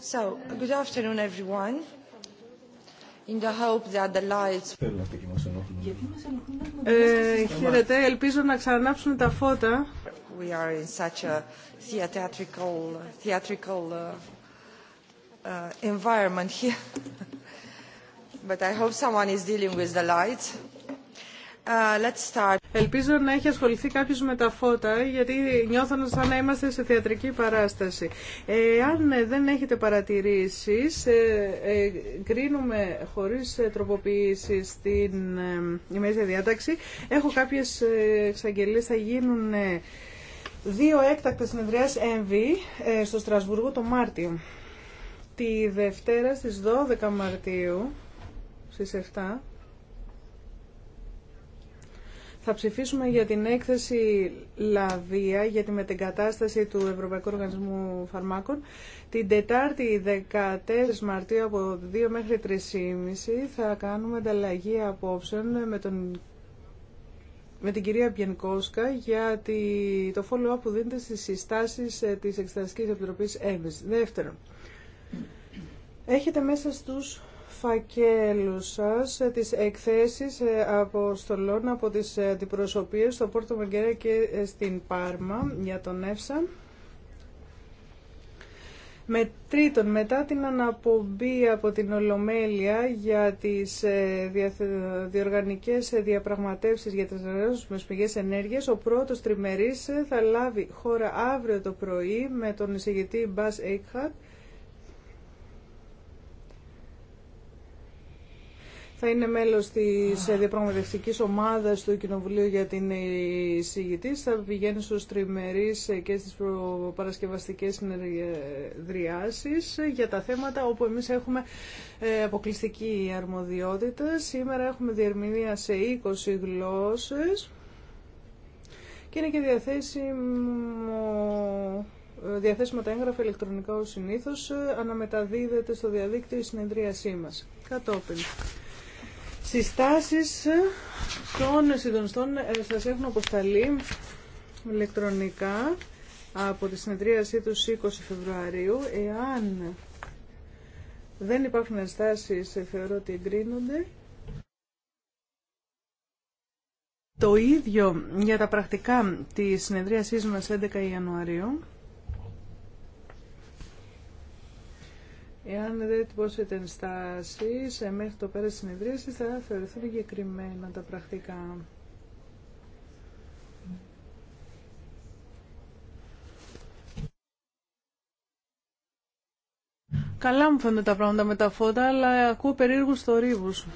So, good afternoon everyone. In the hope that the lights... χαίρετε, ελπίζω να ξανανάψουν τα φώτα. We are in such a theatrical, theatrical environment here. But I hope someone is dealing with the lights. Uh, let's start. Ελπίζω να έχει ασχοληθεί κάποιο με τα φώτα, γιατί νιώθω σαν να είμαστε σε θεατρική παράσταση. Ε, αν δεν έχετε παρατηρήσει, ε, ε, κρίνουμε χωρί τροποποιήσει την ε, μέση διάταξη. Έχω κάποιε εξαγγελίε, θα γίνουν ε, δύο έκτακτε συνεδριά ΕΜΒΗ ε, στο Στρασβούργο το Μάρτιο. Τη Δευτέρα στις 12 Μαρτίου στις 7 θα ψηφίσουμε για την έκθεση Λαβία για τη μετεγκατάσταση του Ευρωπαϊκού Οργανισμού Φαρμάκων. Την Τετάρτη 14 Μαρτίου από 2 μέχρι 3.30 θα κάνουμε ανταλλαγή απόψεων με, τον... με την κυρία Πιενκόσκα για τη... το follow-up που δίνεται στις συστάσεις ε, της Εξεταστικής Επιτροπής ΕΜΕΣ. Δεύτερον, έχετε μέσα στους φακέλου σας ε, τις εκθέσεις ε, αποστολών από τις αντιπροσωπείες στο Πόρτο Μαγκέρα και ε, στην Πάρμα για τον Εύσα. Με τρίτον, μετά την αναπομπή από την Ολομέλεια για τις διοργανικές διαπραγματεύσεις για τις ανανεώσιμες πηγές ενέργεια. ο πρώτος τριμερής θα λάβει χώρα αύριο το πρωί με τον εισηγητή Μπά Έικχαρτ, θα είναι μέλος της διαπραγματευτικής ομάδας του Κοινοβουλίου για την εισηγητή. Θα πηγαίνει στους τριμερείς και στις παρασκευαστικές συνεδριάσεις για τα θέματα όπου εμείς έχουμε ε, αποκλειστική αρμοδιότητα. Σήμερα έχουμε διερμηνία σε 20 γλώσσες και είναι και διαθέσιμο ε, τα έγγραφα ηλεκτρονικά ως συνήθως ε, αναμεταδίδεται στο διαδίκτυο η συνεδρίασή μας. Κατόπιν. Συστάσεις των συντονιστών ε, σας έχουν αποσταλεί ηλεκτρονικά από τη συνεδρίασή του 20 Φεβρουαρίου. Εάν δεν υπάρχουν συστάσεις ε, θεωρώ ότι εγκρίνονται. Το ίδιο για τα πρακτικά της συνεδρίασής μας 11 Ιανουαρίου. Εάν δεν τυπώσετε ενστάσεις ε, μέχρι το πέρα της συνεδρίασης θα θεωρηθούν εγκεκριμένα τα πρακτικά. Καλά μου φαίνονται τα πράγματα με τα φώτα, αλλά ακούω περίεργους θορύβους.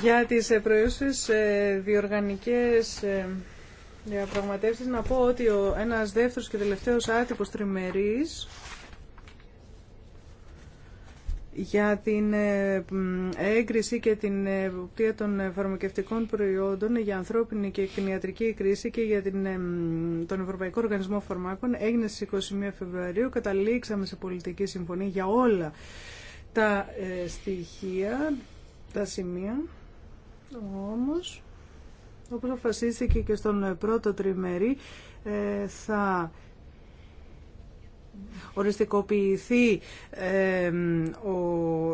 Για τις ε, προϊόντες ε, διοργανικές διαπραγματεύσεις να πω ότι ο, ένας δεύτερος και τελευταίος άτυπος τριμερής για την ε, έγκριση και την ε, εποπτεία των ε, φαρμακευτικών προϊόντων για ανθρώπινη και κοινιατρική κρίση και για την, τον Ευρωπαϊκό Οργανισμό Φαρμάκων έγινε στις 21 Φεβρουαρίου. Καταλήξαμε σε πολιτική συμφωνία για όλα τα στοιχεία, τα σημεία. Όμως, όπως αποφασίστηκε και στον πρώτο τριμερή, ε, θα οριστικοποιηθεί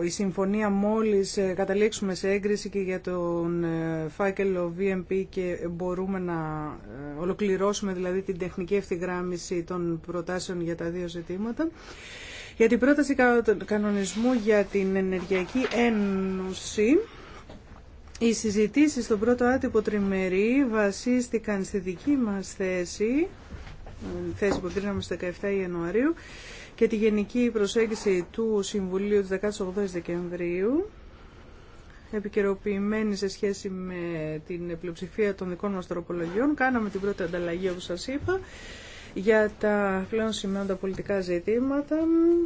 η συμφωνία μόλις ε, καταλήξουμε σε έγκριση και για τον ε, φάκελο VMP και μπορούμε να ολοκληρώσουμε δηλαδή την τεχνική ευθυγράμμιση των προτάσεων για τα δύο ζητήματα. Για την πρόταση κα, κανονισμού για την Ενεργειακή Ένωση οι συζητήσεις στον πρώτο άτυπο τριμερή βασίστηκαν στη δική μας θέση, θέση που κρίναμε στις 17 Ιανουαρίου, και τη γενική προσέγγιση του Συμβουλίου της 18 Δεκεμβρίου, επικαιροποιημένη σε σχέση με την πλειοψηφία των δικών μας τροπολογιών. Κάναμε την πρώτη ανταλλαγή, όπως σας είπα, για τα πλέον σημαίνοντα πολιτικά ζητήματα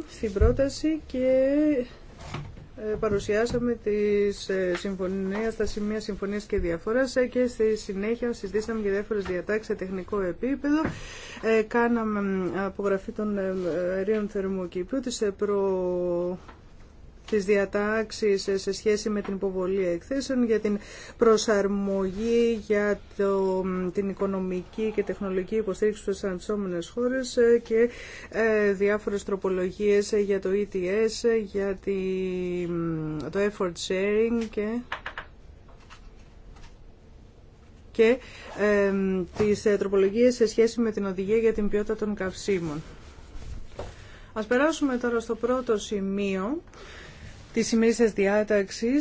στην πρόταση και ε, παρουσιάσαμε τις ε, συμφωνίες, τα σημεία συμφωνία και διαφορά ε, και στη συνέχεια συζητήσαμε για διάφορε διατάξει σε τεχνικό επίπεδο. κάναμε απογραφή των αερίων θερμοκήπιου, τη προ τις διατάξεις σε σχέση με την υποβολή εκθέσεων, για την προσαρμογή, για το, την οικονομική και τεχνολογική υποστήριξη στις αντισόμενες χώρες και ε, διάφορες τροπολογίες για το ETS, για τη, το effort sharing και και ε, τις ε, τροπολογίες σε σχέση με την οδηγία για την ποιότητα των καυσίμων. Ας περάσουμε τώρα στο πρώτο σημείο της σα διάταξη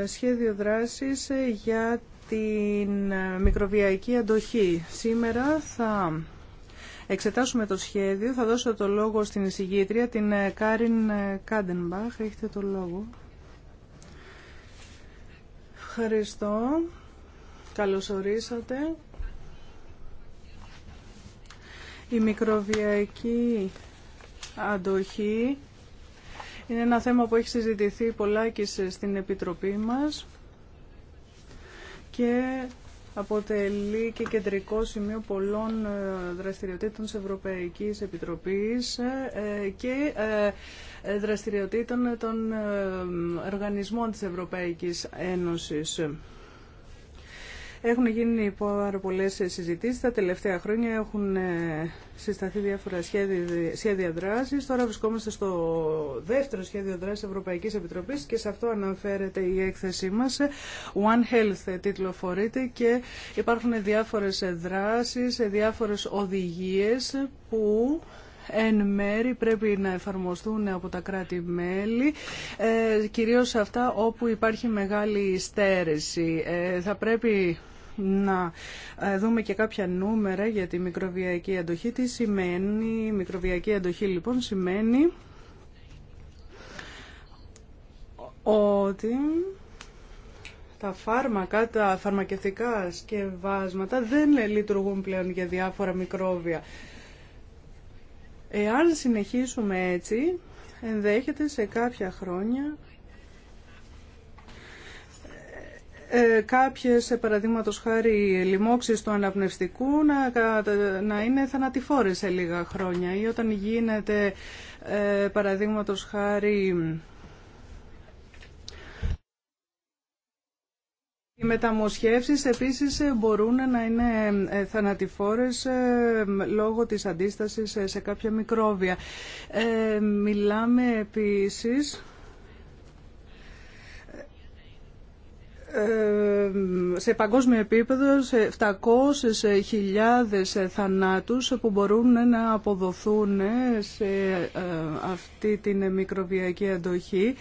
ε, σχέδιο δράσης ε, για την ε, μικροβιακή αντοχή. Σήμερα θα εξετάσουμε το σχέδιο. Θα δώσω το λόγο στην εισηγήτρια, την Κάριν Κάντενμπαχ. Έχετε το λόγο. Ευχαριστώ. Καλώς ορίσατε. Η μικροβιακή αντοχή είναι ένα θέμα που έχει συζητηθεί πολλά και στην Επιτροπή μας και αποτελεί και κεντρικό σημείο πολλών ε, δραστηριοτήτων της Ευρωπαϊκής Επιτροπής ε, και ε, δραστηριοτήτων των οργανισμών της Ευρωπαϊκής Ένωσης. Έχουν γίνει πάρα πολλέ συζητήσει. Τα τελευταία χρόνια έχουν ε, συσταθεί διάφορα σχέδια, δράσης. δράση. Τώρα βρισκόμαστε στο δεύτερο σχέδιο δράση Ευρωπαϊκή Επιτροπή και σε αυτό αναφέρεται η έκθεσή μα. One Health φορείται και υπάρχουν διάφορε δράσει, διάφορε οδηγίε που εν μέρη πρέπει να εφαρμοστούν από τα κράτη-μέλη, ε, κυρίως αυτά όπου υπάρχει μεγάλη στέρεση. Ε, θα πρέπει να ε, δούμε και κάποια νούμερα για τη μικροβιακή αντοχή. Τι σημαίνει η μικροβιακή αντοχή λοιπόν σημαίνει ότι τα φάρμακα, τα φαρμακευτικά σκευάσματα δεν λειτουργούν πλέον για διάφορα μικρόβια. Εάν συνεχίσουμε έτσι, ενδέχεται σε κάποια χρόνια Ε, κάποιες ε, παραδείγματος χάρη λοιμώξεις του αναπνευστικού να, να είναι θανατηφόρες σε λίγα χρόνια ή όταν γίνεται ε, παραδείγματος χάρη Οι μεταμοσχεύσεις επίσης ε, μπορούν να είναι θανατηφόρες λόγω της αντίστασης σε κάποια μικρόβια. μιλάμε επίσης Ε, σε παγκόσμιο επίπεδο σε 700.000 θανάτους που μπορούν να αποδοθούν σε ε, αυτή την μικροβιακή αντοχή.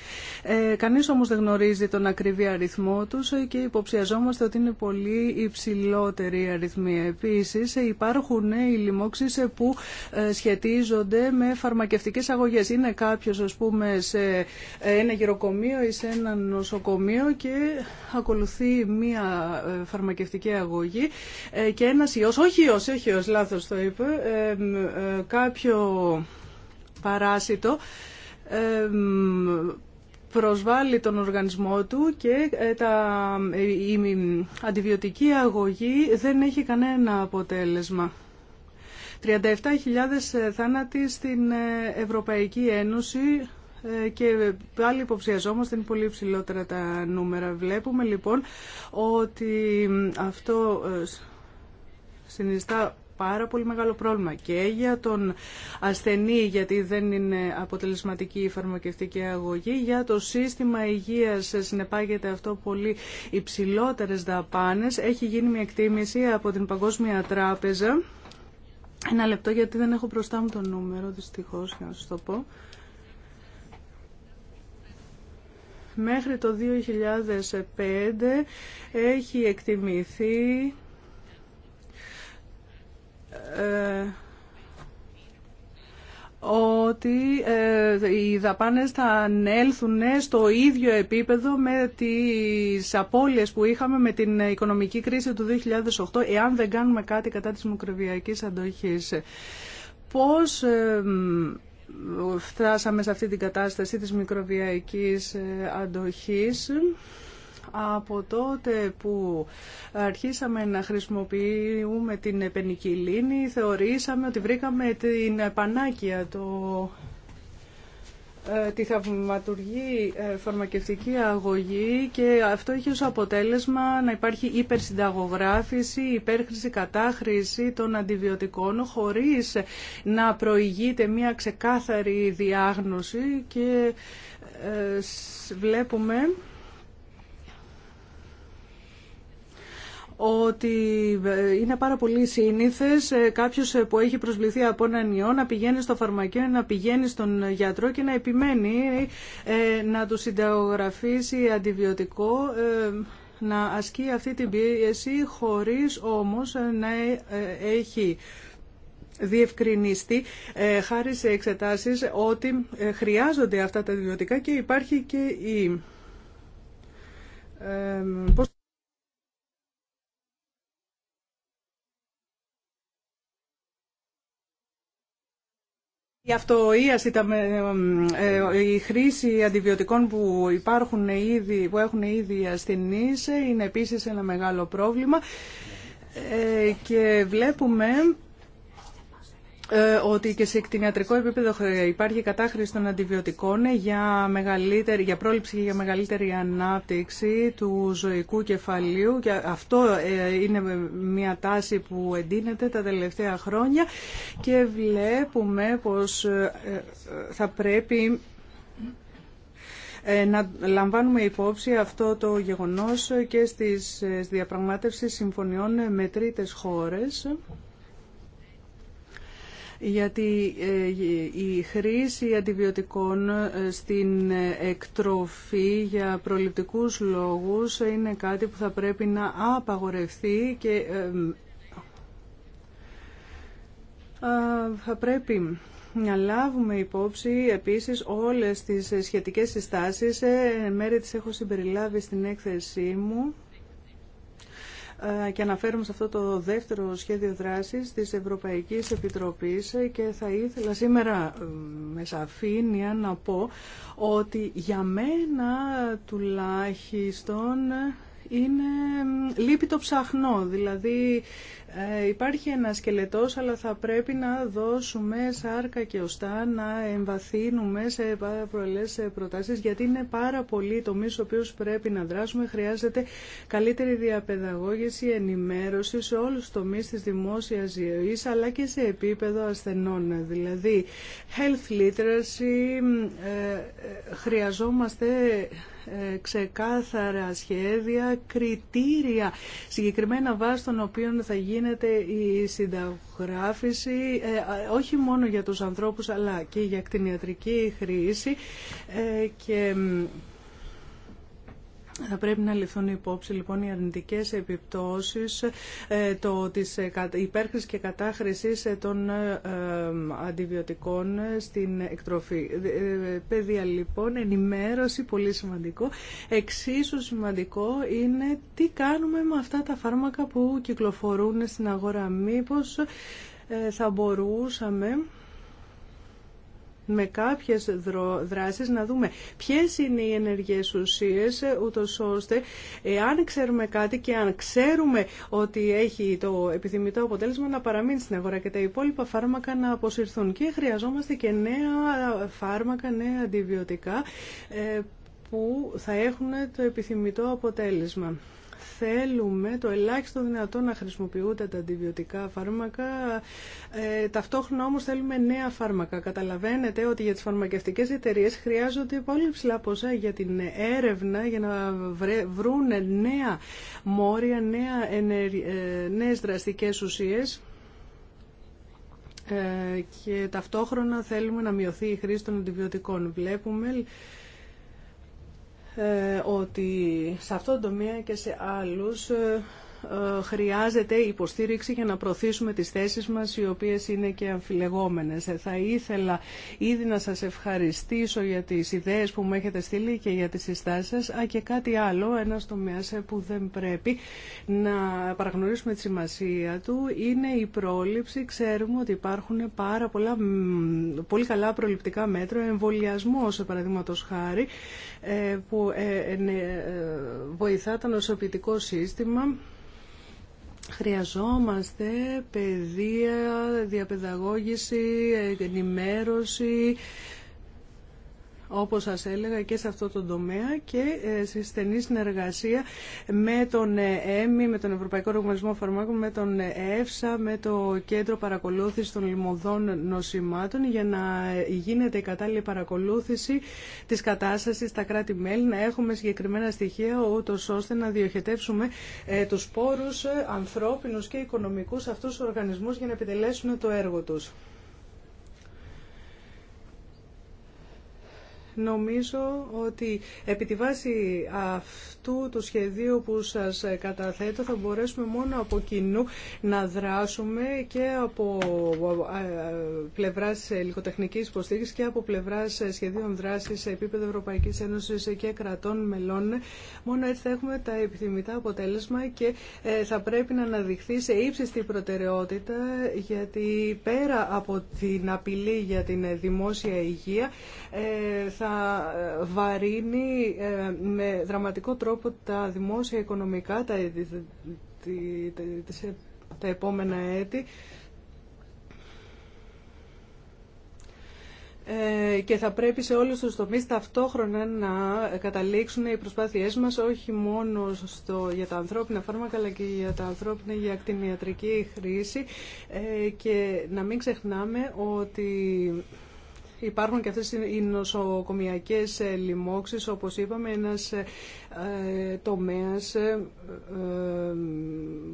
Ε, κανείς όμως δεν γνωρίζει τον ακριβή αριθμό τους και υποψιαζόμαστε ότι είναι πολύ υψηλότερη η αριθμή. Επίσης υπάρχουν οι λοιμώξεις που σχετίζονται με φαρμακευτικές αγωγές. Είναι κάποιος ας πούμε σε ένα γυροκομείο ή σε ένα νοσοκομείο και ακολουθεί μία ε, φαρμακευτική αγωγή ε, και ένας ιός, όχι ιός, όχι ιός, λάθος το είπε, ε, κάποιο παράσιτο προσβάλλει τον οργανισμό του και τα, η αντιβιωτική αγωγή δεν έχει κανένα αποτέλεσμα. 37.000 θάνατοι στην Ευρωπαϊκή Ένωση και πάλι υποψιαζόμαστε είναι πολύ υψηλότερα τα νούμερα. Βλέπουμε λοιπόν ότι αυτό ε, συνιστά πάρα πολύ μεγάλο πρόβλημα και για τον ασθενή γιατί δεν είναι αποτελεσματική η φαρμακευτική αγωγή, για το σύστημα υγείας συνεπάγεται αυτό πολύ υψηλότερες δαπάνες. Έχει γίνει μια εκτίμηση από την Παγκόσμια Τράπεζα. Ένα λεπτό γιατί δεν έχω μπροστά μου το νούμερο δυστυχώς για να σας το πω. Μέχρι το 2005 έχει εκτιμηθεί ε, ότι ε, οι δαπάνες θα ανέλθουν ε, στο ίδιο επίπεδο με τις απώλειες που είχαμε με την οικονομική κρίση του 2008 εάν δεν κάνουμε κάτι κατά της μικροβιακής αντοχής. Πώς φτάσαμε σε αυτή την κατάσταση της μικροβιαϊκής ε, αντοχής. Από τότε που αρχίσαμε να χρησιμοποιούμε την πενικυλίνη, θεωρήσαμε ότι βρήκαμε την πανάκια, το ε, τη θαυματουργή ε, φαρμακευτική αγωγή και αυτό έχει ως αποτέλεσμα να υπάρχει υπερσυνταγογράφηση, υπέρχρηση, κατάχρηση των αντιβιωτικών χωρίς να προηγείται μια ξεκάθαρη διάγνωση και ε, βλέπουμε ότι ε, είναι πάρα πολύ σύνηθες ε, Κάποιο ε, που έχει προσβληθεί από έναν ιό να πηγαίνει στο φαρμακείο, να πηγαίνει στον γιατρό και να επιμένει να του συνταγογραφήσει αντιβιωτικό να ασκεί αυτή την πίεση χωρίς όμως να έχει διευκρινιστεί χάρη σε εξετάσεις ότι χρειάζονται αυτά τα αντιβιωτικά και υπάρχει και η... Η αυτοΐαση, ε, ε, η χρήση αντιβιωτικών που, υπάρχουν ήδη, που έχουν ήδη ασθενείς είναι επίσης ένα μεγάλο πρόβλημα ε, και βλέπουμε ε, ότι και σε εκτινιατρικό επίπεδο υπάρχει κατάχρηση των αντιβιωτικών για, μεγαλύτερη, για πρόληψη και για μεγαλύτερη ανάπτυξη του ζωικού κεφαλίου και αυτό ε, είναι μια τάση που εντείνεται τα τελευταία χρόνια και βλέπουμε πως ε, θα πρέπει να λαμβάνουμε υπόψη αυτό το γεγονός και στις διαπραγμάτευσεις συμφωνιών με τρίτες χώρες γιατί ε, η χρήση αντιβιωτικών ε, στην εκτροφή για προληπτικούς λόγους είναι κάτι που θα πρέπει να απαγορευτεί και ε, θα πρέπει να λάβουμε υπόψη επίσης όλες τις σχετικές συστάσεις. Μέρη τις έχω συμπεριλάβει στην έκθεσή μου. Ε, και αναφέρουμε σε αυτό το δεύτερο σχέδιο δράσης της Ευρωπαϊκής Επιτροπής και θα ήθελα σήμερα ε, με σαφήνεια να πω ότι για μένα τουλάχιστον είναι λείπει το ψαχνό, δηλαδή ε, υπάρχει ένα σκελετός αλλά θα πρέπει να δώσουμε σάρκα και οστά, να εμβαθύνουμε σε πάρα πολλές ε, προτάσεις γιατί είναι πάρα πολλοί τομεί ο οποίους πρέπει να δράσουμε, χρειάζεται καλύτερη διαπαιδαγώγηση, ενημέρωση σε όλους τους τομείς της δημόσιας ζωής αλλά και σε επίπεδο ασθενών, δηλαδή health literacy, ε, χρειαζόμαστε ξεκάθαρα σχέδια, κριτήρια συγκεκριμένα βάσει των οποίων θα γίνεται η συνταγράφηση ε, όχι μόνο για τους ανθρώπους αλλά και για κτηνιατρική χρήση ε, και θα πρέπει να ληφθούν υπόψη λοιπόν οι αρνητικές επιπτώσεις ε, το, της ε, και κατάχρησης ε, των αντιβιωτικών στην εκτροφή. Παιδεία λοιπόν, ενημέρωση, πολύ σημαντικό. Εξίσου σημαντικό είναι τι κάνουμε με αυτά τα φάρμακα που κυκλοφορούν στην αγορά. Μήπως θα μπορούσαμε με κάποιες δράσεις να δούμε ποιες είναι οι ενεργές ουσίες ε, ούτως ώστε ε, αν ξέρουμε κάτι και αν ξέρουμε ότι έχει το επιθυμητό αποτέλεσμα να παραμείνει στην αγορά και τα υπόλοιπα φάρμακα να αποσυρθούν και χρειαζόμαστε και νέα φάρμακα, νέα αντιβιωτικά ε, που θα έχουν το επιθυμητό αποτέλεσμα θέλουμε το ελάχιστο δυνατό να χρησιμοποιούνται τα αντιβιωτικά φάρμακα, ε, ταυτόχρονα όμως θέλουμε νέα φάρμακα. Καταλαβαίνετε ότι για τις φαρμακευτικές εταιρείες χρειάζονται πολύ ψηλά ποσά για την έρευνα, για να βρουν νέα μόρια, νέα ε, νέες δραστικές ουσίες ε, και ταυτόχρονα θέλουμε να μειωθεί η χρήση των αντιβιωτικών. Βλέπουμε ε, ότι σε αυτό το τομέα και σε άλλους ε, χρειάζεται υποστήριξη για να προωθήσουμε τις θέσεις μας οι οποίες είναι και αμφιλεγόμενες. Ε, θα ήθελα ήδη να σας ευχαριστήσω για τις ιδέες που μου έχετε στείλει και για τις συστάσεις σας. Α, και κάτι άλλο, ένα τομέας ε, που δεν πρέπει να παραγνωρίσουμε τη σημασία του είναι η πρόληψη. Ξέρουμε ότι υπάρχουν πάρα πολλά πολύ καλά προληπτικά μέτρα, εμβολιασμό σε παραδείγματο χάρη, ε, που βοηθά το νοσοποιητικό σύστημα Χρειαζόμαστε παιδεία, διαπαιδαγώγηση, ενημέρωση, όπως σας έλεγα και σε αυτό το τομέα και ε, σε στενή συνεργασία με τον ε, ΕΜΗ, με τον Ευρωπαϊκό Οργανισμό Φαρμάκων, με τον ΕΕΦΣΑ, με το Κέντρο Παρακολούθησης των Λιμωδών Νοσημάτων για να ε, γίνεται η κατάλληλη παρακολούθηση της κατάστασης στα κράτη-μέλη, να έχουμε συγκεκριμένα στοιχεία ούτως ώστε να διοχετεύσουμε τους πόρους ανθρώπινους και οικονομικούς αυτούς τους οργανισμούς για να επιτελέσουν το έργο τους. Νομίζω ότι επί τη βάση αυτού αυτού του σχεδίου που σας καταθέτω θα μπορέσουμε μόνο από κοινού να δράσουμε και από ε, πλευράς ελικοτεχνικής υποστήριξης και από πλευράς σχεδίων δράσης σε επίπεδο Ευρωπαϊκής Ένωσης και κρατών μελών. Μόνο έτσι θα έχουμε τα επιθυμητά αποτέλεσμα και ε, θα πρέπει να αναδειχθεί σε ύψιστη προτεραιότητα γιατί πέρα από την απειλή για την δημόσια υγεία ε, θα βαρύνει με δραματικό τρόπο τρόπο τα δημόσια οικονομικά τα, επόμενα έτη ε, και θα πρέπει σε όλους τους τομείς ταυτόχρονα να καταλήξουν οι προσπάθειές μας όχι μόνο στο, για τα ανθρώπινα φάρμακα αλλά και για τα ανθρώπινα για ακτινιατρική χρήση ε, και να μην ξεχνάμε ότι Υπάρχουν και αυτές οι νοσοκομιακές ε, λοιμώξεις, όπως είπαμε, ένας ε, ε, τομέας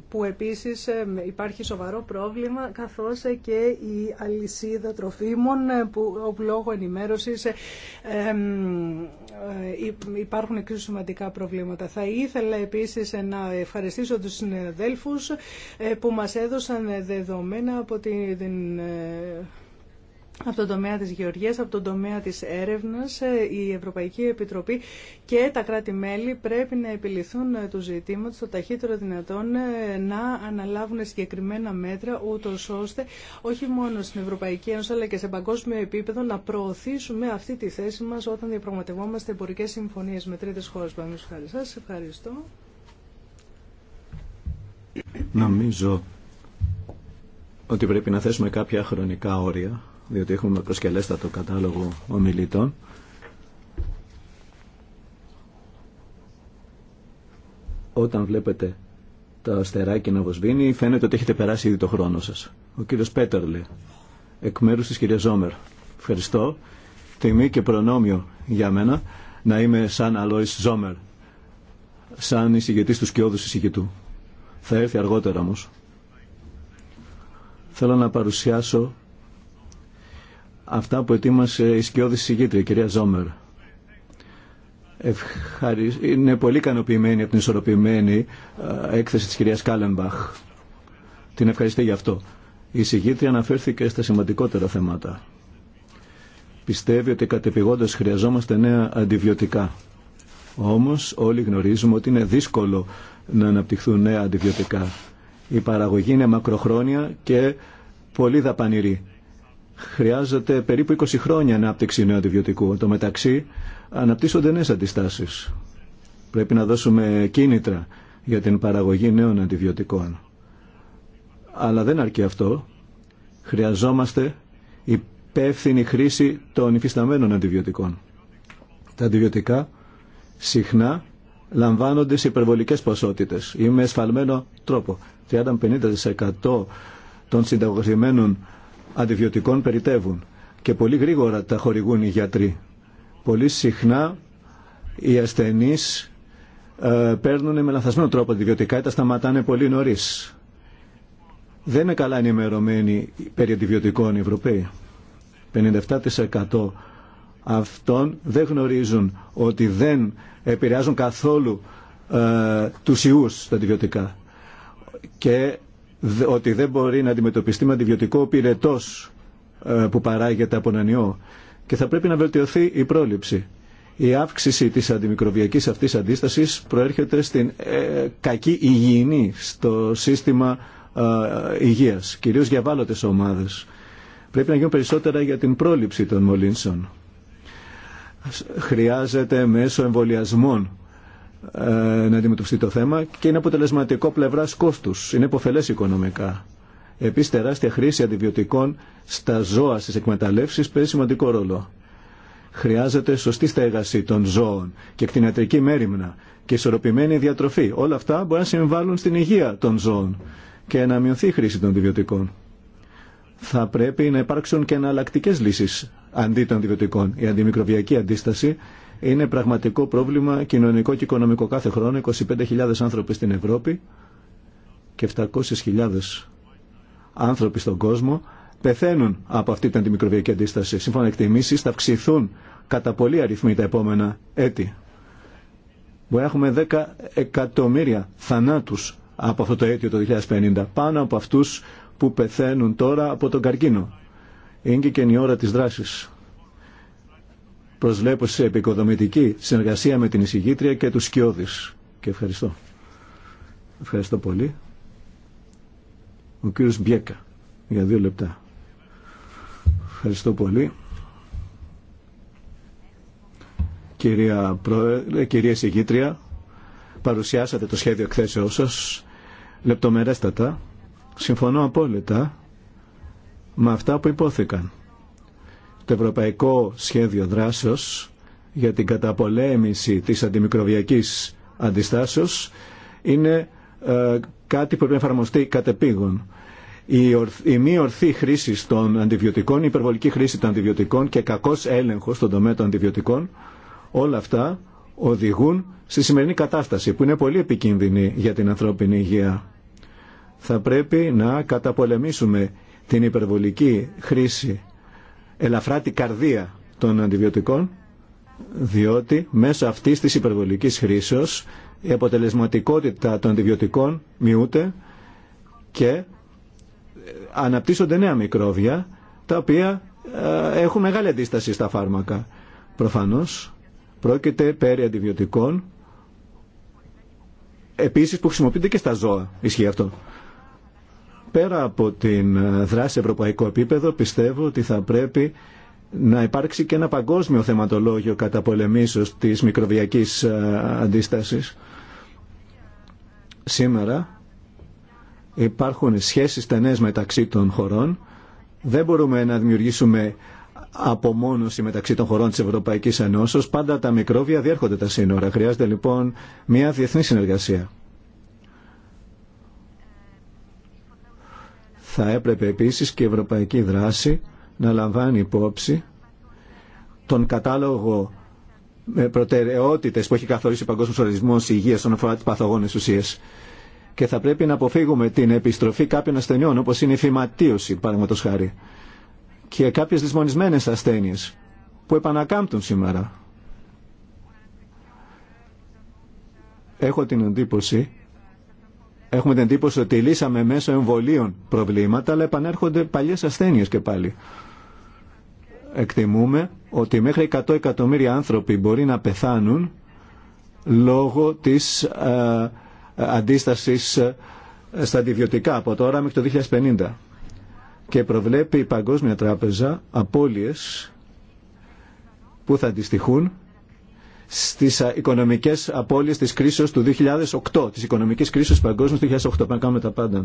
που επίσης υπάρχει σοβαρό πρόβλημα, καθώς και η αλυσίδα τροφίμων, που όπου λόγω ενημέρωσης υπάρχουν εξίσου σημαντικά προβλήματα. Θα ήθελα επίσης να ευχαριστήσω τους συναδέλφους που μας έδωσαν δεδομένα από την από τον τομέα της γεωργίας, από τον τομέα της έρευνας, ε, η Ευρωπαϊκή Επιτροπή και τα κράτη-μέλη πρέπει να επιληθούν ε, το ζητήματο το ταχύτερο δυνατόν ε, να αναλάβουν συγκεκριμένα μέτρα ούτω ώστε όχι μόνο στην Ευρωπαϊκή Ένωση αλλά και σε παγκόσμιο επίπεδο να προωθήσουμε αυτή τη θέση μας όταν διαπραγματευόμαστε εμπορικέ συμφωνίες με τρίτες χώρες. Σας ευχαριστώ. Νομίζω ότι πρέπει να θέσουμε κάποια χρονικά όρια διότι έχουμε προσκελέστατο κατάλογο ομιλητών. Όταν βλέπετε τα αστεράκι να βοσβήνει, φαίνεται ότι έχετε περάσει ήδη το χρόνο σας. Ο κύριος Πέτερλε, εκ μέρους της κυρίας Ζόμερ. Ευχαριστώ. Τιμή και προνόμιο για μένα να είμαι σαν Αλόης Ζόμερ, σαν εισηγητής του σκιώδους εισηγητού. Θα έρθει αργότερα όμως. Θέλω να παρουσιάσω αυτά που ετοίμασε η σκιώδη συγγήτρια, η κυρία Ζόμερ. Είναι πολύ ικανοποιημένη από την ισορροπημένη ε, έκθεση της κυρίας Κάλεμπαχ. Την ευχαριστώ γι' αυτό. Η συγγήτρια αναφέρθηκε στα σημαντικότερα θέματα. Πιστεύει ότι κατεπηγόντως χρειαζόμαστε νέα αντιβιωτικά. Όμως όλοι γνωρίζουμε ότι είναι δύσκολο να αναπτυχθούν νέα αντιβιωτικά. Η παραγωγή είναι μακροχρόνια και πολύ δαπανηρή χρειάζεται περίπου 20 χρόνια ανάπτυξη νέου αντιβιωτικού. Το μεταξύ αναπτύσσονται νέε αντιστάσει. Πρέπει να δώσουμε κίνητρα για την παραγωγή νέων αντιβιωτικών. Αλλά δεν αρκεί αυτό. Χρειαζόμαστε υπεύθυνη χρήση των υφισταμένων αντιβιωτικών. Τα αντιβιωτικά συχνά λαμβάνονται σε υπερβολικέ ή με εσφαλμένο τρόπο. 30-50% των συνταγωγημένων αντιβιωτικών περιτεύουν και πολύ γρήγορα τα χορηγούν οι γιατροί. Πολύ συχνά οι ασθενείς ε, παίρνουν με λαθασμένο τρόπο αντιβιωτικά ή τα σταματάνε πολύ νωρί. Δεν είναι καλά ενημερωμένοι περί αντιβιωτικών οι Ευρωπαίοι. 57% αυτών δεν γνωρίζουν ότι δεν επηρεάζουν καθόλου ε, τους ιούς τα αντιβιωτικά. Και ότι δεν μπορεί να αντιμετωπιστεί με αντιβιωτικό πυρετό ε, που παράγεται από έναν ιό. Και θα πρέπει να βελτιωθεί η πρόληψη. Η αύξηση της αντιμικροβιακής αυτής αντίστασης προέρχεται στην ε, κακή υγιεινή στο σύστημα ε, υγείας, κυρίως για βάλλοντε ομάδες. Πρέπει να γίνουν περισσότερα για την πρόληψη των μολύνσεων. Χρειάζεται μέσω εμβολιασμών ε, να αντιμετωπιστεί το θέμα και είναι αποτελεσματικό πλευρά κόστου. Είναι υποφελέ οικονομικά. Επίση, τεράστια χρήση αντιβιωτικών στα ζώα στι εκμεταλλεύσει παίζει σημαντικό ρόλο. Χρειάζεται σωστή στέγαση των ζώων και κτηνιατρική μέρημνα και ισορροπημένη διατροφή. Όλα αυτά μπορεί να συμβάλλουν στην υγεία των ζώων και να μειωθεί η χρήση των αντιβιωτικών. Θα πρέπει να υπάρξουν και εναλλακτικέ λύσει αντί των αντιβιωτικών. Η αντιμικροβιακή αντίσταση είναι πραγματικό πρόβλημα κοινωνικό και οικονομικό. Κάθε χρόνο 25.000 άνθρωποι στην Ευρώπη και 700.000 άνθρωποι στον κόσμο πεθαίνουν από αυτή την αντιμικροβιακή αντίσταση. Σύμφωνα εκτιμήσει, θα αυξηθούν κατά πολύ αριθμοί τα επόμενα έτη. Μπορεί να έχουμε 10 εκατομμύρια θανάτους από αυτό το αίτιο το 2050, πάνω από αυτούς που πεθαίνουν τώρα από τον καρκίνο. Είναι η ώρα της δράσης. Προσβλέπω σε επικοδομητική συνεργασία με την εισηγήτρια και τους σκιώδης. Και ευχαριστώ. Ευχαριστώ πολύ. Ο κύριος Μπιέκα για δύο λεπτά. Ευχαριστώ πολύ. Κυρία, εισηγήτρια, Κυρία Συγήτρια, παρουσιάσατε το σχέδιο εκθέσεώς σας λεπτομερέστατα. Συμφωνώ απόλυτα με αυτά που υπόθηκαν το Ευρωπαϊκό Σχέδιο Δράσεως για την καταπολέμηση της αντιμικροβιακής αντιστάσεως είναι ε, κάτι που πρέπει να εφαρμοστεί κατεπήγον. Η, η μη ορθή χρήση των αντιβιωτικών, η υπερβολική χρήση των αντιβιωτικών και κακός έλεγχος στον τομέα των αντιβιωτικών, όλα αυτά οδηγούν στη σημερινή κατάσταση που είναι πολύ επικίνδυνη για την ανθρώπινη υγεία. Θα πρέπει να καταπολεμήσουμε την υπερβολική χρήση ελαφρά την καρδία των αντιβιωτικών, διότι μέσω αυτής της υπερβολικής χρήσεως η αποτελεσματικότητα των αντιβιωτικών μειούται και ε, αναπτύσσονται νέα μικρόβια τα οποία ε, έχουν μεγάλη αντίσταση στα φάρμακα. Προφανώς πρόκειται περί αντιβιωτικών επίσης που χρησιμοποιείται και στα ζώα. Ισχύει αυτό. Πέρα από την ε, δράση σε ευρωπαϊκό επίπεδο, πιστεύω ότι θα πρέπει να υπάρξει και ένα παγκόσμιο θεματολόγιο κατά πολεμήσεως της μικροβιακής ε, αντίστασης. Σήμερα υπάρχουν σχέσεις στενές μεταξύ των χωρών. Δεν μπορούμε να δημιουργήσουμε απομόνωση μεταξύ των χωρών της Ευρωπαϊκής Ενώσεως. Πάντα τα μικρόβια διέρχονται τα σύνορα. Χρειάζεται λοιπόν μια διεθνή συνεργασία. Θα έπρεπε επίσης και η ευρωπαϊκή δράση να λαμβάνει υπόψη τον κατάλογο με προτεραιότητες που έχει καθορίσει ο Παγκόσμιος Οργανισμός Υγείας όσον αφορά τις παθογόνες ουσίες. Και θα πρέπει να αποφύγουμε την επιστροφή κάποιων ασθενειών όπως είναι η φυματίωση παραδείγματος χάρη και κάποιες δυσμονισμένες ασθένειες που επανακάμπτουν σήμερα. Έχω την εντύπωση έχουμε την εντύπωση ότι λύσαμε μέσω εμβολίων προβλήματα, αλλά επανέρχονται παλιέ ασθένειες και πάλι. Εκτιμούμε ότι μέχρι 100 εκατομμύρια άνθρωποι μπορεί να πεθάνουν λόγω της αντίσταση ε, αντίστασης ε, στα αντιβιωτικά από τώρα μέχρι το 2050. Και προβλέπει η Παγκόσμια Τράπεζα απώλειες που θα αντιστοιχούν στις οικονομικές απώλειες της κρίσης του 2008, της οικονομικής κρίσης παγκόσμιας του 2008. Πάμε κάνουμε τα πάντα.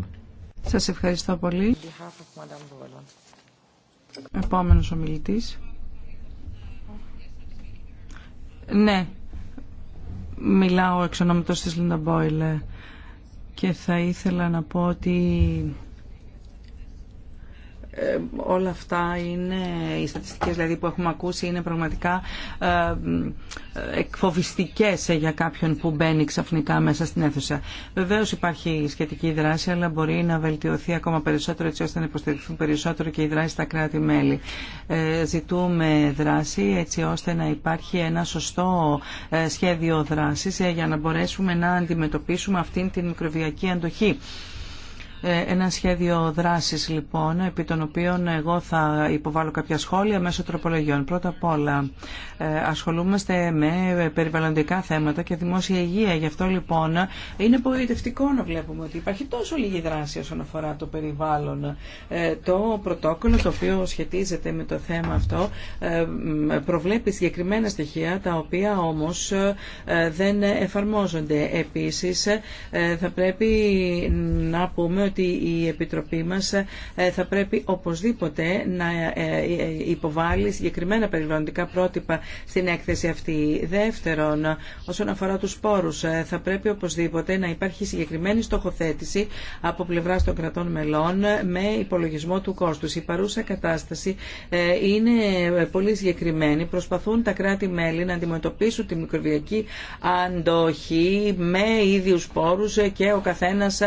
Σας ευχαριστώ πολύ. Επόμενος ομιλητής. Ναι, μιλάω εξ ονόματος της Λίντα Μπόιλε και θα ήθελα να πω ότι ε, όλα αυτά είναι, οι στατιστικές δηλαδή που έχουμε ακούσει είναι πραγματικά ε, ε, εκφοβιστικές για κάποιον που μπαίνει ξαφνικά μέσα στην αίθουσα. Βεβαίως υπάρχει σχετική δράση αλλά μπορεί να βελτιωθεί ακόμα περισσότερο έτσι ώστε να υποστηριχθούν περισσότερο και οι δράσει στα κράτη-μέλη. Ε, ζητούμε δράση έτσι ώστε να υπάρχει ένα σωστό ε, σχέδιο δράσης ε, για να μπορέσουμε να αντιμετωπίσουμε αυτήν την μικροβιακή αντοχή. Ε, ένα σχέδιο δράση λοιπόν, επί των οποίων εγώ θα υποβάλω κάποια σχόλια μέσω τροπολογιών. Πρώτα απ' όλα ε, ασχολούμαστε με περιβαλλοντικά θέματα και δημόσια υγεία. Γι' αυτό λοιπόν είναι απογοητευτικό να βλέπουμε ότι υπάρχει τόσο λίγη δράση όσον αφορά το περιβάλλον. Ε, το πρωτόκολλο το οποίο σχετίζεται με το θέμα αυτό προβλέπει συγκεκριμένα στοιχεία τα οποία όμως δεν εφαρμόζονται. Επίσης θα πρέπει να πούμε ότι η Επιτροπή μας ε, θα πρέπει οπωσδήποτε να ε, ε, υποβάλει συγκεκριμένα περιβαλλοντικά πρότυπα στην έκθεση αυτή. Δεύτερον, όσον αφορά τους σπόρους, θα πρέπει οπωσδήποτε να υπάρχει συγκεκριμένη στοχοθέτηση από πλευράς των κρατών μελών με υπολογισμό του κόστους. Η παρούσα κατάσταση είναι πολύ συγκεκριμένη. Προσπαθούν τα κράτη-μέλη να αντιμετωπίσουν τη μικροβιακή αντοχή με ίδιους σπόρους και ο καθένας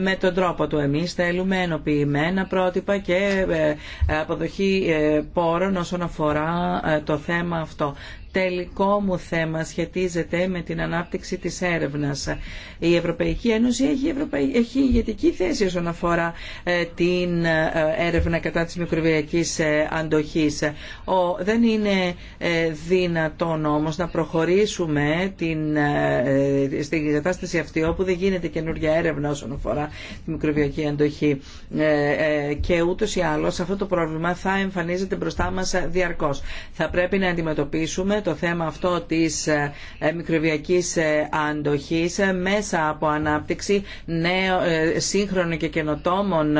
με τον τρόπο από το Εμείς θέλουμε ενοποιημένα πρότυπα και ε, αποδοχή ε, πόρων όσον αφορά ε, το θέμα αυτό τελικό μου θέμα σχετίζεται με την ανάπτυξη της έρευνας. Η Ευρωπαϊκή Ένωση έχει, ευρωπαϊ... έχει ηγετική θέση όσον αφορά ε, την ε, έρευνα κατά της μικροβιακής ε, αντοχής. Ο... Δεν είναι δυνατόν όμως να προχωρήσουμε την... στην κατάσταση αυτή όπου δεν γίνεται καινούργια έρευνα όσον αφορά τη μικροβιακή αντοχή. Και ούτως ή άλλως αυτό το πρόβλημα θα εμφανίζεται μπροστά μας διαρκώς. Θα πρέπει να αντιμετωπίσουμε το θέμα αυτό της ε, ε, μικροβιακής ε, αντοχής μέσα από ανάπτυξη νέων σύγχρονων και καινοτόμων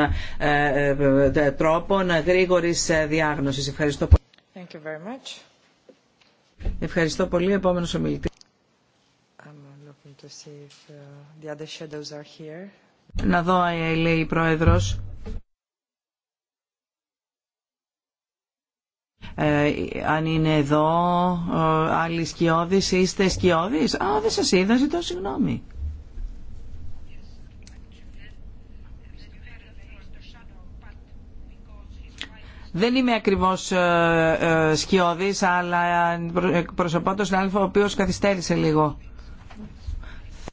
τρόπων γρήγορης διάγνωσης. Ευχαριστώ πολύ. Thank you very much. Ευχαριστώ πολύ. Επόμενος ομιλητής. To see if uh, the other shadows are here. Να δω, λέει η Πρόεδρος, Ε, αν είναι εδώ ε, άλλοι σκιώδεις, είστε σκιώδεις. Α, δεν σας είδα, ζητώ συγγνώμη. Δεν είμαι ακριβώς ε, ε σκιώδης, αλλά προσωπώ τον συνάδελφο ο οποίος καθυστέρησε λίγο.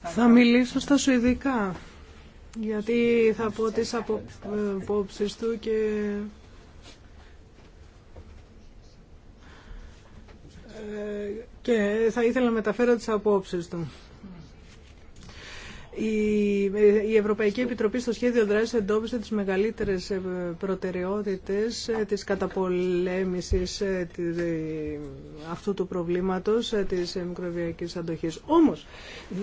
Θα μιλήσω στα Σουηδικά, γιατί θα πω τις απόψεις του και και θα ήθελα να μεταφέρω τις απόψεις του. Η Ευρωπαϊκή Επιτροπή στο σχέδιο δράσης εντόπισε τις μεγαλύτερες ε, προτεραιότητες ε, της καταπολέμησης ε, αυτού του προβλήματος της μικροβιακής αντοχής. Όμως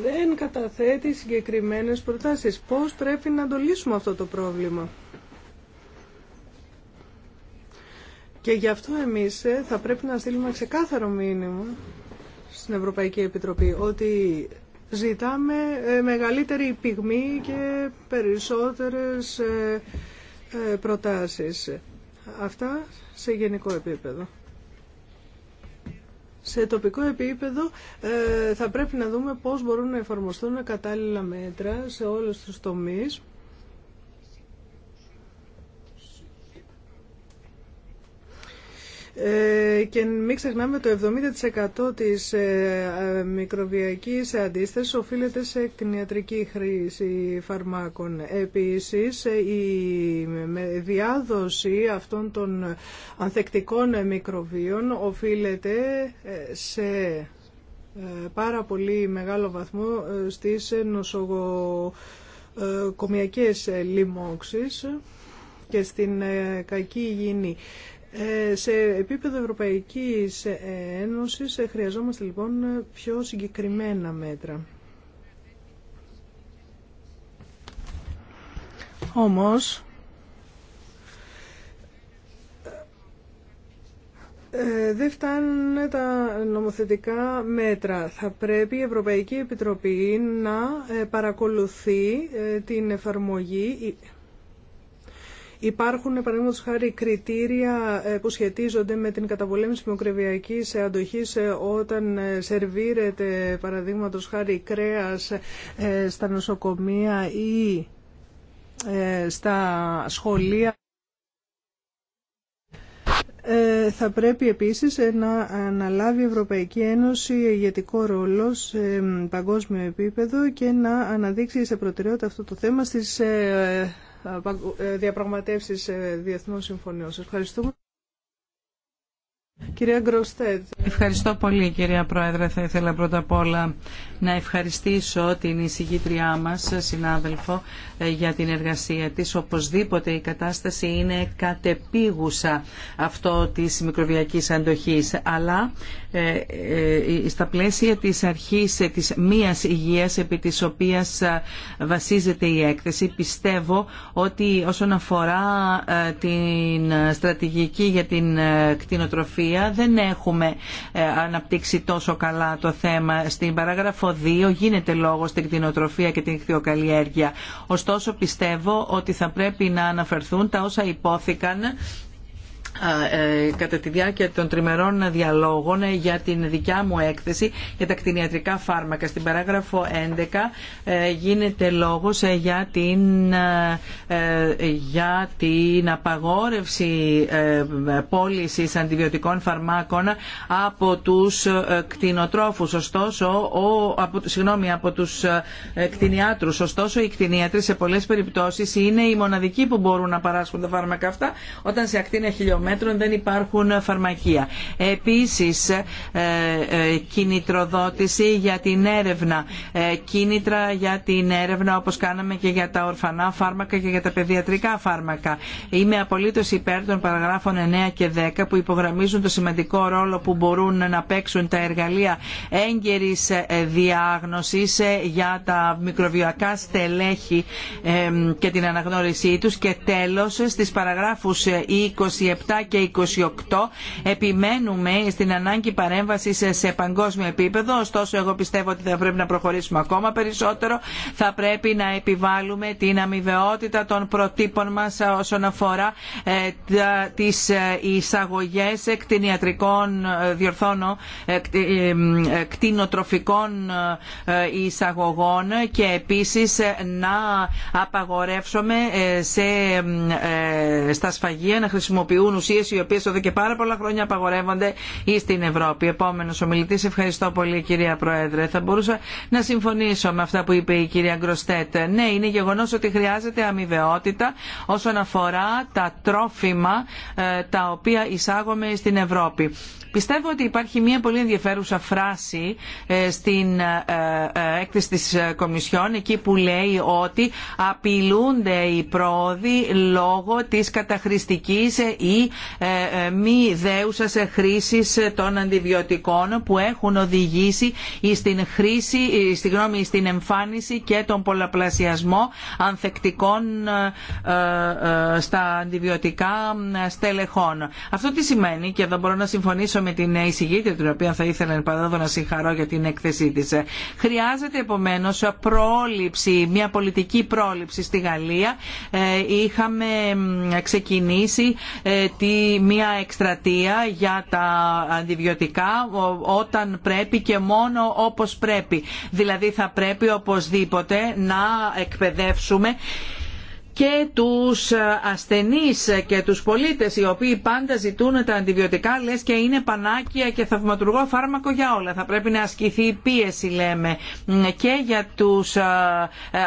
δεν καταθέτει συγκεκριμένες προτάσεις. Πώς πρέπει να το λύσουμε αυτό το πρόβλημα. Και γι' αυτό εμείς ε, θα πρέπει να στείλουμε ξεκάθαρο μήνυμα στην Ευρωπαϊκή Επιτροπή ότι ζητάμε ε, μεγαλύτερη πυγμή και περισσότερες ε, προτάσεις. Αυτά σε γενικό επίπεδο. Σε τοπικό επίπεδο θα πρέπει να δούμε πώς μπορούν να εφαρμοστούν κατάλληλα μέτρα σε όλους τους τομείς Ε, και μην ξεχνάμε το 70% της ε, μικροβιακής αντίστασης οφείλεται σε κτηνιατρική χρήση φαρμάκων. Επίσης, ε, η διάδοση αυτών των ανθεκτικών μικροβίων οφείλεται σε πάρα πολύ μεγάλο βαθμό στις νοσοκομιακές λοιμώξεις και στην κακή υγιεινή. Ε, σε επίπεδο Ευρωπαϊκής Ένωσης ε, χρειαζόμαστε λοιπόν πιο συγκεκριμένα μέτρα. Όμως, ε, δεν φτάνουν τα νομοθετικά μέτρα. Θα πρέπει η Ευρωπαϊκή Επιτροπή να παρακολουθεί την εφαρμογή Υπάρχουν, παραδείγματο χάρη, κριτήρια ε, που σχετίζονται με την καταπολέμηση μικροβιακή ε, αντοχή ε, όταν σερβίρεται, παραδείγματο χάρη, κρέα στα νοσοκομεία ή στα σχολεία. Θα πρέπει επίσης να αναλάβει η Ευρωπαϊκή Ένωση ηγετικό ρόλο σε παγκόσμιο επίπεδο και να αναδείξει σε προτεραιότητα αυτό το θέμα στις ε, διαπραγματεύσεις ε, διεθνών συμφωνιών. Σας ευχαριστούμε. Κυρία Γκροστέτ. Ευχαριστώ πολύ κυρία Πρόεδρε. Θα ήθελα πρώτα απ' όλα να ευχαριστήσω την εισηγήτριά μας, συνάδελφο, ε, για την εργασία της. Οπωσδήποτε η κατάσταση είναι κατεπίγουσα αυτό της μικροβιακής αντοχής. Αλλά ε, ε, στα πλαίσια της αρχής της μίας υγείας επί της οποίας βασίζεται η έκθεση πιστεύω ότι όσον αφορά την στρατηγική για την κτηνοτροφία δεν έχουμε αναπτύξει τόσο καλά το θέμα. Στην παράγραφο 2 γίνεται λόγο στην κτηνοτροφία και την κτηνοκαλλιέργεια. Ωστόσο πιστεύω ότι θα πρέπει να αναφερθούν τα όσα υπόθηκαν ε, κατά τη διάρκεια των τριμερών διαλόγων ε, για την δικιά μου έκθεση για τα κτηνιατρικά φάρμακα. Στην παράγραφο 11 ε, γίνεται λόγος για την, για την απαγόρευση πώλησης αντιβιωτικών φαρμάκων από τους κτηνοτρόφους. Ωστόσο, ο, από, συγγνώμη, από τους κτηνιάτρους. Ωστόσο, οι κτηνίατροι σε πολλές περιπτώσεις είναι οι μοναδικοί που μπορούν να παράσχουν τα φάρμακα αυτά όταν σε ακτίνα μέτρων δεν υπάρχουν φαρμακεία. Επίσης, ε, ε, κινητροδότηση για την έρευνα. Ε, κίνητρα για την έρευνα όπως κάναμε και για τα ορφανά φάρμακα και για τα παιδιατρικά φάρμακα. Είμαι απολύτως υπέρ των παραγράφων 9 και 10 που υπογραμμίζουν το σημαντικό ρόλο που μπορούν να παίξουν τα εργαλεία έγκαιρης διάγνωσης για τα μικροβιακά στελέχη και την αναγνώρισή τους και τέλος στις παραγράφους 27 και 28 επιμένουμε στην ανάγκη παρέμβαση σε παγκόσμιο επίπεδο. Ωστόσο, εγώ πιστεύω ότι θα πρέπει να προχωρήσουμε ακόμα περισσότερο. Θα πρέπει να επιβάλλουμε την αμοιβαιότητα των προτύπων μα όσον αφορά ε, τι ε, εισαγωγέ κτηνιατρικών ε, διορθώνω κτηνοτροφικών εισαγωγών και επίσης να απαγορεύσουμε σε, στα σφαγεία να χρησιμοποιούν οι οποίες εδώ και πάρα πολλά χρόνια απαγορεύονται ή στην Ευρώπη. Επόμενος ομιλητής, ευχαριστώ πολύ κυρία Πρόεδρε. Θα μπορούσα να συμφωνήσω με αυτά που είπε η κυρία Γκροστέτ. Ναι, είναι γεγονός ότι χρειάζεται αμοιβαιότητα όσον αφορά τα τρόφιμα ε, τα οποία εισάγουμε στην Ευρώπη. Πιστεύω ότι υπάρχει μια πολύ ενδιαφέρουσα φράση ε, στην ε, έκθεση της Κομισιόν εκεί που λέει ότι απειλούνται οι πρόοδοι λόγω της καταχρηστικής ή ε, ε, μη δέουσας χρήσης των αντιβιωτικών που έχουν οδηγήσει στην χρήση, ε, στη γνώμη, στην εμφάνιση και τον πολλαπλασιασμό ανθεκτικών στα αντιβιωτικά στελεχών. Αυτό τι σημαίνει και εδώ μπορώ να συμφωνήσω με την εισηγήτρια την οποία θα ήθελα λοιπόν, να συγχαρώ για την έκθεσή της. Χρειάζεται επομένως πρόληψη, μια πολιτική πρόληψη στη Γαλλία. Είχαμε ξεκινήσει μια εκστρατεία για τα αντιβιωτικά όταν πρέπει και μόνο όπως πρέπει. Δηλαδή θα πρέπει οπωσδήποτε να εκπαιδεύσουμε και τους ασθενείς και τους πολίτες οι οποίοι πάντα ζητούν τα αντιβιωτικά λες και είναι πανάκια και θαυματουργό φάρμακο για όλα. Θα πρέπει να ασκηθεί η πίεση λέμε και για τους ε, ε,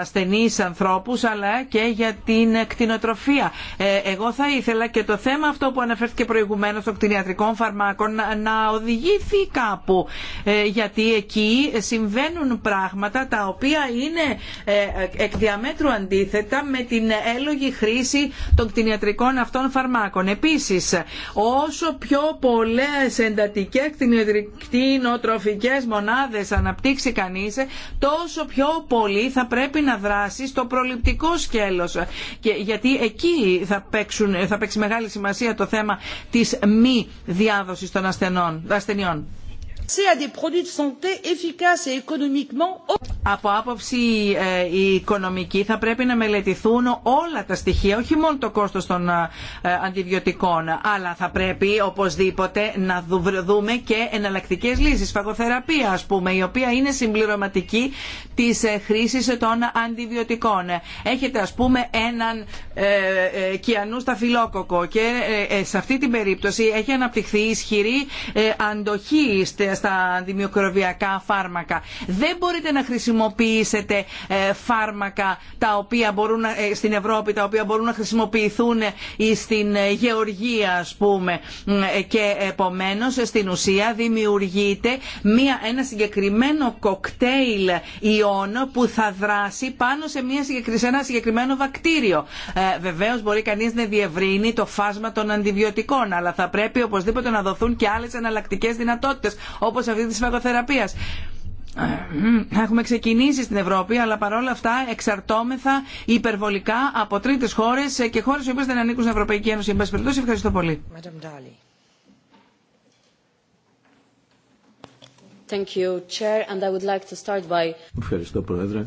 ασθενείς ανθρώπους αλλά και για την κτηνοτροφία. Ε, εγώ θα ήθελα και το θέμα αυτό που αναφέρθηκε προηγουμένως των κτηνιατρικών φαρμάκων να οδηγηθεί κάπου γιατί εκεί συμβαίνουν πράγματα τα οποία είναι εκ διαμέτρου αντίθετα με την έλογη χρήση των κτηνιατρικών αυτών φαρμάκων. Επίσης, όσο πιο πολλές εντατικέ κτηνοτροφικέ μονάδες αναπτύξει κανείς, τόσο πιο πολύ θα πρέπει να δράσει στο προληπτικό σκέλο. γιατί εκεί θα, παίξουν, θα παίξει μεγάλη σημασία το θέμα της μη διάδοση των ασθενών, ασθενειών. Από άποψη ε, οικονομική θα πρέπει να μελετηθούν όλα τα στοιχεία, όχι μόνο το κόστος των ε, αντιβιωτικών, αλλά θα πρέπει οπωσδήποτε να δούμε και εναλλακτικέ λύσεις, φαγοθεραπεία ας πούμε, η οποία είναι συμπληρωματική της ε, χρήσης των αντιβιωτικών. Έχετε ας πούμε έναν ε, κιανού και σε αυτή την περίπτωση έχει αναπτυχθεί ισχυρή αντοχή στα αντιμικροβιακά φάρμακα. Δεν μπορείτε να χρησιμοποιήσετε ε, φάρμακα τα οποία μπορούν, ε, στην Ευρώπη τα οποία μπορούν να χρησιμοποιηθούν στην ε, γεωργία α πούμε και επομένως στην ουσία δημιουργείται μια, ένα συγκεκριμένο κοκτέιλ ιών που θα δράσει πάνω σε, μια, σε ένα συγκεκριμένο βακτήριο. Ε, βεβαίως μπορεί κανεί να διευρύνει το φάσμα των αντιβιωτικών αλλά θα πρέπει οπωσδήποτε να δοθούν και άλλε εναλλακτικέ δυνατότητε. Όπω αυτή τη φαγοθεραπεία. Ε, έχουμε ξεκινήσει στην Ευρώπη, αλλά παρόλα αυτά εξαρτώμεθα υπερβολικά από τρίτε χώρε και χώρε οι οποίε δεν ανήκουν στην Ευρωπαϊκή Ένωση. Εν περιπτώσει, ευχαριστώ πολύ. Ευχαριστώ, Πρόεδρε.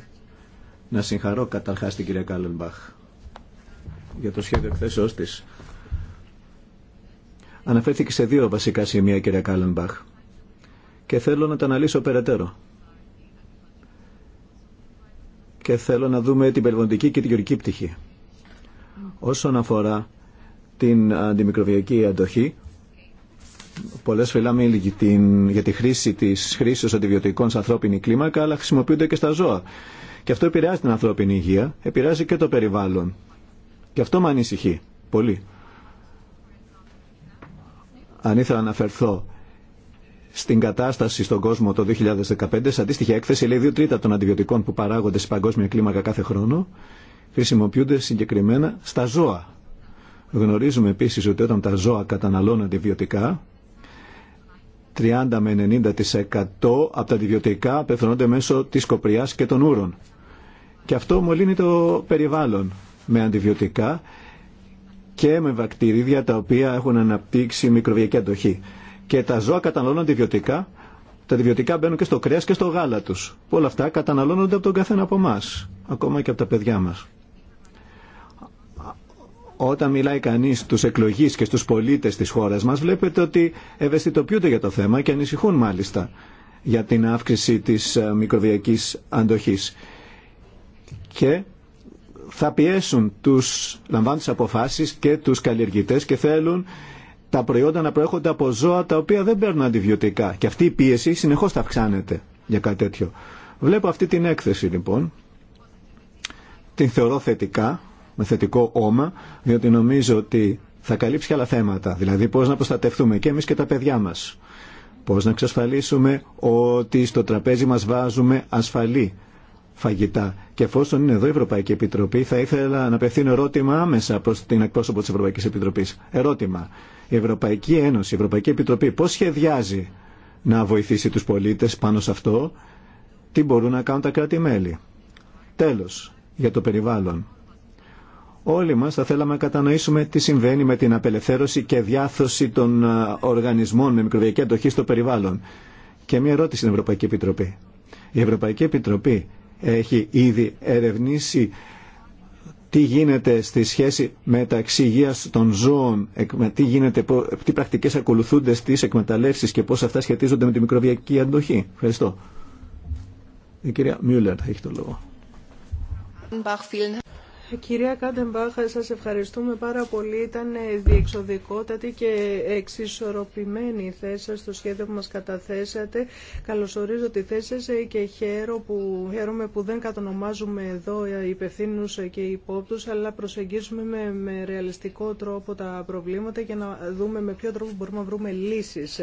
Να συγχαρώ καταρχά την κυρία Κάλενμπαχ για το σχέδιο εκθέσεώς τη. Αναφέρθηκε σε δύο βασικά σημεία, κυρία Κάλενμπαχ και θέλω να τα αναλύσω περαιτέρω. Και θέλω να δούμε την περιβαλλοντική και την γεωργική πτυχή. Όσον αφορά την αντιμικροβιακή αντοχή, πολλέ φυλάμε για τη χρήση τη χρήση αντιβιωτικών σε ανθρώπινη κλίμακα, αλλά χρησιμοποιούνται και στα ζώα. Και αυτό επηρεάζει την ανθρώπινη υγεία, επηρεάζει και το περιβάλλον. Και αυτό με ανησυχεί πολύ. Αν ήθελα να αναφερθώ στην κατάσταση στον κόσμο το 2015, σε αντίστοιχη έκθεση, λέει δύο τρίτα των αντιβιωτικών που παράγονται σε παγκόσμια κλίμακα κάθε χρόνο, χρησιμοποιούνται συγκεκριμένα στα ζώα. Γνωρίζουμε επίσης ότι όταν τα ζώα καταναλώνουν αντιβιωτικά, 30 με 90% από τα αντιβιωτικά απευθυνόνται μέσω της κοπριάς και των ούρων. Και αυτό μολύνει το περιβάλλον με αντιβιωτικά και με βακτηρίδια τα οποία έχουν αναπτύξει μικροβιακή αντοχή και τα ζώα καταναλώνουν αντιβιωτικά. Τα αντιβιωτικά μπαίνουν και στο κρέας και στο γάλα τους. Όλα αυτά καταναλώνονται από τον καθένα από εμά, ακόμα και από τα παιδιά μας. Όταν μιλάει κανείς στου εκλογεί και στους πολίτε τη χώρα μας, βλέπετε ότι ευαισθητοποιούνται για το θέμα και ανησυχούν μάλιστα για την αύξηση τη ε, μικροβιακής αντοχής. Και θα πιέσουν τους λαμβάνοντες αποφάσεις και τους καλλιεργητές και θέλουν τα προϊόντα να προέρχονται από ζώα τα οποία δεν παίρνουν αντιβιωτικά. Και αυτή η πίεση συνεχώς θα αυξάνεται για κάτι τέτοιο. Βλέπω αυτή την έκθεση λοιπόν. Την θεωρώ θετικά, με θετικό όμα, διότι νομίζω ότι θα καλύψει άλλα θέματα. Δηλαδή πώς να προστατευτούμε και εμείς και τα παιδιά μας. Πώς να εξασφαλίσουμε ότι στο τραπέζι μας βάζουμε ασφαλή φαγητά. Και εφόσον είναι εδώ η Ευρωπαϊκή Επιτροπή, θα ήθελα να απευθύνω ερώτημα άμεσα προ την εκπρόσωπο τη Ευρωπαϊκή Επιτροπή. Ερώτημα. Η Ευρωπαϊκή Ένωση, η Ευρωπαϊκή Επιτροπή, πώ σχεδιάζει να βοηθήσει του πολίτε πάνω σε αυτό, τι μπορούν να κάνουν τα κράτη-μέλη. Τέλο, για το περιβάλλον. Όλοι μας θα θέλαμε να κατανοήσουμε τι συμβαίνει με την απελευθέρωση και διάθωση των οργανισμών με μικροβιακή αντοχή στο περιβάλλον. Και μια ερώτηση στην Ευρωπαϊκή Επιτροπή. Η Ευρωπαϊκή Επιτροπή έχει ήδη ερευνήσει τι γίνεται στη σχέση μεταξύ υγεία των ζώων, τι, γίνεται, τι πρακτικές ακολουθούνται στις εκμεταλλεύσεις και πώς αυτά σχετίζονται με τη μικροβιακή αντοχή. Ευχαριστώ. Η κυρία Μιούλερ θα έχει το λόγο. Κυρία Κάντεμπαχα, σας ευχαριστούμε πάρα πολύ. Ήταν διεξοδικότατη και εξισορροπημένη η θέση σας στο σχέδιο που μας καταθέσατε. Καλωσορίζω τη θέση σας ε, και χαίρο που, χαίρομαι που δεν κατονομάζουμε εδώ ε, υπευθύνου ε, και υπόπτους, αλλά προσεγγίσουμε με, με ρεαλιστικό τρόπο τα προβλήματα και να δούμε με ποιο τρόπο μπορούμε να βρούμε λύσεις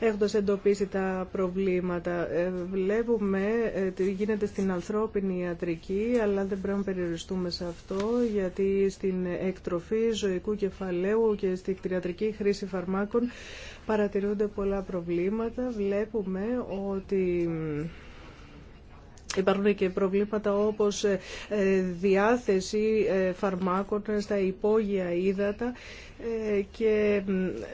έχοντας εντοπίσει τα προβλήματα. Ε, βλέπουμε ε, τι γίνεται στην ανθρώπινη ιατρική, αλλά δεν πρέπει να περιοριστούμε σε αυτό, γιατί στην εκτροφή ζωικού κεφαλαίου και στην κτηριατρική χρήση φαρμάκων παρατηρούνται πολλά προβλήματα. Βλέπουμε ότι Υπάρχουν και προβλήματα όπως ε, διάθεση φαρμάκων στα υπόγεια ύδατα ε, και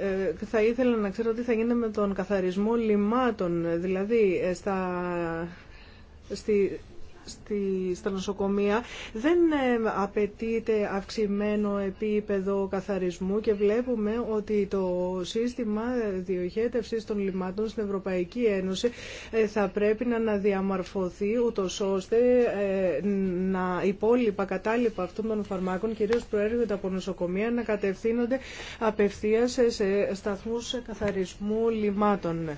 ε, θα ήθελα να ξέρω τι θα γίνει με τον καθαρισμό λιμάτων, δηλαδή ε, στα, στη, στη, στα νοσοκομεία δεν ε, απαιτείται αυξημένο επίπεδο καθαρισμού και βλέπουμε ότι το σύστημα διοχέτευσης των λιμάτων στην Ευρωπαϊκή Ένωση ε, θα πρέπει να αναδιαμορφωθεί ούτως ώστε ε, να υπόλοιπα κατάλοιπα αυτών των φαρμάκων κυρίως προέρχονται από νοσοκομεία να κατευθύνονται απευθείας σε σταθμούς καθαρισμού λιμάτων.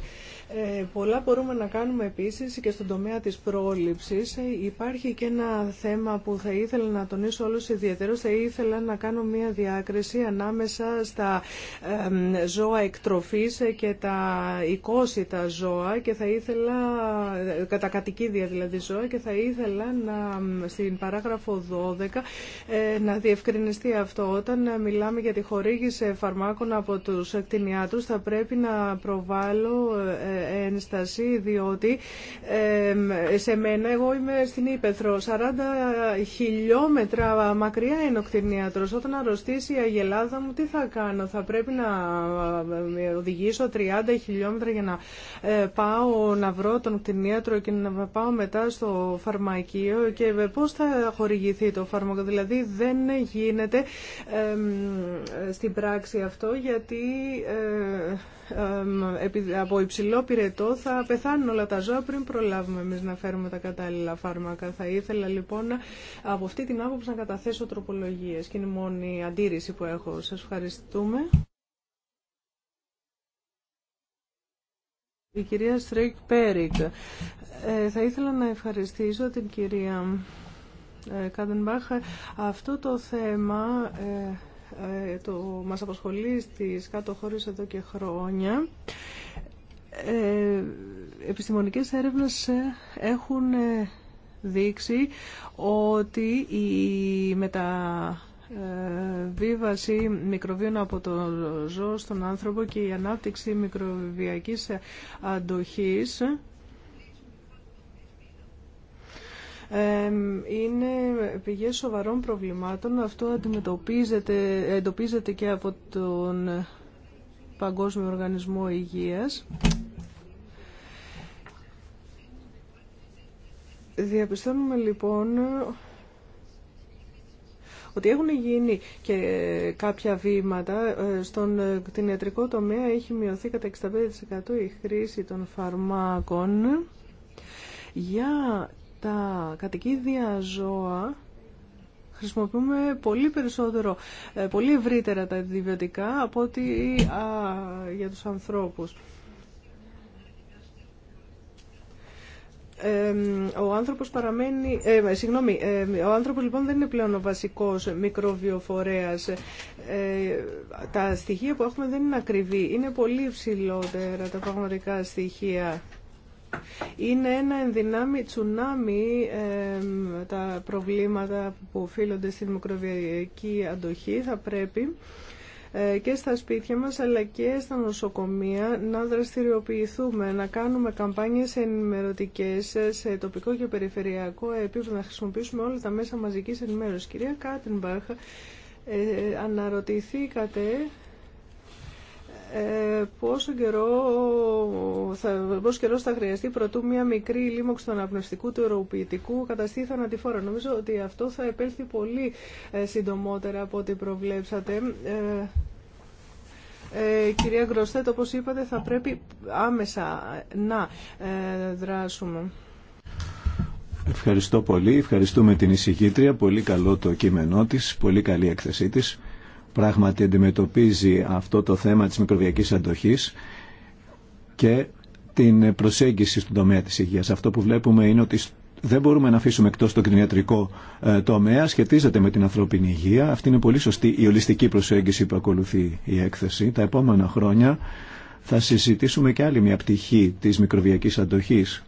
Ε, πολλά μπορούμε να κάνουμε επίσης και στον τομέα της πρόληψης. Ε, υπάρχει και ένα θέμα που θα ήθελα να τονίσω όλους ιδιαίτερως. Θα ήθελα να κάνω μια διάκριση ανάμεσα στα ζώα εκτροφής και τα οικόσιτα ζώα και θα ήθελα, ε, κατά κατοικίδια δηλαδή ζώα και θα ήθελα να, στην παράγραφο 12 να διευκρινιστεί αυτό. Όταν μιλάμε για τη χορήγηση φαρμάκων από τους κτηνιάτρους θα πρέπει να προβάλλω ένσταση, διότι σε μένα, εγώ είμαι στην Ήπεθρο, 40 χιλιόμετρα μακριά είναι ο κτηνίατρος. Όταν αρρωστήσει η αγελάδα μου, τι θα κάνω, θα πρέπει να ε, οδηγήσω 30 χιλιόμετρα για να ε, πάω να βρω τον κτηνίατρο και να πάω μετά στο φαρμακείο και ε, πώς θα χορηγηθεί το φάρμακο. Δηλαδή δεν γίνεται στην πράξη αυτό γιατί από υψηλό πυρετό θα πεθάνουν όλα τα ζώα πριν προλάβουμε εμείς να φέρουμε τα κατάλληλα φάρμακα. Θα ήθελα λοιπόν από αυτή την άποψη να καταθέσω τροπολογίες και είναι η μόνη αντίρρηση που έχω. Σας ευχαριστούμε. Η κυρία Στρέικ Πέρικ. Ε, θα ήθελα να ευχαριστήσω την κυρία ε, Κάντενμπαχ. Αυτό το θέμα ε, ε το, μας απασχολεί στις κάτω χώρες εδώ και χρόνια. Ε, επιστημονικές έρευνες ε, έχουν ε, δείξει ότι η μεταβίβαση μικροβίων από το ζώο στον άνθρωπο και η ανάπτυξη μικροβιακής αντοχής είναι πηγές σοβαρών προβλημάτων. Αυτό αντιμετωπίζεται, εντοπίζεται και από τον Παγκόσμιο Οργανισμό Υγείας. Διαπιστώνουμε λοιπόν ότι έχουν γίνει και κάποια βήματα. Ε, στον κτηνιατρικό ε, τομέα έχει μειωθεί κατά 65% η χρήση των φαρμάκων. Για τα κατοικίδια ζώα χρησιμοποιούμε πολύ περισσότερο, ε, πολύ ευρύτερα τα αντιβιωτικά από ότι για τους ανθρώπους. ο άνθρωπος παραμένει, ε, συγγνώμη, ο άνθρωπος λοιπόν δεν είναι πλέον ο βασικός μικροβιοφορέας. Ε, τα στοιχεία που έχουμε δεν είναι ακριβή, είναι πολύ υψηλότερα τα πραγματικά στοιχεία. Είναι ένα ενδυνάμει τσουνάμι ε, τα προβλήματα που οφείλονται στην μικροβιακή αντοχή. Θα πρέπει ε, και στα σπίτια μας αλλά και στα νοσοκομεία να δραστηριοποιηθούμε, να κάνουμε καμπάνιες ενημερωτικές σε τοπικό και περιφερειακό επίπεδο, να χρησιμοποιήσουμε όλα τα μέσα μαζικής ενημέρωσης. Κυρία Κάτενμπαχ, ε, αναρωτηθήκατε ε, πόσο, καιρό θα, πόσο καιρό θα χρειαστεί προτού μια μικρή λίμωξη του αναπνευστικού του ερωποιητικού καταστήθων αντιφόρων. Νομίζω ότι αυτό θα επέλθει πολύ ε, συντομότερα από ό,τι προβλέψατε. Ε, ε, κυρία Γκροστέτ, όπως είπατε, θα πρέπει άμεσα να δράσουμε. Ευχαριστώ πολύ. Ευχαριστούμε την εισηγήτρια. Πολύ καλό το κείμενό της, πολύ καλή έκθεσή της πράγματι αντιμετωπίζει αυτό το θέμα της μικροβιακής αντοχής και την προσέγγιση στον τομέα της υγείας. Αυτό που βλέπουμε είναι ότι δεν μπορούμε να αφήσουμε εκτός το κτηνιατρικό ε, τομέα, σχετίζεται με την ανθρώπινη υγεία. Αυτή είναι πολύ σωστή η ολιστική προσέγγιση που ακολουθεί η έκθεση. Τα επόμενα χρόνια θα συζητήσουμε και άλλη μια πτυχή της μικροβιακής αντοχής.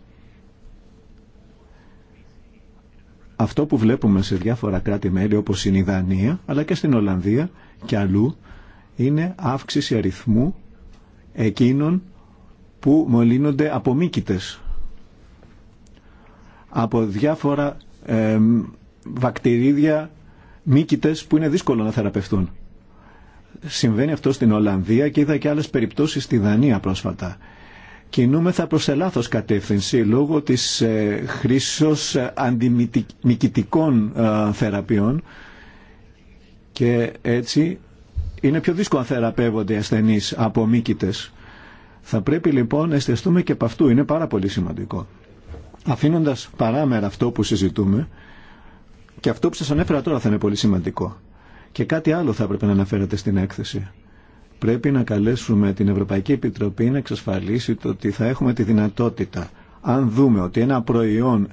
Αυτό που βλέπουμε σε διάφορα κράτη-μέλη όπως είναι η Δανία, αλλά και στην Ολλανδία, και αλλού είναι αύξηση αριθμού εκείνων που μολύνονται από μύκητες από διάφορα ε, βακτηρίδια μύκητες που είναι δύσκολο να θεραπευτούν. Συμβαίνει αυτό στην Ολλανδία και είδα και άλλες περιπτώσεις στη Δανία πρόσφατα. Κινούμεθα προς ελάθος κατεύθυνση λόγω της ε, χρήσεως ε, αντιμικητικών ε, θεραπείων και έτσι είναι πιο δύσκολο να θεραπεύονται οι ασθενείς από μήκητες. Θα πρέπει λοιπόν να εστιαστούμε και από αυτού, είναι πάρα πολύ σημαντικό. Αφήνοντας παράμερα αυτό που συζητούμε και αυτό που σα ανέφερα τώρα θα είναι πολύ σημαντικό. Και κάτι άλλο θα έπρεπε να αναφέρετε στην έκθεση. Πρέπει να καλέσουμε την Ευρωπαϊκή Επιτροπή να εξασφαλίσει το ότι θα έχουμε τη δυνατότητα. Αν δούμε ότι ένα προϊόν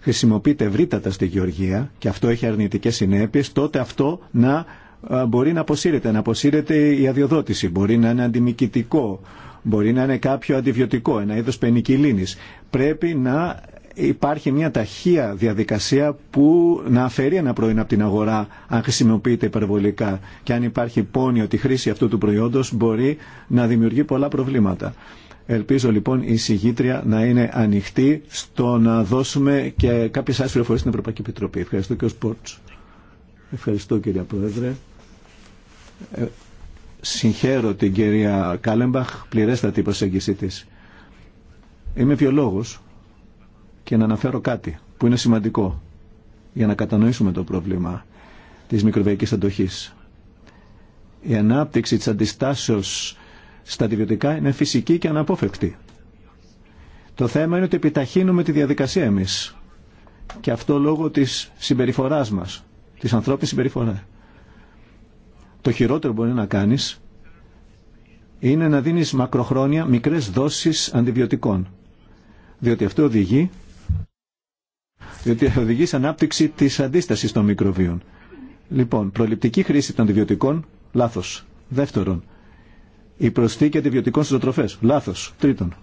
χρησιμοποιείται ευρύτατα στη γεωργία και αυτό έχει αρνητικές συνέπειες, τότε αυτό να μπορεί να αποσύρεται, να αποσύρεται η αδειοδότηση, μπορεί να είναι αντιμικητικό, μπορεί να είναι κάποιο αντιβιωτικό, ένα είδος πενικυλίνης. Πρέπει να υπάρχει μια ταχεία διαδικασία που να αφαιρεί ένα πρωί από την αγορά αν χρησιμοποιείται υπερβολικά και αν υπάρχει πόνοι ότι η χρήση αυτού του προϊόντος μπορεί να δημιουργεί πολλά προβλήματα. Ελπίζω λοιπόν η συγγήτρια να είναι ανοιχτή στο να δώσουμε και κάποιε άλλε πληροφορίε στην Ευρωπαϊκή Επιτροπή. Ευχαριστώ και ο Σπόρτς. Ευχαριστώ κύριε Πρόεδρε. Ε, συγχαίρω την κυρία Κάλεμπαχ, πληρέστατη η προσέγγιση τη. Είμαι βιολόγο και να αναφέρω κάτι που είναι σημαντικό για να κατανοήσουμε το πρόβλημα της μικροβιακής αντοχής. Η ανάπτυξη της αντιστάσεως στα αντιβιωτικά είναι φυσική και αναπόφευκτη. Το θέμα είναι ότι επιταχύνουμε τη διαδικασία εμείς. Και αυτό λόγω της συμπεριφοράς μας, της ανθρώπινης συμπεριφοράς. Το χειρότερο που μπορεί να κάνεις είναι να δίνεις μακροχρόνια μικρές δόσεις αντιβιωτικών. Διότι αυτό οδηγεί, διότι οδηγεί σε ανάπτυξη της αντίστασης των μικροβίων. Λοιπόν, προληπτική χρήση των αντιβιωτικών, λάθος. Δεύτερον, η προσθήκη αντιβιωτικών στι ζωοτροφέ. Λάθο. Τρίτον,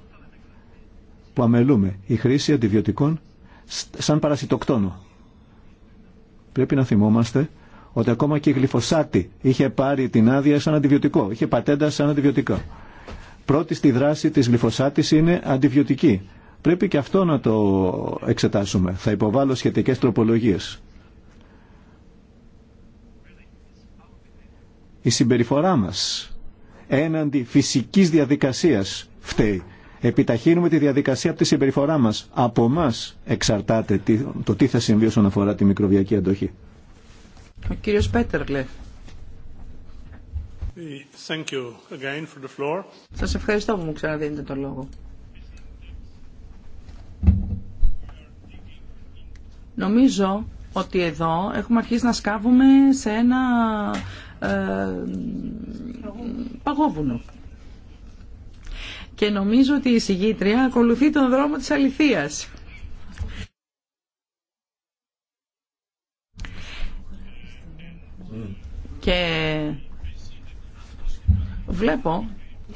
που αμελούμε η χρήση αντιβιωτικών σαν παρασιτοκτόνο. Πρέπει να θυμόμαστε ότι ακόμα και η γλυφοσάτη είχε πάρει την άδεια σαν αντιβιωτικό, είχε πατέντα σαν αντιβιωτικό. Πρώτη στη δράση της γλυφοσάτης είναι αντιβιωτική. Πρέπει και αυτό να το εξετάσουμε. Θα υποβάλω σχετικές τροπολογίες. Η συμπεριφορά μας έναντι φυσικής διαδικασίας φταίει. Επιταχύνουμε τη διαδικασία από τη συμπεριφορά μας. Από εμά εξαρτάται το τι θα συμβεί όσον αφορά τη μικροβιακή αντοχή. Ο κύριος Πέτερλε. Thank you Σας ευχαριστώ που μου ξαναδίνετε το λόγο. Νομίζω ότι εδώ έχουμε αρχίσει να σκάβουμε σε ένα ε, παγόβουνο. Και νομίζω ότι η συγγήτρια ακολουθεί τον δρόμο της αληθείας. Και βλέπω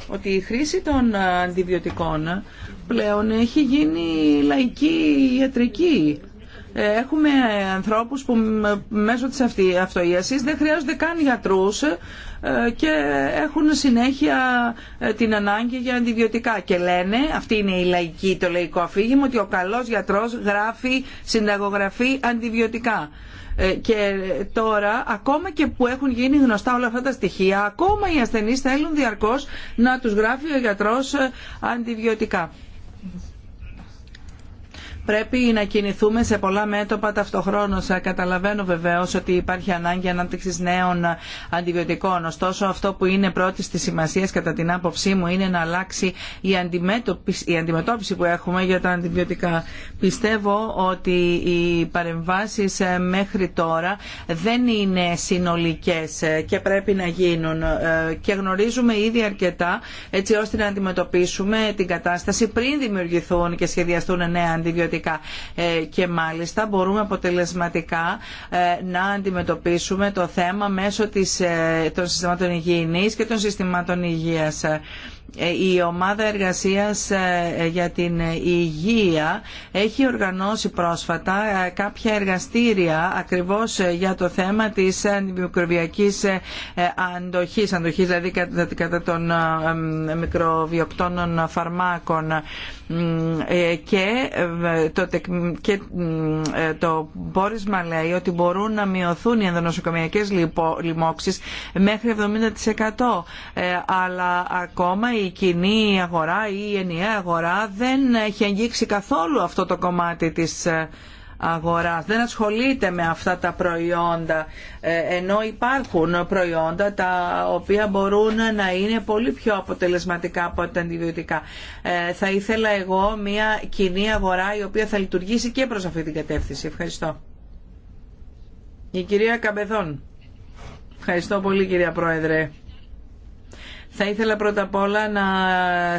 ότι η χρήση των αντιβιωτικών πλέον έχει γίνει λαϊκή ιατρική Έχουμε ανθρώπους που μέσω της αυτοίασης δεν χρειάζονται καν γιατρούς ε, και έχουν συνέχεια ε, την ανάγκη για αντιβιωτικά και λένε, αυτή είναι η λαϊκή, το λαϊκό αφήγημα, ότι ο καλός γιατρός γράφει, συνταγογραφεί αντιβιωτικά ε, και τώρα ακόμα και που έχουν γίνει γνωστά όλα αυτά τα στοιχεία ακόμα οι ασθενείς θέλουν διαρκώς να τους γράφει ο γιατρός αντιβιωτικά. Πρέπει να κινηθούμε σε πολλά μέτωπα ταυτοχρόνως. Καταλαβαίνω βεβαίως ότι υπάρχει ανάγκη ανάπτυξης νέων αντιβιωτικών. Ωστόσο αυτό που είναι πρώτη τη σημασία κατά την άποψή μου είναι να αλλάξει η, η αντιμετώπιση που έχουμε για τα αντιβιωτικά. Πιστεύω ότι οι παρεμβάσεις ε, μέχρι τώρα δεν είναι συνολικές ε, και πρέπει να γίνουν ε, και γνωρίζουμε ήδη αρκετά έτσι ώστε να αντιμετωπίσουμε την κατάσταση πριν δημιουργηθούν και σχεδιαστούν νέα αντιβιωτικά ε, και μάλιστα μπορούμε αποτελεσματικά ε, να αντιμετωπίσουμε το θέμα μέσω της ε, των συστημάτων υγιεινής και των συστημάτων υγείας. Ε, η ομάδα εργασίας ε, για την υγεία έχει οργανώσει πρόσφατα ε, κάποια εργαστήρια ακριβώς για το θέμα της μικροβιακής αντοχής, αντοχής δηλαδή κατά των μικροβιοπτών φαρμάκων και το, το πόρισμα λέει ότι μπορούν να μειωθούν οι ενδονοσοκομιακές λοιμώξεις μέχρι 70% αλλά ακόμα η κοινή αγορά ή η ενιαία αγορά δεν έχει αγγίξει καθόλου αυτό το κομμάτι της ε, αγοράς. Δεν ασχολείται με αυτά τα προϊόντα, ε, ενώ υπάρχουν προϊόντα τα οποία μπορούν να είναι πολύ πιο αποτελεσματικά από τα αντιβιωτικά. Ε, θα ήθελα εγώ μια κοινή αγορά η οποία θα λειτουργήσει και προς αυτή την κατεύθυνση. Ευχαριστώ. Η κυρία Καμπεδόν. Ευχαριστώ πολύ κυρία Πρόεδρε. Θα ήθελα πρώτα απ' όλα να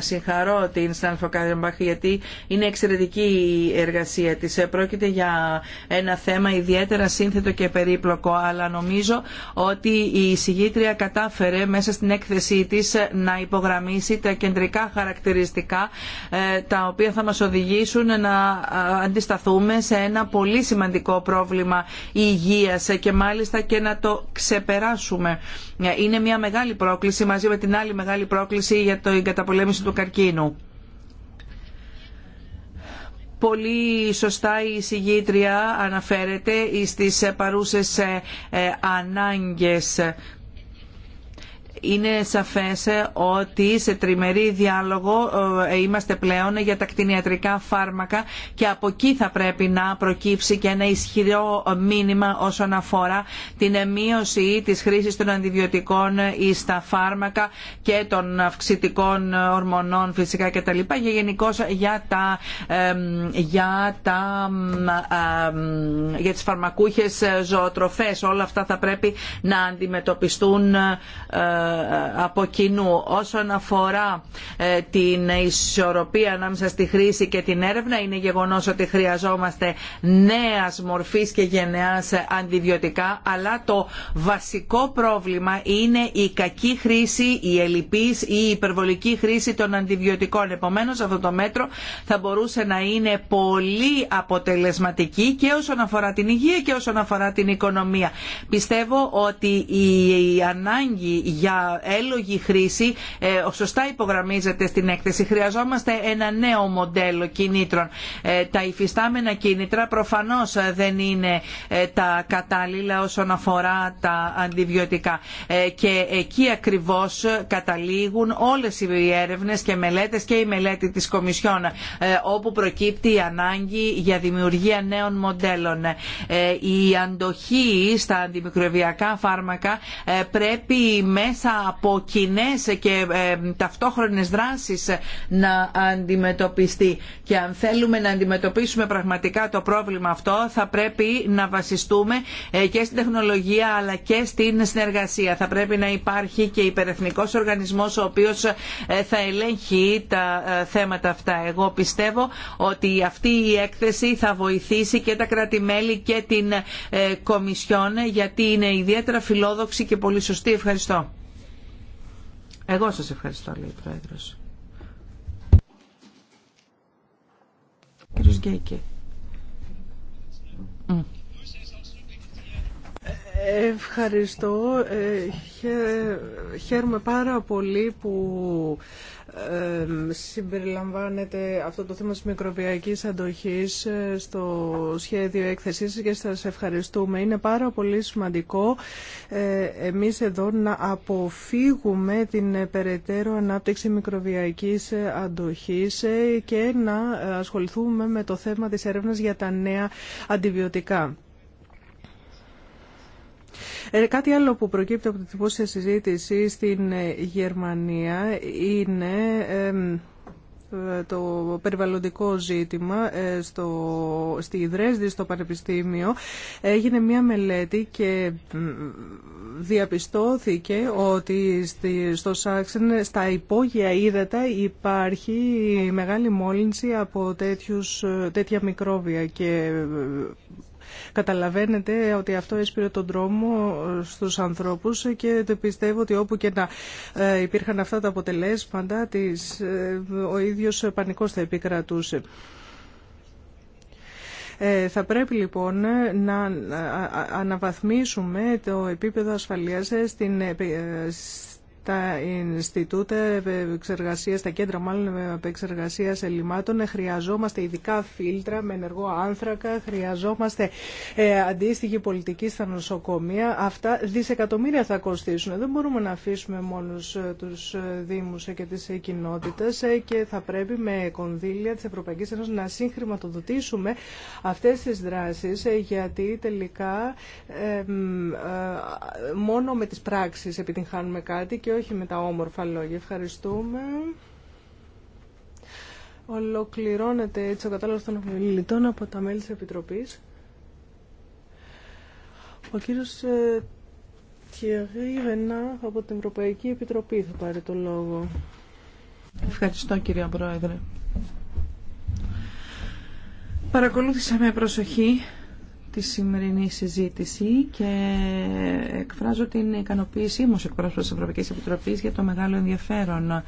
συγχαρώ την Στάνφο Κάρεμπαχ γιατί είναι εξαιρετική η εργασία της. Πρόκειται για ένα θέμα ιδιαίτερα σύνθετο και περίπλοκο, αλλά νομίζω ότι η συγγήτρια κατάφερε μέσα στην έκθεσή της να υπογραμμίσει τα κεντρικά χαρακτηριστικά ε, τα οποία θα μας οδηγήσουν να ε, αντισταθούμε σε ένα πολύ σημαντικό πρόβλημα υγείας και μάλιστα και να το ξεπεράσουμε. Ε, είναι μια μεγάλη πρόκληση μαζί με την άλλη μεγάλη πρόκληση για την καταπολέμηση του καρκίνου. Πολύ σωστά η συγγήτρια αναφέρεται στις παρούσες ε, ε, ανάγκες είναι σαφές ότι σε τριμερή διάλογο ε, είμαστε πλέον για τα κτηνιατρικά φάρμακα και από εκεί θα πρέπει να προκύψει και ένα ισχυρό μήνυμα όσον αφορά την μείωση της χρήσης των αντιβιωτικών στα φάρμακα και των αυξητικών ορμονών φυσικά κτλ. και γενικώ για, τα, για, τα, για τις φαρμακούχες ζωοτροφές όλα αυτά θα πρέπει να αντιμετωπιστούν ε, από κοινού. Όσον αφορά ε, την ισορροπία ανάμεσα στη χρήση και την έρευνα, είναι γεγονός ότι χρειαζόμαστε νέας μορφής και γενεάς αντιβιωτικά, αλλά το βασικό πρόβλημα είναι η κακή χρήση, η ελλειπής ή η υπερβολική χρήση των αντιβιωτικών. Επομένως αυτό το μέτρο θα μπορούσε να είναι πολύ αποτελεσματική και όσον αφορά την υγεία και όσον αφορά την οικονομία. Πιστεύω ότι η ανάγκη για έλογη χρήση ε, σωστά υπογραμμίζεται στην έκθεση. Χρειαζόμαστε ένα νέο μοντέλο κινήτρων. Ε, τα υφιστάμενα κίνητρα προφανώς ε, δεν είναι τα κατάλληλα όσον αφορά τα αντιβιωτικά και εκεί ακριβώς καταλήγουν όλες οι έρευνες και μελέτες και η μελέτη της Κομισιόν όπου προκύπτει η ανάγκη για δημιουργία νέων μοντέλων. Η αντοχή στα αντιμικροβιακά φάρμακα πρέπει μέσα από κοινέ και ε, ταυτόχρονες δράσεις να αντιμετωπιστεί. Και αν θέλουμε να αντιμετωπίσουμε πραγματικά το πρόβλημα αυτό θα πρέπει να βασιστούμε ε, και στην τεχνολογία αλλά και στην συνεργασία. Θα πρέπει να υπάρχει και υπερεθνικός οργανισμός ο οποίος ε, θα ελέγχει τα θέματα αυτά. Εγώ πιστεύω ότι αυτή η έκθεση θα βοηθήσει και τα κράτη-μέλη και την Κομισιόν γιατί είναι ιδιαίτερα φιλόδοξη και πολύ σωστή. Ευχαριστώ. Εγώ σας ευχαριστώ, λέει η Πρόεδρος. Κύριος Γκέικε. Ευχαριστώ. Ε, χαίρομαι πάρα πολύ που συμπεριλαμβάνεται αυτό το θέμα της μικροβιακής αντοχής ε, στο σχέδιο έκθεσής και σας ευχαριστούμε. Είναι πάρα πολύ σημαντικό ε, εμείς εδώ να αποφύγουμε την περαιτέρω ανάπτυξη μικροβιακής αντοχής και να ασχοληθούμε με το θέμα της έρευνας για τα νέα αντιβιωτικά. Ε, κάτι άλλο που προκύπτει από την τυπώσια συζήτηση στην ε, Γερμανία είναι ε, το περιβαλλοντικό ζήτημα στο, στη Δρέσδη στο Πανεπιστήμιο έγινε μια μελέτη και διαπιστώθηκε ότι στη, στο Σάξεν στα υπόγεια ύδατα υπάρχει μεγάλη μόλυνση από τέτοιους, τέτοια μικρόβια και Καταλαβαίνετε ότι αυτό έσπηρε τον τρόμο στους ανθρώπους και το πιστεύω ότι όπου και να ε, υπήρχαν αυτά τα αποτελέσματα της, ε, ο ίδιος πανικός θα επικρατούσε. Ε, θα πρέπει λοιπόν να αναβαθμίσουμε το επίπεδο ασφαλείας στην τα Ινστιτούτα επεξεργασία, τα κέντρα μάλλον επεξεργασία ελλημάτων. Χρειαζόμαστε ειδικά φίλτρα με ενεργό άνθρακα, χρειαζόμαστε ε, αντίστοιχη πολιτική στα νοσοκομεία. Αυτά δισεκατομμύρια θα κοστίσουν. Δεν μπορούμε να αφήσουμε μόνο ε, του ε, Δήμου ε, και τι κοινότητε και θα πρέπει με κονδύλια τη Ευρωπαϊκή Ένωση να συγχρηματοδοτήσουμε αυτέ τι δράσει γιατί τελικά μόνο με τι πράξει επιτυγχάνουμε κάτι και όχι με τα όμορφα λόγια. Ευχαριστούμε. Ολοκληρώνεται έτσι ο κατάλογος των ομιλητών από τα μέλη της Επιτροπής. Ο κύριος Τιερή Βενά από την Ευρωπαϊκή Επιτροπή θα πάρει το λόγο. Ευχαριστώ κυρία Πρόεδρε. Παρακολούθησα με προσοχή τη σημερινή συζήτηση και εκφράζω την ικανοποίησή μου ως εκπρόσωπος της Ευρωπαϊκής Επιτροπής για το μεγάλο ενδιαφέρον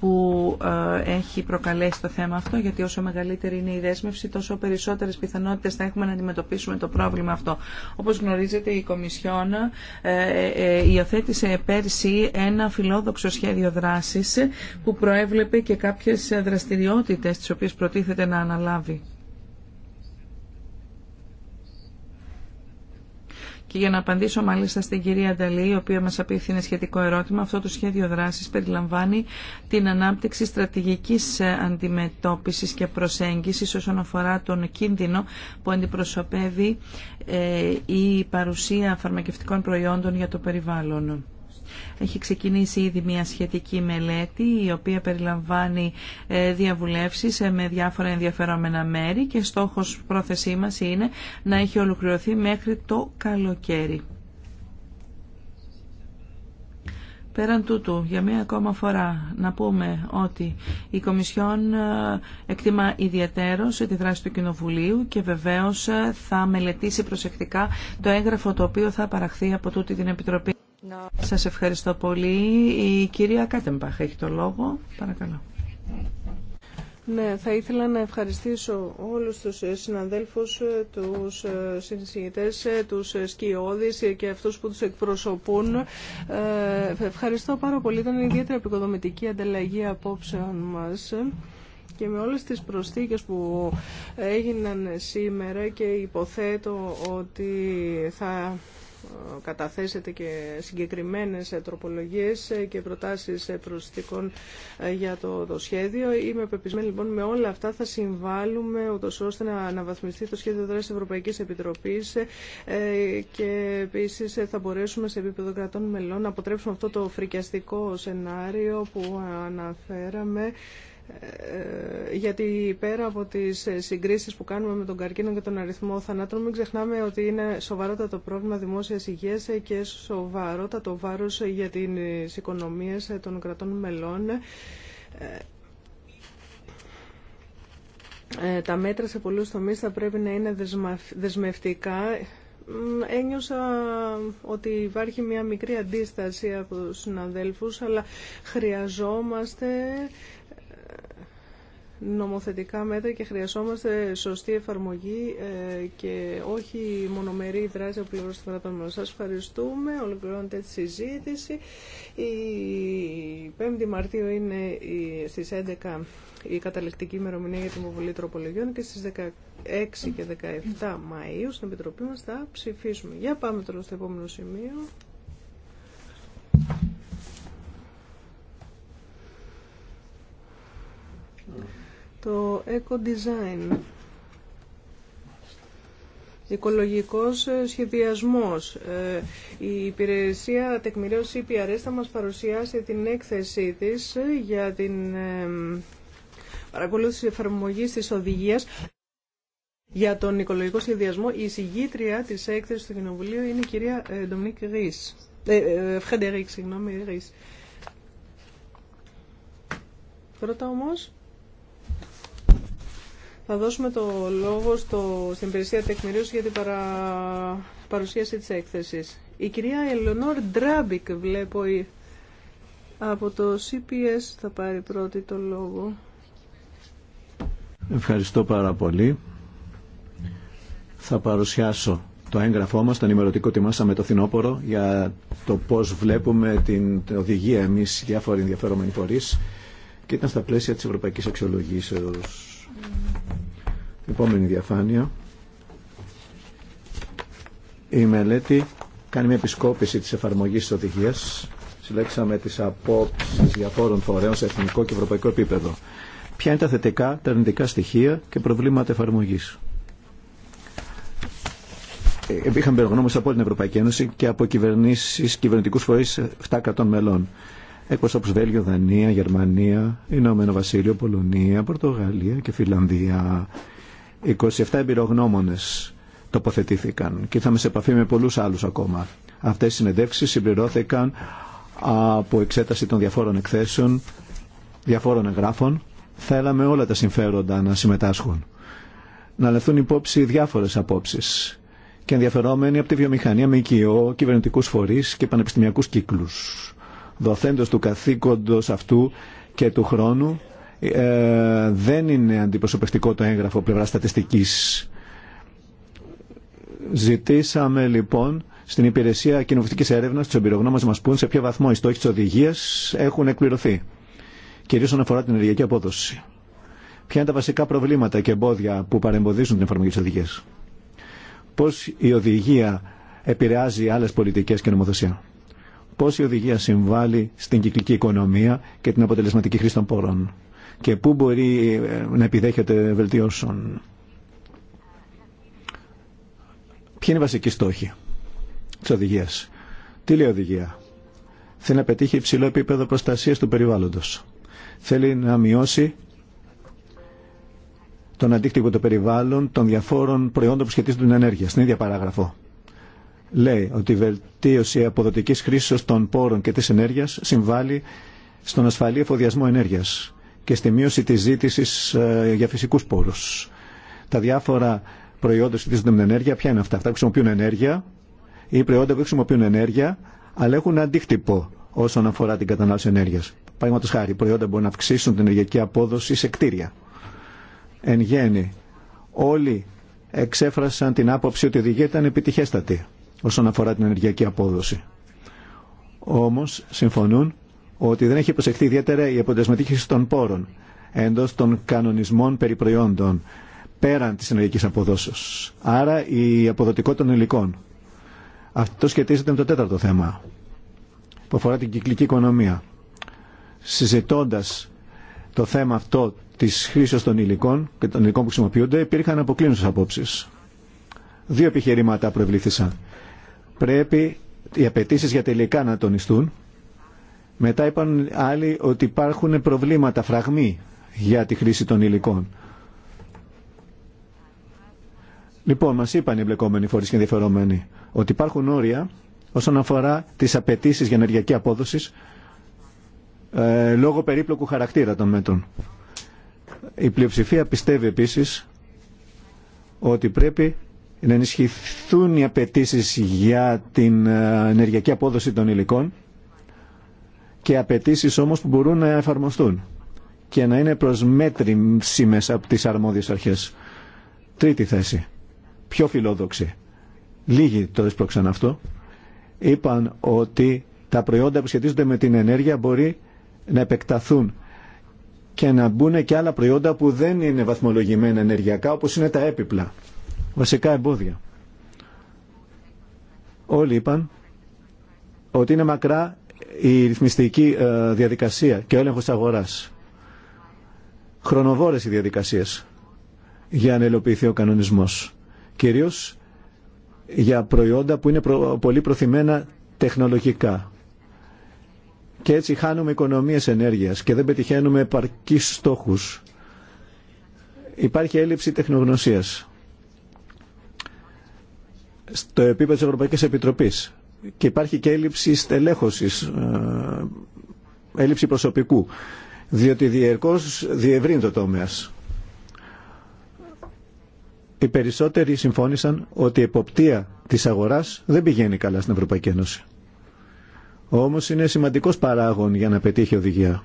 που ε, έχει προκαλέσει το θέμα αυτό γιατί όσο μεγαλύτερη είναι η δέσμευση τόσο περισσότερες πιθανότητες θα έχουμε να αντιμετωπίσουμε το πρόβλημα αυτό. Όπως γνωρίζετε η Κομισιόν ε, ε, υιοθέτησε πέρσι ένα φιλόδοξο σχέδιο δράσης που προέβλεπε και κάποιες δραστηριότητες τις οποίες προτίθεται να αναλάβει. Και για να απαντήσω μάλιστα στην κυρία Νταλή, η οποία μας απίθυνε σχετικό ερώτημα, αυτό το σχέδιο δράσης περιλαμβάνει την ανάπτυξη στρατηγικής ε, αντιμετώπισης και προσέγγισης όσον αφορά τον κίνδυνο που αντιπροσωπεύει ε, η παρουσία φαρμακευτικών προϊόντων για το περιβάλλον. Έχει ξεκινήσει ήδη μια σχετική μελέτη η οποία περιλαμβάνει ε, διαβουλεύσεις ε, με διάφορα ενδιαφερόμενα μέρη και στόχος πρόθεσή μας είναι να έχει ολοκληρωθεί μέχρι το καλοκαίρι. Πέραν τούτου, για μία ακόμα φορά να πούμε ότι η Κομισιόν ε, εκτιμά σε τη δράση του Κοινοβουλίου και βεβαίως θα μελετήσει προσεκτικά το έγγραφο το οποίο θα παραχθεί από τούτη την Επιτροπή. Σας ευχαριστώ πολύ. Η κυρία Κάτεμπαχ έχει το λόγο. Παρακαλώ. Ναι, θα ήθελα να ευχαριστήσω όλους τους συναδέλφους, τους συνσηγητές, τους σκιώδεις και αυτούς που τους εκπροσωπούν. Ε, ευχαριστώ πάρα πολύ. Ήταν ιδιαίτερα επικοδομητική ανταλλαγή απόψεων μας και με όλες τις προσθήκες που έγιναν σήμερα και υποθέτω ότι θα καταθέσετε και συγκεκριμένες τροπολογίες και προτάσεις προσθήκων ε, για το, το σχέδιο. Είμαι πεπισμένη λοιπόν με όλα αυτά θα συμβάλλουμε ούτως ώστε να αναβαθμιστεί το σχέδιο δράσης Ευρωπαϊκής Επιτροπής ε, και επίσης θα μπορέσουμε σε επίπεδο κρατών μελών να αποτρέψουμε αυτό το φρικιαστικό σενάριο που αναφέραμε ε, γιατί πέρα από τις συγκρίσεις που κάνουμε με τον καρκίνο και τον αριθμό θανάτων μην ξεχνάμε ότι είναι σοβαρότατο πρόβλημα δημόσιας υγείας και σοβαρότατο βάρος για τις οικονομίες των κρατών μελών ε, ε, τα μέτρα σε πολλούς τομείς θα πρέπει να είναι δεσμευτικά. Ένιωσα ότι υπάρχει μια μικρή αντίσταση από τους συναδέλφους, αλλά χρειαζόμαστε νομοθετικά μέτρα και χρειαζόμαστε σωστή εφαρμογή ε, και όχι μονομερή δράση από πλευρά των κρατών μας. ευχαριστούμε. Ολοκληρώνεται τη συζήτηση. Η 5η Μαρτίου είναι στι 11 η καταληκτική ημερομηνία για την υποβολή τροπολογιών και στις 16 και 17 Μαΐου στην Επιτροπή μας θα ψηφίσουμε. Για πάμε τώρα στο επόμενο σημείο το eco-design, οικολογικός ε, σχεδιασμός. Ε, η υπηρεσία τεκμηρίως EPRS θα μας παρουσιάσει την έκθεσή της ε, για την παρακολούθηση εφαρμογής της οδηγίας για τον οικολογικό σχεδιασμό. Η συγγήτρια της έκθεσης του Κοινοβουλίου είναι η κυρία Ντομνίκ Φρεντερίκ, συγγνώμη, Πρώτα όμως... Θα δώσουμε το λόγο στο, στην υπηρεσία τεκμηρίωση για την παρα... παρουσίαση της έκθεσης. Η κυρία Ελεονόρ Ντράμπικ, βλέπω, από το CPS θα πάρει πρώτη το λόγο. Ευχαριστώ πάρα πολύ. Θα παρουσιάσω το έγγραφό μας, το ενημερωτικό τιμάσαμε το φθινόπωρο για το πώς βλέπουμε την οδηγία εμείς διάφοροι ενδιαφερόμενοι φορείς και ήταν στα πλαίσια της Ευρωπαϊκής Αξιολογήσεως. Επόμενη διαφάνεια. Η μελέτη κάνει μια επισκόπηση της εφαρμογής της οδηγίας. Συλλέξαμε τις απόψεις διαφόρων φορέων σε εθνικό και ευρωπαϊκό επίπεδο. Ποια είναι τα θετικά, τα αρνητικά στοιχεία και προβλήματα εφαρμογής. Είχαμε περιγνώμηση από την Ευρωπαϊκή Ένωση και από κυβερνήσει, κυβερνητικού φορεί 7 κρατών μελών. Εκπροσώπους Βέλγιο, Δανία, Γερμανία, Ηνωμένο Βασίλειο, Πολωνία, Πορτογαλία και Φιλανδία. 27 εμπειρογνώμονες τοποθετήθηκαν και ήρθαμε σε επαφή με πολλούς άλλους ακόμα. Αυτές οι συνεντεύξεις συμπληρώθηκαν από εξέταση των διαφόρων εκθέσεων, διαφόρων εγγράφων. Θέλαμε όλα τα συμφέροντα να συμμετάσχουν. Να λεφθούν υπόψη διάφορες απόψεις και ενδιαφερόμενοι από τη βιομηχανία, οικειό, κυβερνητικούς φορείς και πανεπιστημιακούς κύκλους. Δοθέντος του καθήκοντος αυτού και του χρόνου ε, δεν είναι αντιπροσωπευτικό το έγγραφο πλευρά στατιστική. Ζητήσαμε λοιπόν στην υπηρεσία κοινοβουλευτική έρευνα του εμπειρογνώμε μα πούν σε ποιο βαθμό οι στόχοι τη οδηγία έχουν εκπληρωθεί. Κυρίω όσον αφορά την ενεργειακή απόδοση. Ποια είναι τα βασικά προβλήματα και εμπόδια που παρεμποδίζουν την εφαρμογή τη οδηγία, Πώ η οδηγία επηρεάζει άλλε πολιτικέ και νομοθεσία. Πώ η οδηγία συμβάλλει στην κυκλική οικονομία και την αποτελεσματική χρήση των πόρων και πού μπορεί ε, να επιδέχεται βελτιώσεων. Ποιοι είναι οι βασικοί στόχοι τη οδηγία. Τι λέει η οδηγία. Θέλει να πετύχει υψηλό επίπεδο προστασία του περιβάλλοντο. Θέλει να μειώσει τον αντίκτυπο των περιβάλλων των διαφόρων προϊόντων που μπορει να επιδεχεται βελτιωσεων ποιοι ειναι οι βασικοι στοχοι τη οδηγια τι λεει η οδηγια θελει να πετυχει υψηλο επιπεδο προστασιας του περιβαλλοντος θελει να μειωσει τον αντικτυπο του περιβαλλον των διαφορων προιοντων που σχετιζονται με την ενέργεια. Στην ίδια παράγραφο. Λέει ότι η βελτίωση αποδοτική χρήση των πόρων και της ενέργειας συμβάλλει στον ασφαλή εφοδιασμό ενέργεια και στη μείωση της ζήτησης ε, για φυσικούς πόρους. Τα διάφορα προϊόντα που σχετίζονται με την ενέργεια, ποια είναι αυτά. Αυτά που χρησιμοποιούν ενέργεια ή προϊόντα που χρησιμοποιούν ενέργεια, αλλά έχουν αντίκτυπο όσον αφορά την κατανάλωση ενέργεια. Παραδείγματο χάρη, προϊόντα μπορούν να αυξήσουν την ενεργειακή απόδοση σε κτίρια. Εν γέννη, όλοι εξέφρασαν την άποψη ότι η οδηγία ήταν επιτυχέστατη όσον αφορά την ενεργειακή απόδοση. Όμω συμφωνούν ότι δεν έχει προσεχθεί ιδιαίτερα η αποτελεσματική των πόρων εντός των κανονισμών περί προϊόντων πέραν της συνολική αποδόσεως. Άρα η αποδοτικότητα των υλικών. Αυτό σχετίζεται με το τέταρτο θέμα που αφορά την κυκλική οικονομία. Συζητώντας το θέμα αυτό της χρήσης των υλικών και των υλικών που χρησιμοποιούνται υπήρχαν αποκλίνουσες απόψεις. Δύο επιχειρήματα προευλήθησαν. Πρέπει οι απαιτήσει για τελικά να τονιστούν μετά είπαν άλλοι ότι υπάρχουν προβλήματα, φραγμοί για τη χρήση των υλικών. Λοιπόν, μας είπαν οι εμπλεκόμενοι φορείς και ενδιαφερόμενοι ότι υπάρχουν όρια όσον αφορά τις απαιτήσει για ενεργειακή απόδοση ε, λόγω περίπλοκου χαρακτήρα των μέτρων. Η πλειοψηφία πιστεύει επίσης ότι πρέπει να ενισχυθούν οι απαιτήσει για την ε, ενεργειακή απόδοση των υλικών και απαιτήσει όμως που μπορούν να εφαρμοστούν και να είναι μέτρησιμες από τις αρμόδιες αρχές. Τρίτη θέση, πιο φιλόδοξη. Λίγοι το έσπρωξαν αυτό. Είπαν ότι τα προϊόντα που σχετίζονται με την ενέργεια μπορεί να επεκταθούν και να μπουν και άλλα προϊόντα που δεν είναι βαθμολογημένα ενεργειακά όπως είναι τα έπιπλα, βασικά εμπόδια. Όλοι είπαν ότι είναι μακρά η ρυθμιστική ε, διαδικασία και ο τη αγορά. Χρονοβόρες οι διαδικασίες για να ο κανονισμό. Κυρίω για προϊόντα που είναι πολύ προθυμένα τεχνολογικά. Και έτσι χάνουμε οικονομίες ενέργειας και δεν πετυχαίνουμε επαρκείς στόχους. Υπάρχει έλλειψη τεχνογνωσίας. Στο επίπεδο της Ευρωπαϊκής Επιτροπής και υπάρχει και έλλειψη στελέχωσης, ε, έλλειψη προσωπικού, διότι διερκώς διευρύνει το τομέας. Οι περισσότεροι συμφώνησαν ότι η εποπτεία της αγοράς δεν πηγαίνει καλά στην Ευρωπαϊκή Ένωση. Όμως είναι σημαντικός παράγον για να πετύχει οδηγία.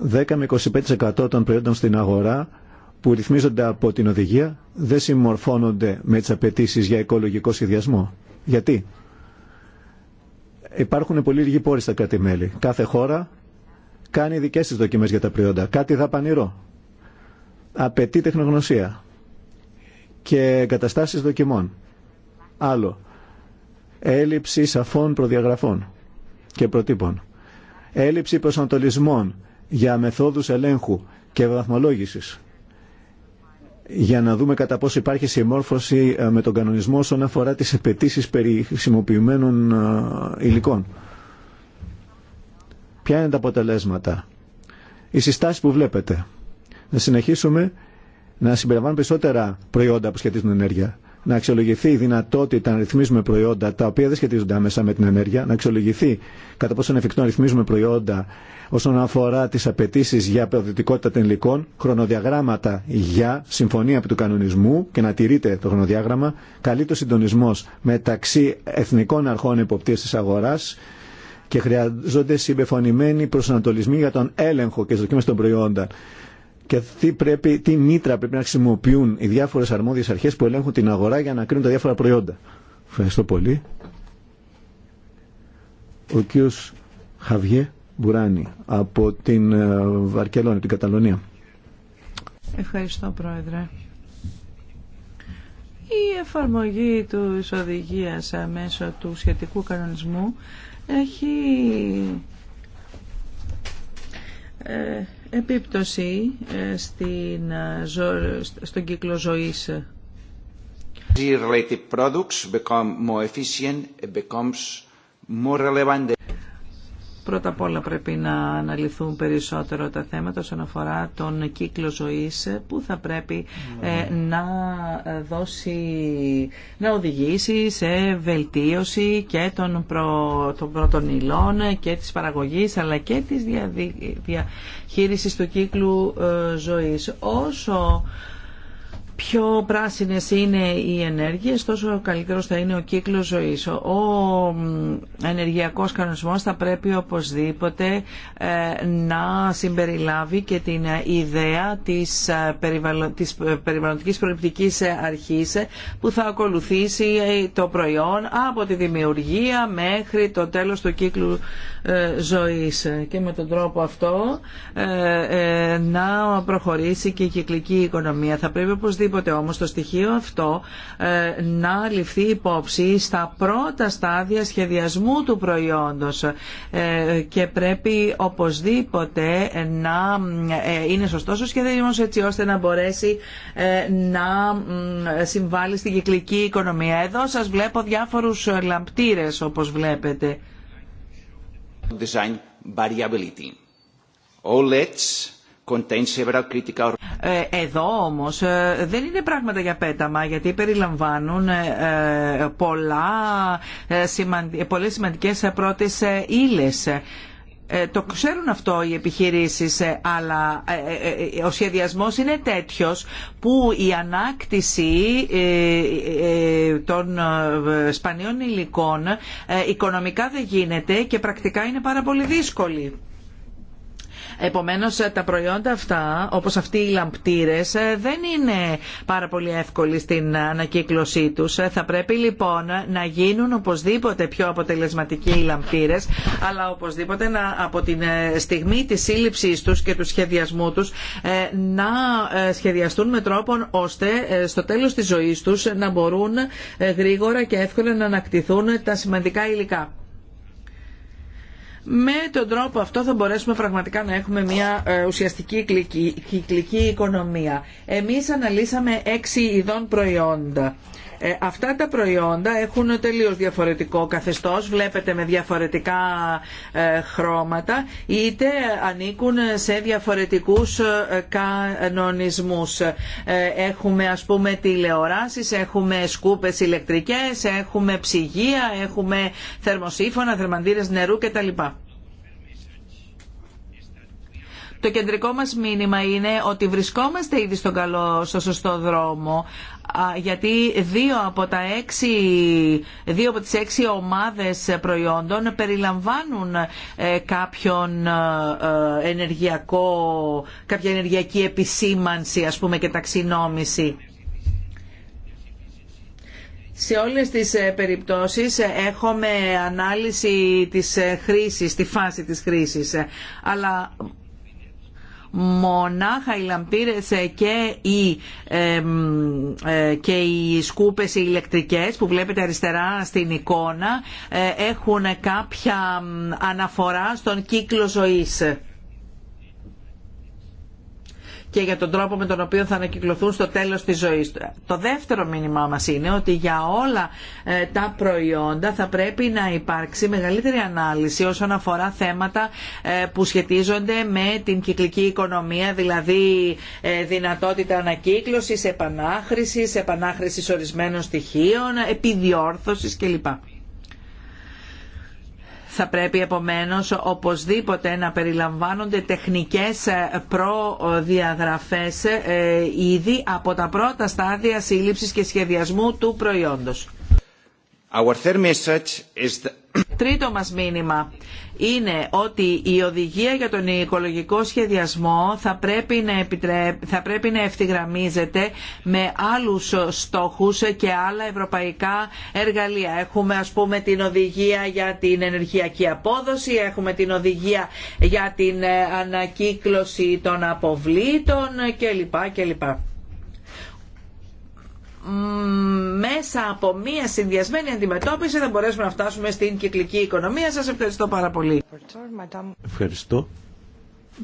10 με 25% των προϊόντων στην αγορά που ρυθμίζονται από την οδηγία δεν συμμορφώνονται με τις απαιτήσει για οικολογικό σχεδιασμό. Γιατί? Υπάρχουν πολύ λίγοι πόροι στα κρατη Κάθε χώρα κάνει δικέ τη δοκιμέ για τα προϊόντα. Κάτι δαπανηρό. Απαιτεί τεχνογνωσία και εγκαταστάσει δοκιμών. Άλλο. Έλλειψη σαφών προδιαγραφών και προτύπων. Έλλειψη προσανατολισμών για μεθόδους ελέγχου και βαθμολόγησης για να δούμε κατά πόσο υπάρχει συμμόρφωση ε, με τον κανονισμό όσον αφορά τις επαιτήσεις περί χρησιμοποιημένων ε, υλικών. Ποια είναι τα αποτελέσματα. Οι συστάσεις που βλέπετε. Να συνεχίσουμε να συμπεριλαμβάνουν περισσότερα προϊόντα που σχετίζουν ενέργεια να αξιολογηθεί η δυνατότητα να ρυθμίζουμε προϊόντα τα οποία δεν σχετίζονται άμεσα με την ενέργεια, να αξιολογηθεί κατά πόσο είναι εφικτό να ρυθμίζουμε προϊόντα όσον αφορά τι απαιτήσει για αποδοτικότητα των υλικών, χρονοδιαγράμματα για συμφωνία του κανονισμού και να τηρείται το χρονοδιάγραμμα, καλείται το συντονισμό μεταξύ εθνικών αρχών υποπτία τη αγορά και χρειάζονται συμπεφωνημένοι προσανατολισμοί για τον έλεγχο και τι δοκιμέ των προϊόντων και τι, πρέπει, τι μήτρα πρέπει να χρησιμοποιούν οι διάφορε αρμόδιε αρχέ που ελέγχουν την αγορά για να κρίνουν τα διάφορα προϊόντα. Ευχαριστώ πολύ. Ο κ. Χαβιέ Μπουράνη από την ε, Βαρκελόνη, την Καταλωνία. Ευχαριστώ, Πρόεδρε. Η εφαρμογή του οδηγία μέσω του σχετικού κανονισμού έχει ε, επίπτωση στην, στον κύκλο ζωής. related products become more efficient, becomes more relevant. Πρώτα απ' όλα πρέπει να αναλυθούν περισσότερο τα θέματα όσον αφορά τον κύκλο ζωής που θα πρέπει ε, να ε, δώσει, να οδηγήσει σε βελτίωση και των, προ, των πρώτων και της παραγωγής αλλά και της διαχείρισης του κύκλου ε, ζωής. Όσο πιο πράσινες είναι οι ενέργειες, τόσο καλύτερος θα είναι ο κύκλος ζωής. Ο ενεργειακός κανονισμός θα πρέπει οπωσδήποτε ε, να συμπεριλάβει και την ιδέα της, ε, της ε, περιβαλλοντικής προληπτικής αρχής που θα ακολουθήσει το προϊόν από τη δημιουργία μέχρι το τέλος του κύκλου ζωής και με τον τρόπο αυτό να προχωρήσει και η κυκλική οικονομία. Θα πρέπει οπωσδήποτε όμως το στοιχείο αυτό ε, να ληφθεί υπόψη στα πρώτα στάδια σχεδιασμού του προϊόντος ε, και πρέπει οπωσδήποτε να ε, είναι σωστός ο σχεδιασμός έτσι ώστε να μπορέσει να συμβάλλει στην κυκλική οικονομία. Εδώ σας βλέπω διάφορους λαμπτήρες όπως βλέπετε. Design variability. OLEDs ε, εδώ όμως ε, δεν είναι πράγματα για πέταμα γιατί περιλαμβάνουν ε, πολλά, πολλές σημαντικές πρώτες ύλες. Το ξέρουν αυτό οι επιχειρήσεις, αλλά ο σχεδιασμός είναι τέτοιος που η ανάκτηση των σπανίων υλικών οικονομικά δεν γίνεται και πρακτικά είναι πάρα πολύ δύσκολη. Επομένως τα προϊόντα αυτά, όπως αυτοί οι λαμπτήρες, δεν είναι πάρα πολύ εύκολοι στην ανακύκλωσή τους. Θα πρέπει λοιπόν να γίνουν οπωσδήποτε πιο αποτελεσματικοί οι λαμπτήρες, αλλά οπωσδήποτε να, από την ε, στιγμή της σύλληψής τους και του σχεδιασμού τους ε, να ε, σχεδιαστούν με τρόπο ώστε στο τέλος της ζωής τους να μπορούν γρήγορα και εύκολα να ανακτηθούν τα σημαντικά υλικά. Με τον τρόπο αυτό θα μπορέσουμε πραγματικά να έχουμε μια ε, ουσιαστική κυκλική οικονομία. Εμείς αναλύσαμε έξι ειδών προϊόντα. Ε, αυτά τα προϊόντα έχουν τελείως διαφορετικό καθεστώς, βλέπετε με διαφορετικά ε, χρώματα, είτε ανήκουν σε διαφορετικούς ε, κανονισμούς. έχουμε ας πούμε τηλεοράσεις, έχουμε σκούπες ηλεκτρικές, έχουμε ψυγεία, έχουμε θερμοσύφωνα, θερμαντήρες νερού κτλ. Το κεντρικό μας μήνυμα είναι ότι βρισκόμαστε ήδη στον καλό, στο σωστό δρόμο, γιατί δύο από, τα έξι, δύο από τις έξι ομάδες προϊόντων περιλαμβάνουν ε, κάποιον ε, ε, ενεργειακό, κάποια ενεργειακή επισήμανση ας πούμε και ταξινόμηση. Σε όλες τις περιπτώσεις έχουμε ανάλυση της χρήσης, τη φάση της χρήσης. Αλλά μονάχα οι λαμπύρες ε, και οι, ε, και οι σκούπες ηλεκτρικές που βλέπετε αριστερά στην εικόνα ε, έχουν κάποια αναφορά στον κύκλο ζωής και για τον τρόπο με τον οποίο θα ανακυκλωθούν στο τέλος της ζωής του. Το δεύτερο μήνυμά μας είναι ότι για όλα ε, τα προϊόντα θα πρέπει να υπάρξει μεγαλύτερη ανάλυση όσον αφορά θέματα ε, που σχετίζονται με την κυκλική οικονομία, δηλαδή ε, δυνατότητα ανακύκλωσης, επανάχρησης, επανάχρησης ορισμένων στοιχείων, επιδιόρθωσης κλπ. Θα πρέπει επομένως οπωσδήποτε να περιλαμβάνονται τεχνικές προδιαγραφές ε, ήδη από τα πρώτα στάδια σύλληψης και σχεδιασμού του προϊόντος. Τρίτο μας μήνυμα είναι ότι η οδηγία για τον οικολογικό σχεδιασμό θα πρέπει να, ευθυγραμμίζεται με άλλους στόχους και άλλα ευρωπαϊκά εργαλεία. Έχουμε ας πούμε την οδηγία για την ενεργειακή απόδοση, έχουμε την οδηγία για την ε, ανακύκλωση των αποβλήτων κλπ μέσα από μία συνδυασμένη αντιμετώπιση θα μπορέσουμε να φτάσουμε στην κυκλική οικονομία. Σας ευχαριστώ πάρα πολύ. Ευχαριστώ.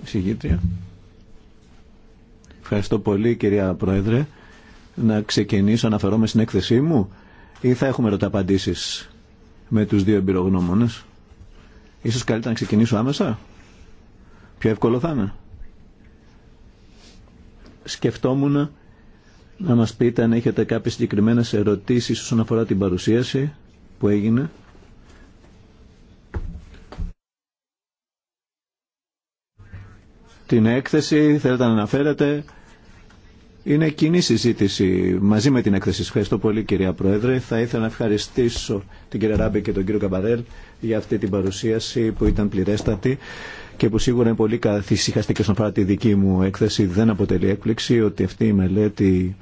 Συγγήτρια. Ευχαριστώ πολύ κυρία Πρόεδρε. Να ξεκινήσω αναφερόμενα στην έκθεσή μου ή θα έχουμε ρωταπαντήσεις με τους δύο εμπειρογνώμονες. Ίσως καλύτερα να ξεκινήσω άμεσα. Πιο εύκολο θα είναι. Σκεφτόμουν να μας πείτε αν έχετε κάποιες συγκεκριμένες ερωτήσεις όσον αφορά την παρουσίαση που έγινε. Την έκθεση θέλετε να αναφέρετε. Είναι κοινή συζήτηση μαζί με την έκθεση. Ευχαριστώ πολύ κυρία Πρόεδρε. Θα ήθελα να ευχαριστήσω την κυρία Ράμπη και τον κύριο Καμπαρέλ για αυτή την παρουσίαση που ήταν πληρέστατη και που σίγουρα είναι πολύ καθησυχαστή και στον αφορά τη δική μου έκθεση. Δεν αποτελεί έκπληξη ότι αυτή η μελέτη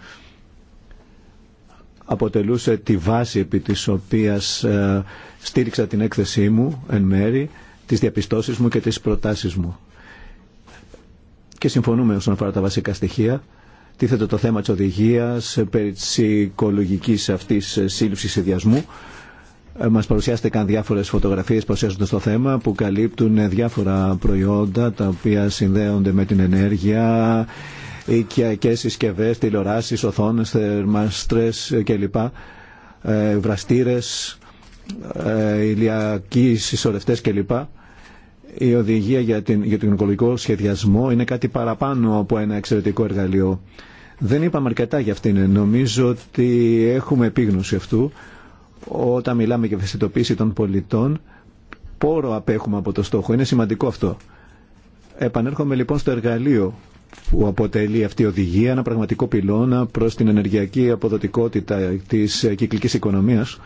αποτελούσε τη βάση επί της οποίας ε, στήριξα την έκθεσή μου εν μέρη, τις διαπιστώσεις μου και τις προτάσεις μου. Και συμφωνούμε όσον αφορά τα βασικά στοιχεία. Τίθεται το θέμα της οδηγίας ε, περί της οικολογικής αυτής ε, σύλληψης ιδιασμού ε, μας παρουσιάστηκαν διάφορες φωτογραφίες παρουσιάζοντα το θέμα που καλύπτουν διάφορα προϊόντα τα οποία συνδέονται με την ενέργεια, οικιακέ συσκευές, τηλεοράσει, οθόνε θερμαστρές κλπ. Ε, Βραστήρε, ε, ηλιακοί συσσωρευτές κλπ. Η οδηγία για, την, για τον οικολογικό σχεδιασμό είναι κάτι παραπάνω από ένα εξαιρετικό εργαλείο. Δεν είπαμε αρκετά για αυτήν. Νομίζω ότι έχουμε επίγνωση αυτού όταν μιλάμε για ευαισθητοποίηση των πολιτών, πόρο απέχουμε από το στόχο. Είναι σημαντικό αυτό. Επανέρχομαι λοιπόν στο εργαλείο που αποτελεί αυτή η οδηγία, ένα πραγματικό πυλώνα προς την ενεργειακή αποδοτικότητα της κυκλικής οικονομίας.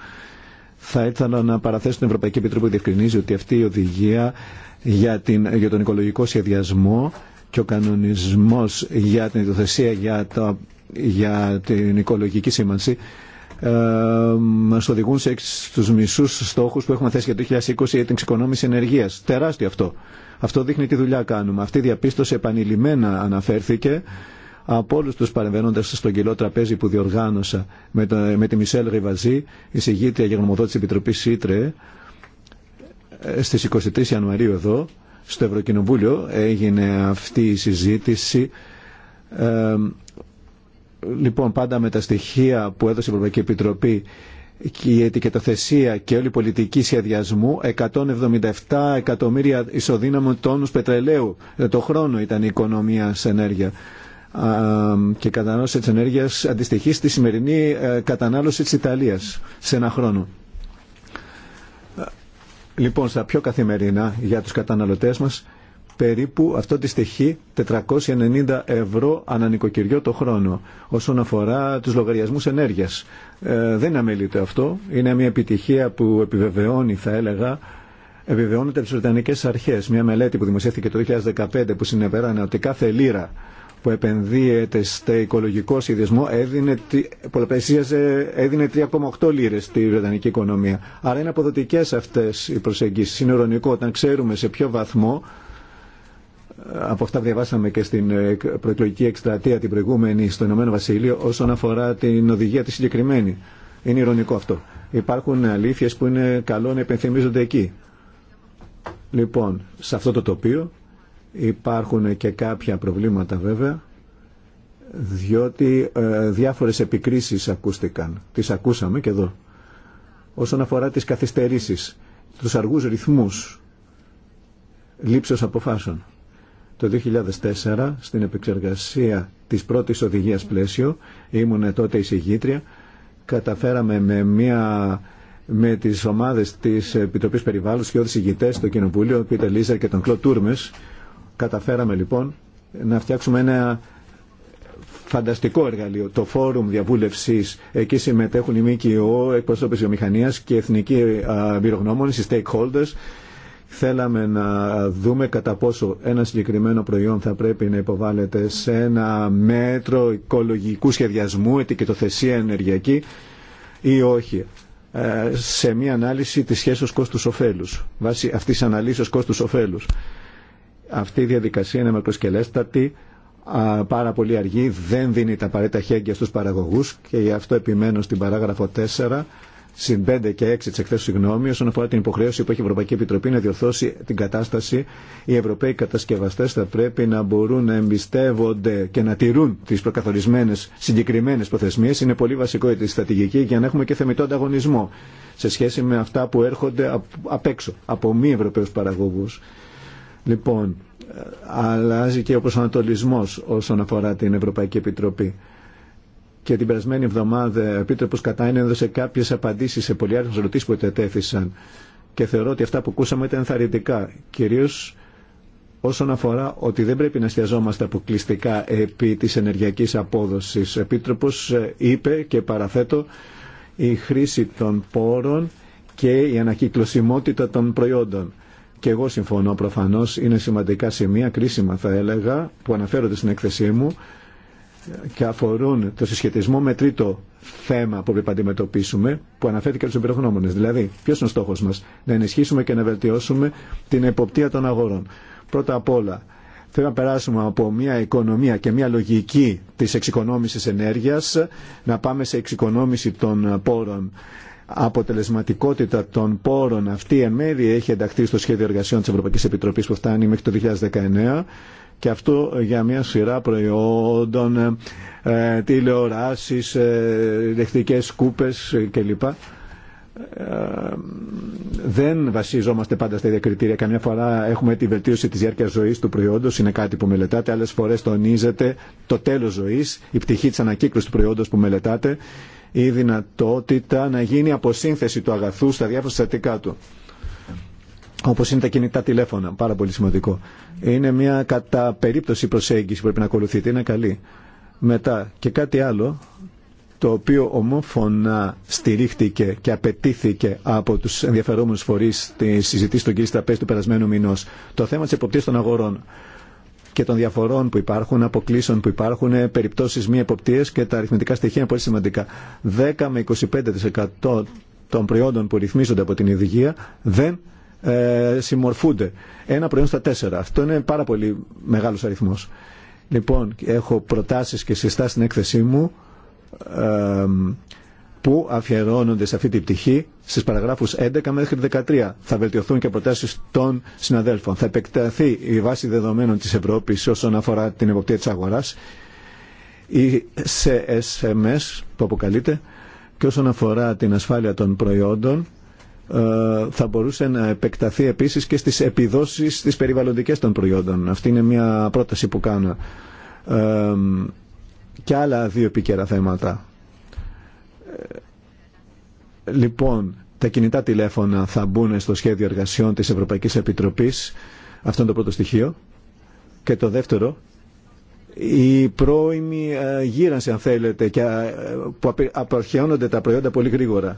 Θα ήθελα να παραθέσω την Ευρωπαϊκή Επιτροπή που διευκρινίζει ότι αυτή η οδηγία για, την, για τον οικολογικό σχεδιασμό και ο κανονισμός για την ιδιοθεσία για, το, για την οικολογική σήμανση ε, μας οδηγούν σε, στους μισούς στόχους που έχουμε θέσει για το 2020 για την εξοικονόμηση ενεργείας. Τεράστιο αυτό. Αυτό δείχνει τι δουλειά κάνουμε. Αυτή η διαπίστωση επανειλημμένα αναφέρθηκε από όλου του παρεμβαίνοντε στον κοιλό τραπέζι που διοργάνωσα με, με τη Μισελ Ριβαζή, εισηγήτρια για γνωμοδότη τη Επιτροπή ΣΥΤΡΕ, στι 23 Ιανουαρίου εδώ, στο Ευρωκοινοβούλιο, έγινε αυτή η συζήτηση. Ε, Λοιπόν, πάντα με τα στοιχεία που έδωσε η Ευρωπαϊκή Επιτροπή και η ετικετοθεσία και όλη η πολιτική σχεδιασμού 177 εκατομμύρια ισοδύναμων τόνους πετρελαίου ε, το χρόνο ήταν η οικονομία σε ενέργεια και η κατανάλωση της ενέργειας αντιστοιχεί στη σημερινή ε, κατανάλωση της Ιταλίας σε ένα χρόνο. Ε, λοιπόν, στα πιο καθημερινά για τους καταναλωτές μας περίπου αυτό τη στοιχή, 490 ευρώ ανανοικοκυριό το χρόνο όσον αφορά τους λογαριασμούς ενέργειας. Ε, δεν αμελείται αυτό. Είναι μια επιτυχία που επιβεβαιώνει θα έλεγα επιβεβαιώνεται από τις Βρετανικές Αρχές. Μια μελέτη που δημοσιεύθηκε το 2015 που συνεπεράνε ότι κάθε λίρα που επενδύεται στο οικολογικό σχεδιασμό έδινε, έδινε 3,8 λίρε στη Βρετανική οικονομία. Άρα είναι αποδοτικέ αυτέ οι προσεγγίσεις. Είναι όταν ξέρουμε σε ποιο βαθμό από αυτά διαβάσαμε και στην ε, προεκλογική εκστρατεία την προηγούμενη στο Ηνωμένο Βασίλειο όσον αφορά την οδηγία τη συγκεκριμένη. Είναι ηρωνικό αυτό. Υπάρχουν αλήθειες που είναι καλό να υπενθυμίζονται εκεί. Λοιπόν, σε αυτό το τοπίο υπάρχουν και κάποια προβλήματα βέβαια διότι ε, διάφορες επικρίσεις ακούστηκαν. Τις ακούσαμε και εδώ. Όσον αφορά τις καθυστερήσεις, τους αργούς ρυθμούς λήψεως αποφάσεων. Το 2004 στην επεξεργασία της πρώτης οδηγίας πλαίσιο, ήμουν τότε εισηγήτρια, καταφέραμε με μια με τις ομάδες της Επιτροπής Περιβάλλοντος και ηγητές στο Κοινοβούλιο, Πίτερ Λίζερ και τον Κλό Τούρμες, καταφέραμε λοιπόν να φτιάξουμε ένα φανταστικό εργαλείο, το Φόρουμ Διαβούλευσης. Εκεί συμμετέχουν οι ΜΚΟ, εκπρόσωποι βιομηχανία και εθνικοί εμπειρογνώμονες, οι stakeholders Θέλαμε να δούμε κατά πόσο ένα συγκεκριμένο προϊόν θα πρέπει να υποβάλλεται σε ένα μέτρο οικολογικού σχεδιασμού, ετικετοθεσία ενεργειακή ή όχι ε, σε μια ανάλυση της σχέσης κόστους-οφέλους, βάσει αυτής της αναλύσεως κόστους-οφέλους. Αυτή η διαδικασία είναι μακροσκελέστατη, πάρα πολύ αργή, δεν δίνει τα απαραίτητα χέγγια στους παραγωγούς και γι' αυτό επιμένω στην παράγραφο 4 συν 5 και 6 τη εκθέσεω συγγνώμη, όσον αφορά την υποχρέωση που έχει η Ευρωπαϊκή Επιτροπή να διορθώσει την κατάσταση, οι Ευρωπαίοι κατασκευαστέ θα πρέπει να μπορούν να εμπιστεύονται και να τηρούν τι προκαθορισμένε συγκεκριμένε προθεσμίε. Είναι πολύ βασικό η στρατηγική για να έχουμε και θεμητό ανταγωνισμό σε σχέση με αυτά που έρχονται απ' έξω, από μη Ευρωπαίου παραγωγού. Λοιπόν, ε, αλλάζει και ο προσανατολισμό όσον αφορά την Ευρωπαϊκή Επιτροπή και την περασμένη εβδομάδα ο Επίτροπος Κατάιν έδωσε κάποιες απαντήσεις σε πολλοί ερωτήσεις που ετέθησαν και θεωρώ ότι αυτά που ακούσαμε ήταν ενθαρρυντικά, κυρίως όσον αφορά ότι δεν πρέπει να εστιαζόμαστε αποκλειστικά επί της ενεργειακής απόδοσης. Ο Επίτροπος ε, είπε και παραθέτω η χρήση των πόρων και η ανακυκλωσιμότητα των προϊόντων. Και εγώ συμφωνώ προφανώς, είναι σημαντικά σημεία, κρίσιμα θα έλεγα, που αναφέρονται στην έκθεσή μου και αφορούν το συσχετισμό με τρίτο θέμα που πρέπει να αντιμετωπίσουμε, που αναφέρθηκε του εμπειρογνώμονε. Δηλαδή, ποιο είναι ο στόχο μα, να ενισχύσουμε και να βελτιώσουμε την εποπτεία των αγορών. Πρώτα απ' όλα, θέλουμε να περάσουμε από μια οικονομία και μια λογική τη εξοικονόμηση ενέργεια, να πάμε σε εξοικονόμηση των πόρων. Αποτελεσματικότητα των πόρων αυτή εν μέρει έχει ενταχθεί στο σχέδιο εργασιών τη Ευρωπαϊκή Επιτροπή που φτάνει μέχρι το 2019 και αυτό για μια σειρά προϊόντων, ε, τηλεοράσεις, ε, σκούπες κλπ. Ε, δεν βασιζόμαστε πάντα στα ίδια κριτήρια. Καμιά φορά έχουμε τη βελτίωση της διάρκειας ζωής του προϊόντος, είναι κάτι που μελετάτε. Άλλες φορές τονίζεται το τέλος ζωής, η πτυχή της ανακύκλωσης του προϊόντος που μελετάτε, η δυνατότητα να γίνει αποσύνθεση του αγαθού στα διάφορα συστατικά του. Όπω είναι τα κινητά τηλέφωνα, πάρα πολύ σημαντικό. Είναι μια κατά περίπτωση προσέγγιση που πρέπει να ακολουθείτε, είναι καλή. Μετά και κάτι άλλο, το οποίο ομόφωνα στηρίχτηκε και απαιτήθηκε από του ενδιαφερόμενου φορεί τη συζητήση των κ. Τραπέζη του περασμένου μηνό, Το θέμα τη εποπτεία των αγορών και των διαφορών που υπάρχουν, αποκλήσεων που υπάρχουν, περιπτώσει, μη εποπτεία και τα αριθμητικά στοιχεία είναι πολύ σημαντικά. 10 με 25% των προϊόντων που ρυθμίζονται από την υγεία δεν ε, συμμορφούνται. Ένα προϊόν στα τέσσερα. Αυτό είναι πάρα πολύ μεγάλος αριθμός. Λοιπόν, έχω προτάσεις και συστάσεις στην έκθεσή μου που αφιερώνονται σε αυτή την πτυχή στις παραγράφους 11 μέχρι 13. Θα βελτιωθούν και προτάσεις των συναδέλφων. Θα επεκταθεί η βάση δεδομένων της Ευρώπης όσον αφορά την εποπτεία της αγοράς ή σε SMS που αποκαλείται και όσον αφορά την ασφάλεια των προϊόντων ε, θα μπορούσε να επεκταθεί επίσης και στις επιδόσεις της περιβαλλοντικές των προϊόντων. Αυτή είναι μια πρόταση που κάνω. Ε, και άλλα δύο επικέρα θέματα. Ε, λοιπόν, τα κινητά τηλέφωνα θα μπουν στο σχέδιο εργασιών της Ευρωπαϊκής Επιτροπής. Αυτό είναι το πρώτο στοιχείο. Και το δεύτερο, η πρώιμη γύρανση, αν θέλετε, και που απαρχαιώνονται τα προϊόντα πολύ γρήγορα.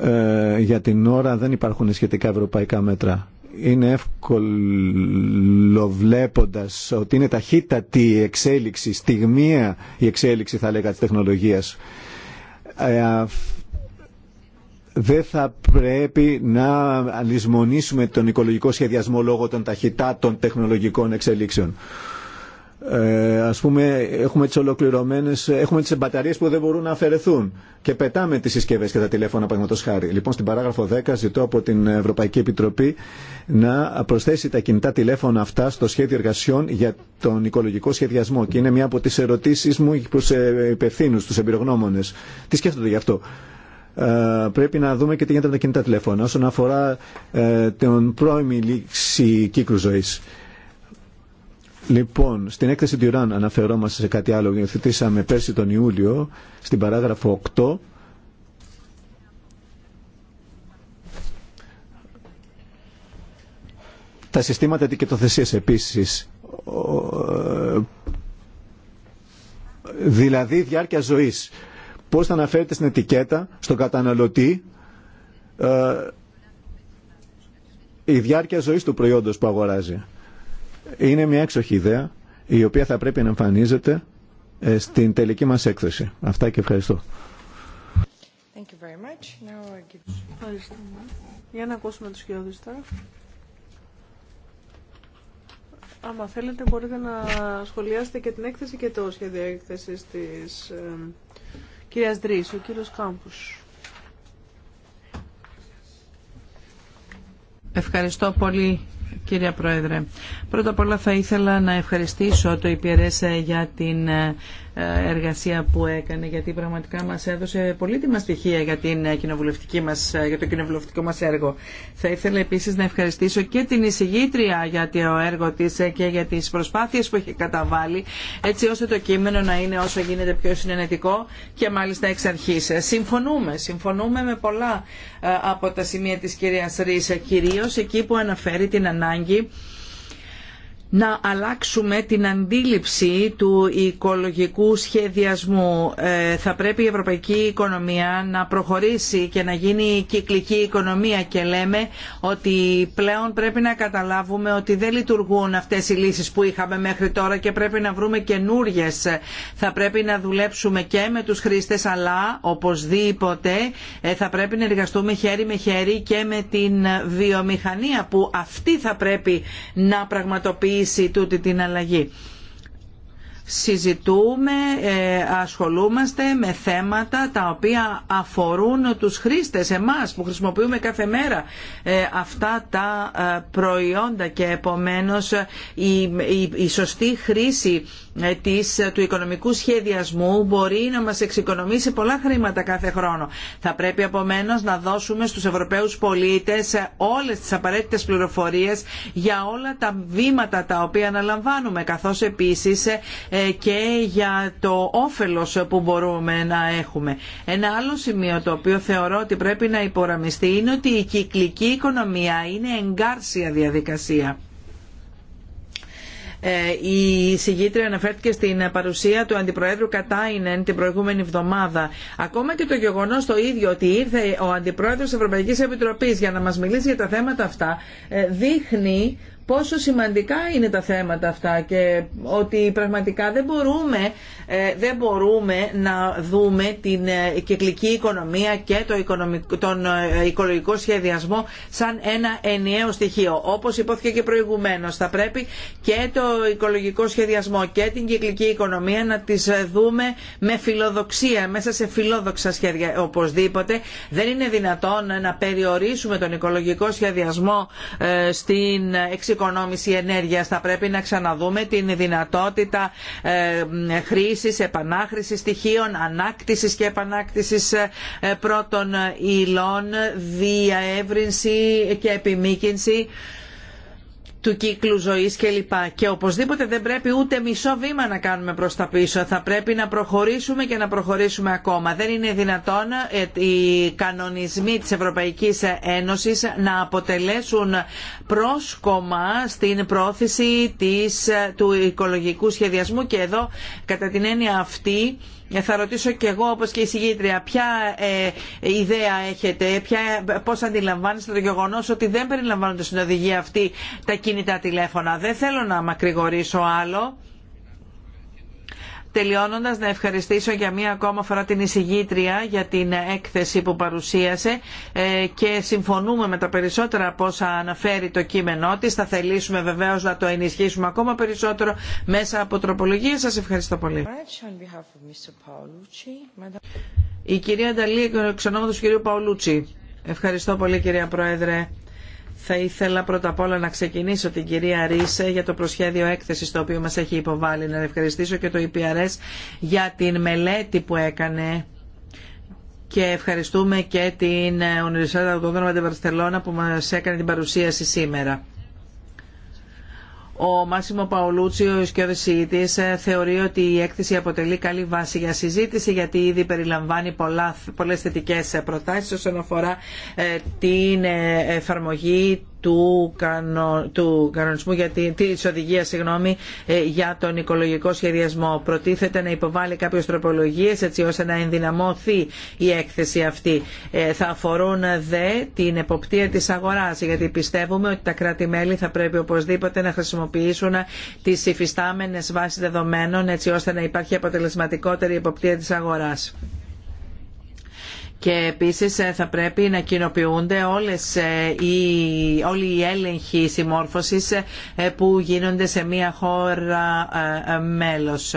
Ε, για την ώρα δεν υπάρχουν σχετικά ευρωπαϊκά μέτρα. Είναι εύκολο βλέποντα ότι είναι ταχύτατη η εξέλιξη, στιγμία η εξέλιξη θα λέγα της τεχνολογίας. Ε, δεν θα πρέπει να λησμονήσουμε τον οικολογικό σχεδιασμό λόγω των ταχυτάτων τεχνολογικών εξελίξεων ε, ας πούμε έχουμε τις ολοκληρωμένες, έχουμε τις μπαταρίες που δεν μπορούν να αφαιρεθούν και πετάμε τις συσκευές και τα τηλέφωνα παραδείγματος χάρη. Λοιπόν στην παράγραφο 10 ζητώ από την Ευρωπαϊκή Επιτροπή να προσθέσει τα κινητά τηλέφωνα αυτά στο σχέδιο εργασιών για τον οικολογικό σχεδιασμό και είναι μια από τις ερωτήσεις μου προς ε, υπευθύνους, τους εμπειρογνώμονες. Τι σκέφτονται γι' αυτό. Ε, πρέπει να δούμε και τι γίνεται με τα κινητά τηλέφωνα όσον αφορά ε, τον πρώιμη λήξη κύκλου ζωής. Λοιπόν, στην έκθεση του Ιράν αναφερόμαστε σε κάτι άλλο. Υιοθετήσαμε πέρσι τον Ιούλιο, στην παράγραφο 8, τα συστήματα ετικετοθεσίας επίσης ε, δηλαδή διάρκεια ζωής πώς θα αναφέρεται στην ετικέτα στον καταναλωτή ε, η διάρκεια ζωής του προϊόντος που αγοράζει είναι μια έξοχη ιδέα η οποία θα πρέπει να εμφανίζεται ε, στην τελική μας έκθεση. Αυτά και ευχαριστώ. Thank you very much. Now I Ευχαριστούμε. Για να ακούσουμε τους κοιόδους τώρα. Άμα θέλετε μπορείτε να σχολιάσετε και την έκθεση και το σχέδιο έκθεσης της ε, κυρίας Δρύς, ο κύριος Κάμπους. Ευχαριστώ πολύ Κύριε Πρόεδρε, πρώτα απ' όλα θα ήθελα να ευχαριστήσω το IPRS για την ε, εργασία που έκανε γιατί πραγματικά μα έδωσε πολύτιμα στοιχεία για, την κοινοβουλευτική μας, ε, για το κοινοβουλευτικό μα έργο. Θα ήθελα επίση να ευχαριστήσω και την εισηγήτρια για το έργο τη ε, και για τι προσπάθειε που έχει καταβάλει έτσι ώστε το κείμενο να είναι όσο γίνεται πιο συνενετικό και μάλιστα εξ αρχής. Συμφωνούμε, συμφωνούμε με πολλά από τα σημεία τη κυρία Ρίσα κυρίω εκεί που αναφέρει την ανάγκη να αλλάξουμε την αντίληψη του οικολογικού σχεδιασμού. Ε, θα πρέπει η ευρωπαϊκή οικονομία να προχωρήσει και να γίνει κυκλική οικονομία και λέμε ότι πλέον πρέπει να καταλάβουμε ότι δεν λειτουργούν αυτές οι λύσεις που είχαμε μέχρι τώρα και πρέπει να βρούμε καινούριε. Θα πρέπει να δουλέψουμε και με τους χρήστες αλλά οπωσδήποτε ε, θα πρέπει να εργαστούμε χέρι με χέρι και με την βιομηχανία που αυτή θα πρέπει να πραγματοποιήσει υλοποιήσει τούτη την αλλαγή συζητούμε, ε, ασχολούμαστε με θέματα τα οποία αφορούν τους χρήστες, εμάς που χρησιμοποιούμε κάθε μέρα ε, αυτά τα ε, προϊόντα και επομένως η, σωστή χρήση της, του οικονομικού σχεδιασμού μπορεί να μας εξοικονομήσει πολλά χρήματα κάθε χρόνο. Θα πρέπει επομένως να δώσουμε στους Ευρωπαίους πολίτες όλες τις απαραίτητες πληροφορίες για όλα τα βήματα τα οποία αναλαμβάνουμε καθώς επίσης και για το όφελος που μπορούμε να έχουμε. Ένα άλλο σημείο το οποίο θεωρώ ότι πρέπει να υποραμιστεί είναι ότι η κυκλική οικονομία είναι εγκάρσια διαδικασία. Ε, η συγγήτρια αναφέρθηκε στην παρουσία του Αντιπροέδρου Κατάινεν την προηγούμενη εβδομάδα. Ακόμα και το γεγονό το ίδιο ότι ήρθε ο Αντιπρόεδρο τη Ευρωπαϊκή Επιτροπή για να μα μιλήσει για τα θέματα αυτά ε, δείχνει πόσο σημαντικά είναι τα θέματα αυτά και ότι πραγματικά δεν μπορούμε, ε, δεν μπορούμε να δούμε την ε, κυκλική οικονομία και το τον ε, οικολογικό σχεδιασμό σαν ένα ενιαίο στοιχείο. Όπως υπόθηκε και προηγουμένως, θα πρέπει και το οικολογικό σχεδιασμό και την κυκλική οικονομία να τις δούμε με φιλοδοξία, μέσα σε φιλόδοξα σχέδια οπωσδήποτε. Δεν είναι δυνατόν να περιορίσουμε τον οικολογικό σχεδιασμό στην εξοικονομία εξοικονόμηση ενέργειας. Θα πρέπει να ξαναδούμε την δυνατότητα ε, χρήσης, επανάχρησης στοιχείων, ανάκτησης και επανάκτησης ε, πρώτων υλών, διαεύρυνση και επιμήκυνση του κύκλου ζωής κλπ. Και οπωσδήποτε δεν πρέπει ούτε μισό βήμα να κάνουμε προς τα πίσω. Θα πρέπει να προχωρήσουμε και να προχωρήσουμε ακόμα. Δεν είναι δυνατόν ε, οι κανονισμοί της Ευρωπαϊκής Ένωσης να αποτελέσουν πρόσκομα στην πρόθεση της, ε, του οικολογικού σχεδιασμού και εδώ κατά την έννοια αυτή ε, θα ρωτήσω και εγώ όπως και η συγγήτρια ποια ε, ιδέα έχετε, πώ πώς αντιλαμβάνεστε το γεγονός ότι δεν περιλαμβάνονται στην οδηγία αυτή τα κινητά τηλέφωνα. Δεν θέλω να μακρηγορήσω άλλο. Τελειώνοντας να ευχαριστήσω για μία ακόμα φορά την εισηγήτρια για την έκθεση που παρουσίασε ε, και συμφωνούμε με τα περισσότερα από όσα αναφέρει το κείμενό της. Θα θελήσουμε βεβαίως να το ενισχύσουμε ακόμα περισσότερο μέσα από τροπολογία. Σας ευχαριστώ πολύ. Η κυρία Νταλή, εξ ονόματος κυρίου Παολούτσι. Ευχαριστώ πολύ κυρία Πρόεδρε. Θα ήθελα πρώτα απ' όλα να ξεκινήσω την κυρία Ρίσε για το προσχέδιο έκθεσης το οποίο μας έχει υποβάλει. Να ευχαριστήσω και το EPRS για την μελέτη που έκανε και ευχαριστούμε και την autonoma της barcelona που μας έκανε την παρουσίαση σήμερα. Ο Μάσιμο Παολούτσι, ο σκιώδης ε, θεωρεί ότι η έκθεση αποτελεί καλή βάση για συζήτηση γιατί ήδη περιλαμβάνει πολλέ πολλές θετικές ε, προτάσεις όσον αφορά ε, την εφαρμογή του, κανο, του τη, της οδηγίας ε, για τον οικολογικό σχεδιασμό. Προτίθεται να υποβάλει κάποιες τροπολογίες έτσι ώστε να ενδυναμωθεί η έκθεση αυτή. Ε, θα αφορούν δε την εποπτεία της αγοράς γιατί πιστεύουμε ότι τα κράτη-μέλη θα πρέπει οπωσδήποτε να χρησιμοποιήσουν τις υφιστάμενες βάσεις δεδομένων έτσι ώστε να υπάρχει αποτελεσματικότερη εποπτεία της αγοράς και επίσης ε, θα πρέπει να κοινοποιούνται όλες ε, οι, όλοι οι έλεγχοι συμμόρφωσης ε, που γίνονται σε μια χώρα μέλος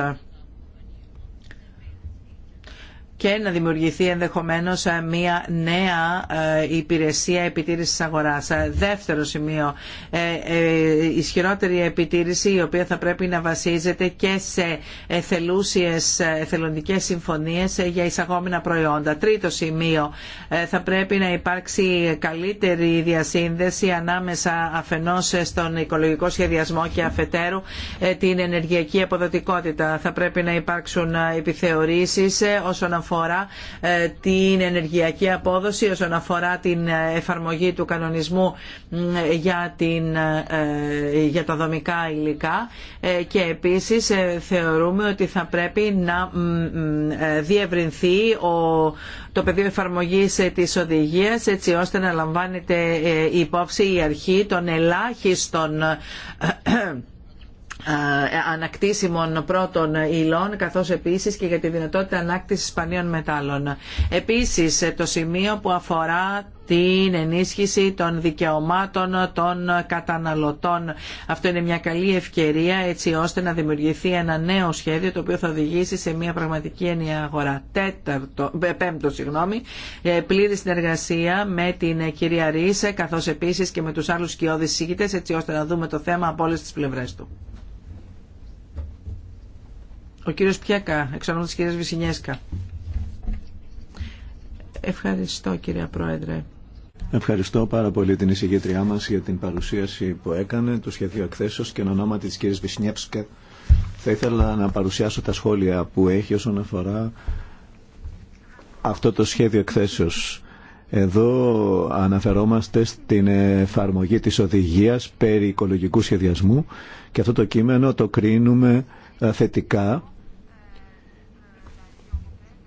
και να δημιουργηθεί ενδεχομένως ε, μια νέα ε, υπηρεσία επιτήρησης αγοράς. Ε, δεύτερο σημείο, ισχυρότερη επιτήρηση η οποία θα πρέπει να βασίζεται και σε εθελούσιες εθελοντικές συμφωνίες για εισαγόμενα προϊόντα. Τρίτο σημείο, θα πρέπει να υπάρξει καλύτερη διασύνδεση ανάμεσα αφενός στον οικολογικό σχεδιασμό και αφετέρου την ενεργειακή αποδοτικότητα. Θα πρέπει να υπάρξουν επιθεωρήσεις όσον αφορά ε, την ενεργειακή απόδοση, όσον αφορά την ε, εφαρμογή του κανονισμού για, την, ε, για τα δομικά υλικά και επίσης θεωρούμε ότι θα πρέπει να διευρυνθεί ο, το πεδίο εφαρμογής της οδηγίας έτσι ώστε να λαμβάνεται υπόψη η αρχή των ελάχιστων ε, ανακτήσιμων πρώτων υλών καθώς επίσης και για τη δυνατότητα ανάκτησης σπανίων μετάλλων. Επίσης ε, το σημείο που αφορά την ενίσχυση των δικαιωμάτων των καταναλωτών. Αυτό είναι μια καλή ευκαιρία έτσι ώστε να δημιουργηθεί ένα νέο σχέδιο το οποίο θα οδηγήσει σε μια πραγματική ενιαία αγορά. Τέταρτο, ε, πέμπτο, συγγνώμη, πλήρη συνεργασία με την κυρία Ρίσε καθώς επίσης και με τους άλλους σκιώδεις σύγητες έτσι ώστε να δούμε το θέμα από όλες τις πλευρές του. Ο κύριος Πιακα, εξ ονόματος της κυρίας Ευχαριστώ κύριε Πρόεδρε. Ευχαριστώ πάρα πολύ την εισηγήτριά μας για την παρουσίαση που έκανε, το σχέδιο εκθέσεως και εν ονόματι της κυρίας Βυσσινιέσκα. Θα ήθελα να παρουσιάσω τα σχόλια που έχει όσον αφορά αυτό το σχέδιο εκθέσεως. Εδώ αναφερόμαστε στην εφαρμογή της οδηγίας περί οικολογικού σχεδιασμού και αυτό το κείμενο το κρίνουμε ε, θετικά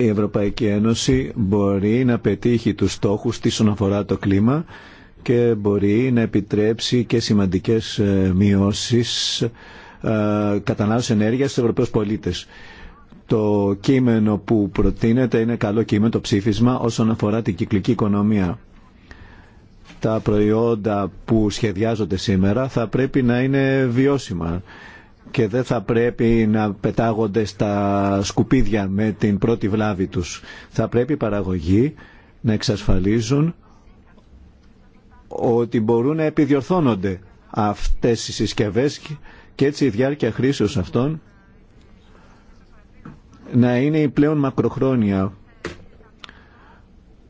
η Ευρωπαϊκή Ένωση μπορεί να πετύχει τους στόχους της όσον αφορά το κλίμα και μπορεί να επιτρέψει και σημαντικές ε, μειώσεις ε, κατανάλωσης ενέργειας στους Ευρωπαίους πολίτες. Το κείμενο που προτείνεται είναι καλό κείμενο, το ψήφισμα, όσον αφορά την κυκλική οικονομία. Τα προϊόντα που σχεδιάζονται σήμερα θα πρέπει να είναι βιώσιμα και δεν θα πρέπει να πετάγονται στα σκουπίδια με την πρώτη βλάβη τους. Θα πρέπει οι παραγωγοί να εξασφαλίζουν ότι μπορούν να επιδιορθώνονται αυτές οι συσκευές και έτσι η διάρκεια χρήσεως αυτών να είναι η πλέον μακροχρόνια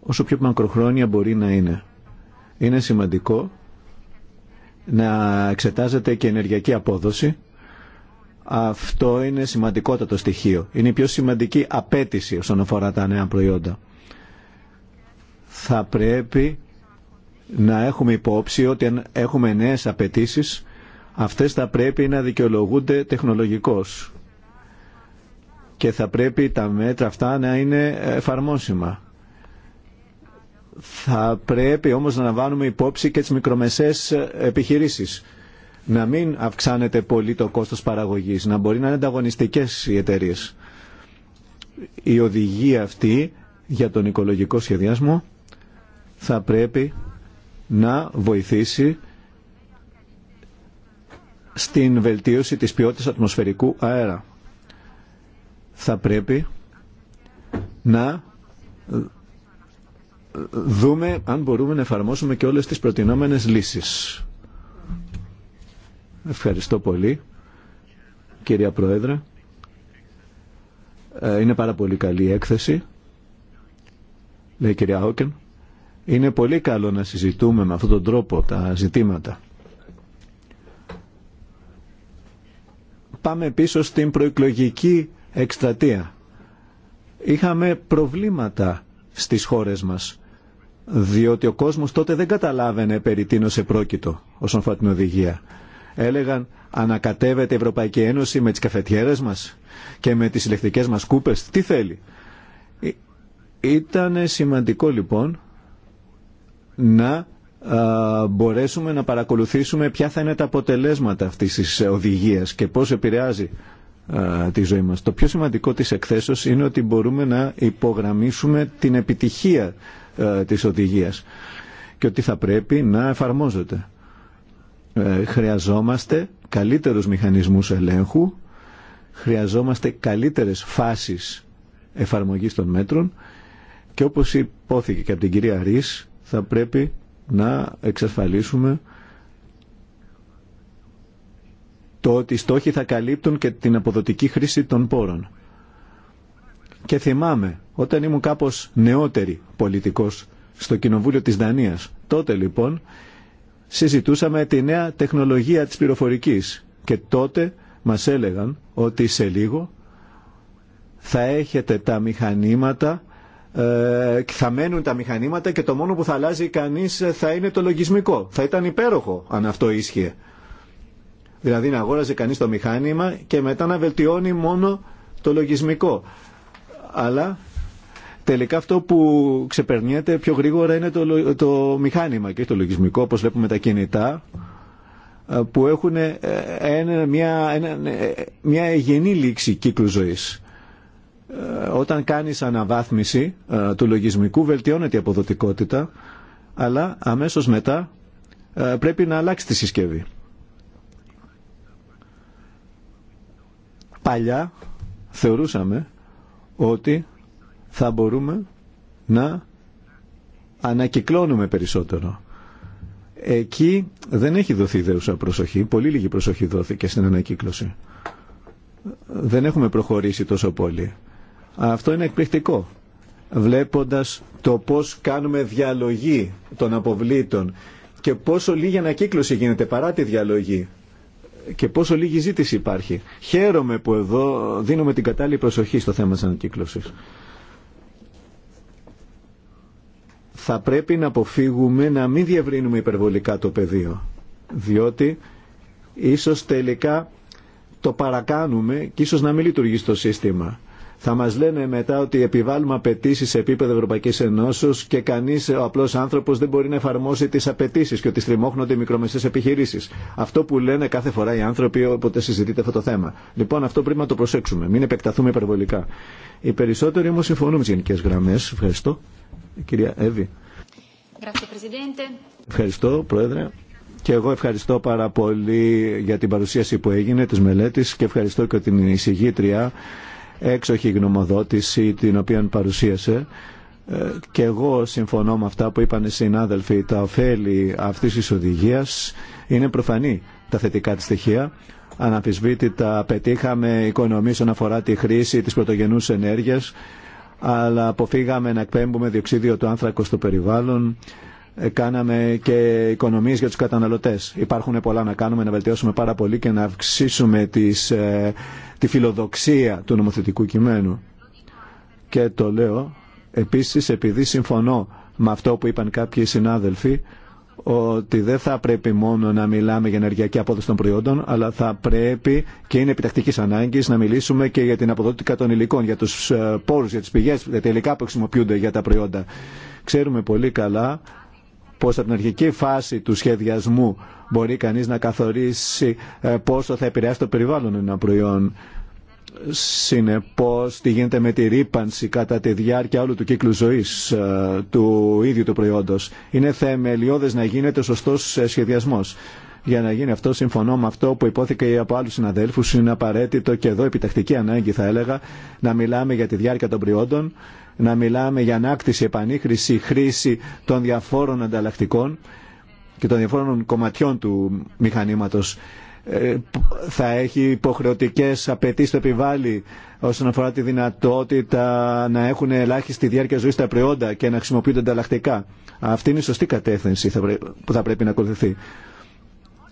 όσο πιο μακροχρόνια μπορεί να είναι. Είναι σημαντικό να εξετάζεται και ενεργειακή απόδοση αυτό είναι σημαντικότατο στοιχείο. Είναι η πιο σημαντική απέτηση όσον αφορά τα νέα προϊόντα. Θα πρέπει να έχουμε υπόψη ότι αν έχουμε νέες απαιτήσει, αυτές θα πρέπει να δικαιολογούνται τεχνολογικώς και θα πρέπει τα μέτρα αυτά να είναι εφαρμόσιμα. Θα πρέπει όμως να λαμβάνουμε υπόψη και τις μικρομεσαίες επιχειρήσεις να μην αυξάνεται πολύ το κόστος παραγωγής, να μπορεί να είναι ανταγωνιστικέ οι εταιρείε. Η οδηγία αυτή για τον οικολογικό σχεδιασμό θα πρέπει να βοηθήσει στην βελτίωση της ποιότητας ατμοσφαιρικού αέρα. Θα πρέπει να δούμε αν μπορούμε να εφαρμόσουμε και όλες τις προτινόμενες λύσεις. Ευχαριστώ πολύ, κυρία Πρόεδρε. Ε, είναι πάρα πολύ καλή η έκθεση, λέει η κυρία Όκεν. Είναι πολύ καλό να συζητούμε με αυτόν τον τρόπο τα ζητήματα. Πάμε πίσω στην προεκλογική εκστρατεία. Είχαμε προβλήματα στις χώρες μας, διότι ο κόσμος τότε δεν καταλάβαινε περί τίνος επρόκειτο όσον αφορά την οδηγία έλεγαν ανακατεύεται η Ευρωπαϊκή Ένωση με τις καφετιέρες μας και με τις συλλεκτικές μας κούπες. Τι θέλει. Ε, Ήταν σημαντικό λοιπόν να μπορέσουμε να παρακολουθήσουμε ποια θα είναι τα αποτελέσματα αυτής της οδηγίας και πώς επηρεάζει τη ζωή μας. Το πιο σημαντικό της εκθέσεως είναι ότι μπορούμε να υπογραμμίσουμε την επιτυχία της οδηγίας και ότι θα πρέπει να εφαρμόζεται. Ε, χρειαζόμαστε καλύτερους μηχανισμούς ελέγχου, χρειαζόμαστε καλύτερες φάσεις εφαρμογής των μέτρων και όπως υπόθηκε και από την κυρία Ρης θα πρέπει να εξασφαλίσουμε το ότι οι στόχοι θα καλύπτουν και την αποδοτική χρήση των πόρων. Και θυμάμαι, όταν ήμουν κάπως νεότερη πολιτικός στο Κοινοβούλιο της Δανίας, τότε λοιπόν συζητούσαμε τη νέα τεχνολογία της πληροφορικής και τότε μας έλεγαν ότι σε λίγο θα έχετε τα μηχανήματα ε, θα μένουν τα μηχανήματα και το μόνο που θα αλλάζει κανείς θα είναι το λογισμικό. Θα ήταν υπέροχο αν αυτό ίσχυε. Δηλαδή να αγόραζε κανείς το μηχάνημα και μετά να βελτιώνει μόνο το λογισμικό. Αλλά τελικά αυτό που ξεπερνιέται πιο γρήγορα είναι το, το μηχάνημα και το λογισμικό, όπως βλέπουμε τα κινητά, ε, που έχουν ε, ένα, μια, ένα, ε, μια λήξη κύκλου ζωής. Όταν κάνεις αναβάθμιση του λογισμικού βελτιώνεται η αποδοτικότητα, αλλά αμέσως μετά πρέπει να αλλάξει τη συσκευή. Παλιά θεωρούσαμε ότι θα μπορούμε να ανακυκλώνουμε περισσότερο. Εκεί δεν έχει δοθεί δεύτερη προσοχή, πολύ λίγη προσοχή δόθηκε στην ανακύκλωση. Δεν έχουμε προχωρήσει τόσο πολύ. Αυτό είναι εκπληκτικό βλέποντας το πώς κάνουμε διαλογή των αποβλήτων και πόσο λίγη ανακύκλωση γίνεται παρά τη διαλογή και πόσο λίγη ζήτηση υπάρχει. Χαίρομαι που εδώ δίνουμε την κατάλληλη προσοχή στο θέμα της ανακύκλωσης. θα πρέπει να αποφύγουμε να μην διευρύνουμε υπερβολικά το πεδίο. Διότι ίσως τελικά το παρακάνουμε και ίσως να μην λειτουργεί στο σύστημα. Θα μας λένε μετά ότι επιβάλλουμε απαιτήσει σε επίπεδο Ευρωπαϊκής Ενώσεως και κανείς ο απλός άνθρωπος δεν μπορεί να εφαρμόσει τις απαιτήσει και ότι στριμώχνονται οι μικρομεσαίες επιχειρήσεις. Αυτό που λένε κάθε φορά οι άνθρωποι όποτε συζητείται αυτό το θέμα. Λοιπόν αυτό πρέπει να το προσέξουμε. Μην επεκταθούμε υπερβολικά. Οι περισσότεροι όμω συμφωνούν με τις γενικές γραμμές. Ευχαριστώ. Κυρία Εύη. Ευχαριστώ, Πρόεδρε. Και εγώ ευχαριστώ πάρα πολύ για την παρουσίαση που έγινε της μελέτης και ευχαριστώ και την εισηγήτρια έξοχη γνωμοδότηση την οποία παρουσίασε ε, και εγώ συμφωνώ με αυτά που είπαν οι συνάδελφοι τα ωφέλη αυτής της οδηγίας είναι προφανή τα θετικά της στοιχεία αναμφισβήτητα πετύχαμε οικονομίες όσον αφορά τη χρήση της πρωτογενούς ενέργειας αλλά αποφύγαμε να εκπέμπουμε διοξίδιο του άνθρακο στο περιβάλλον, ε, κάναμε και οικονομίες για τους καταναλωτές. Υπάρχουν πολλά να κάνουμε, να βελτιώσουμε πάρα πολύ και να αυξήσουμε τις, ε, τη φιλοδοξία του νομοθετικού κειμένου. Και το λέω επίσης επειδή συμφωνώ με αυτό που είπαν κάποιοι συνάδελφοι, ότι δεν θα πρέπει μόνο να μιλάμε για ενεργειακή απόδοση των προϊόντων, αλλά θα πρέπει και είναι επιτακτική ανάγκη να μιλήσουμε και για την αποδότητα των υλικών, για του ε, πόρου, για τι πηγέ, για τα υλικά που χρησιμοποιούνται για τα προϊόντα. Ξέρουμε πολύ καλά πως από την αρχική φάση του σχεδιασμού μπορεί κανείς να καθορίσει ε, πόσο θα επηρεάσει το περιβάλλον ένα προϊόν συνεπώς τι γίνεται με τη ρήπανση κατά τη διάρκεια όλου του κύκλου ζωής ε, του ίδιου του προϊόντος. Είναι θεμελιώδες να γίνεται σωστός σχεδιασμός. Για να γίνει αυτό, συμφωνώ με αυτό που υπόθηκε από άλλου συναδέλφου. Είναι απαραίτητο και εδώ επιτακτική ανάγκη, θα έλεγα, να μιλάμε για τη διάρκεια των προϊόντων, να μιλάμε για ανάκτηση, επανήχρηση, χρήση των διαφόρων ανταλλακτικών και των διαφόρων κομματιών του μηχανήματος ε, θα έχει υποχρεωτικές απαιτήσεις το επιβάλλει όσον αφορά τη δυνατότητα να έχουν ελάχιστη διάρκεια ζωής τα προϊόντα και να χρησιμοποιούνται ανταλλακτικά. Αυτή είναι η σωστή κατεύθυνση που θα πρέπει να ακολουθηθεί.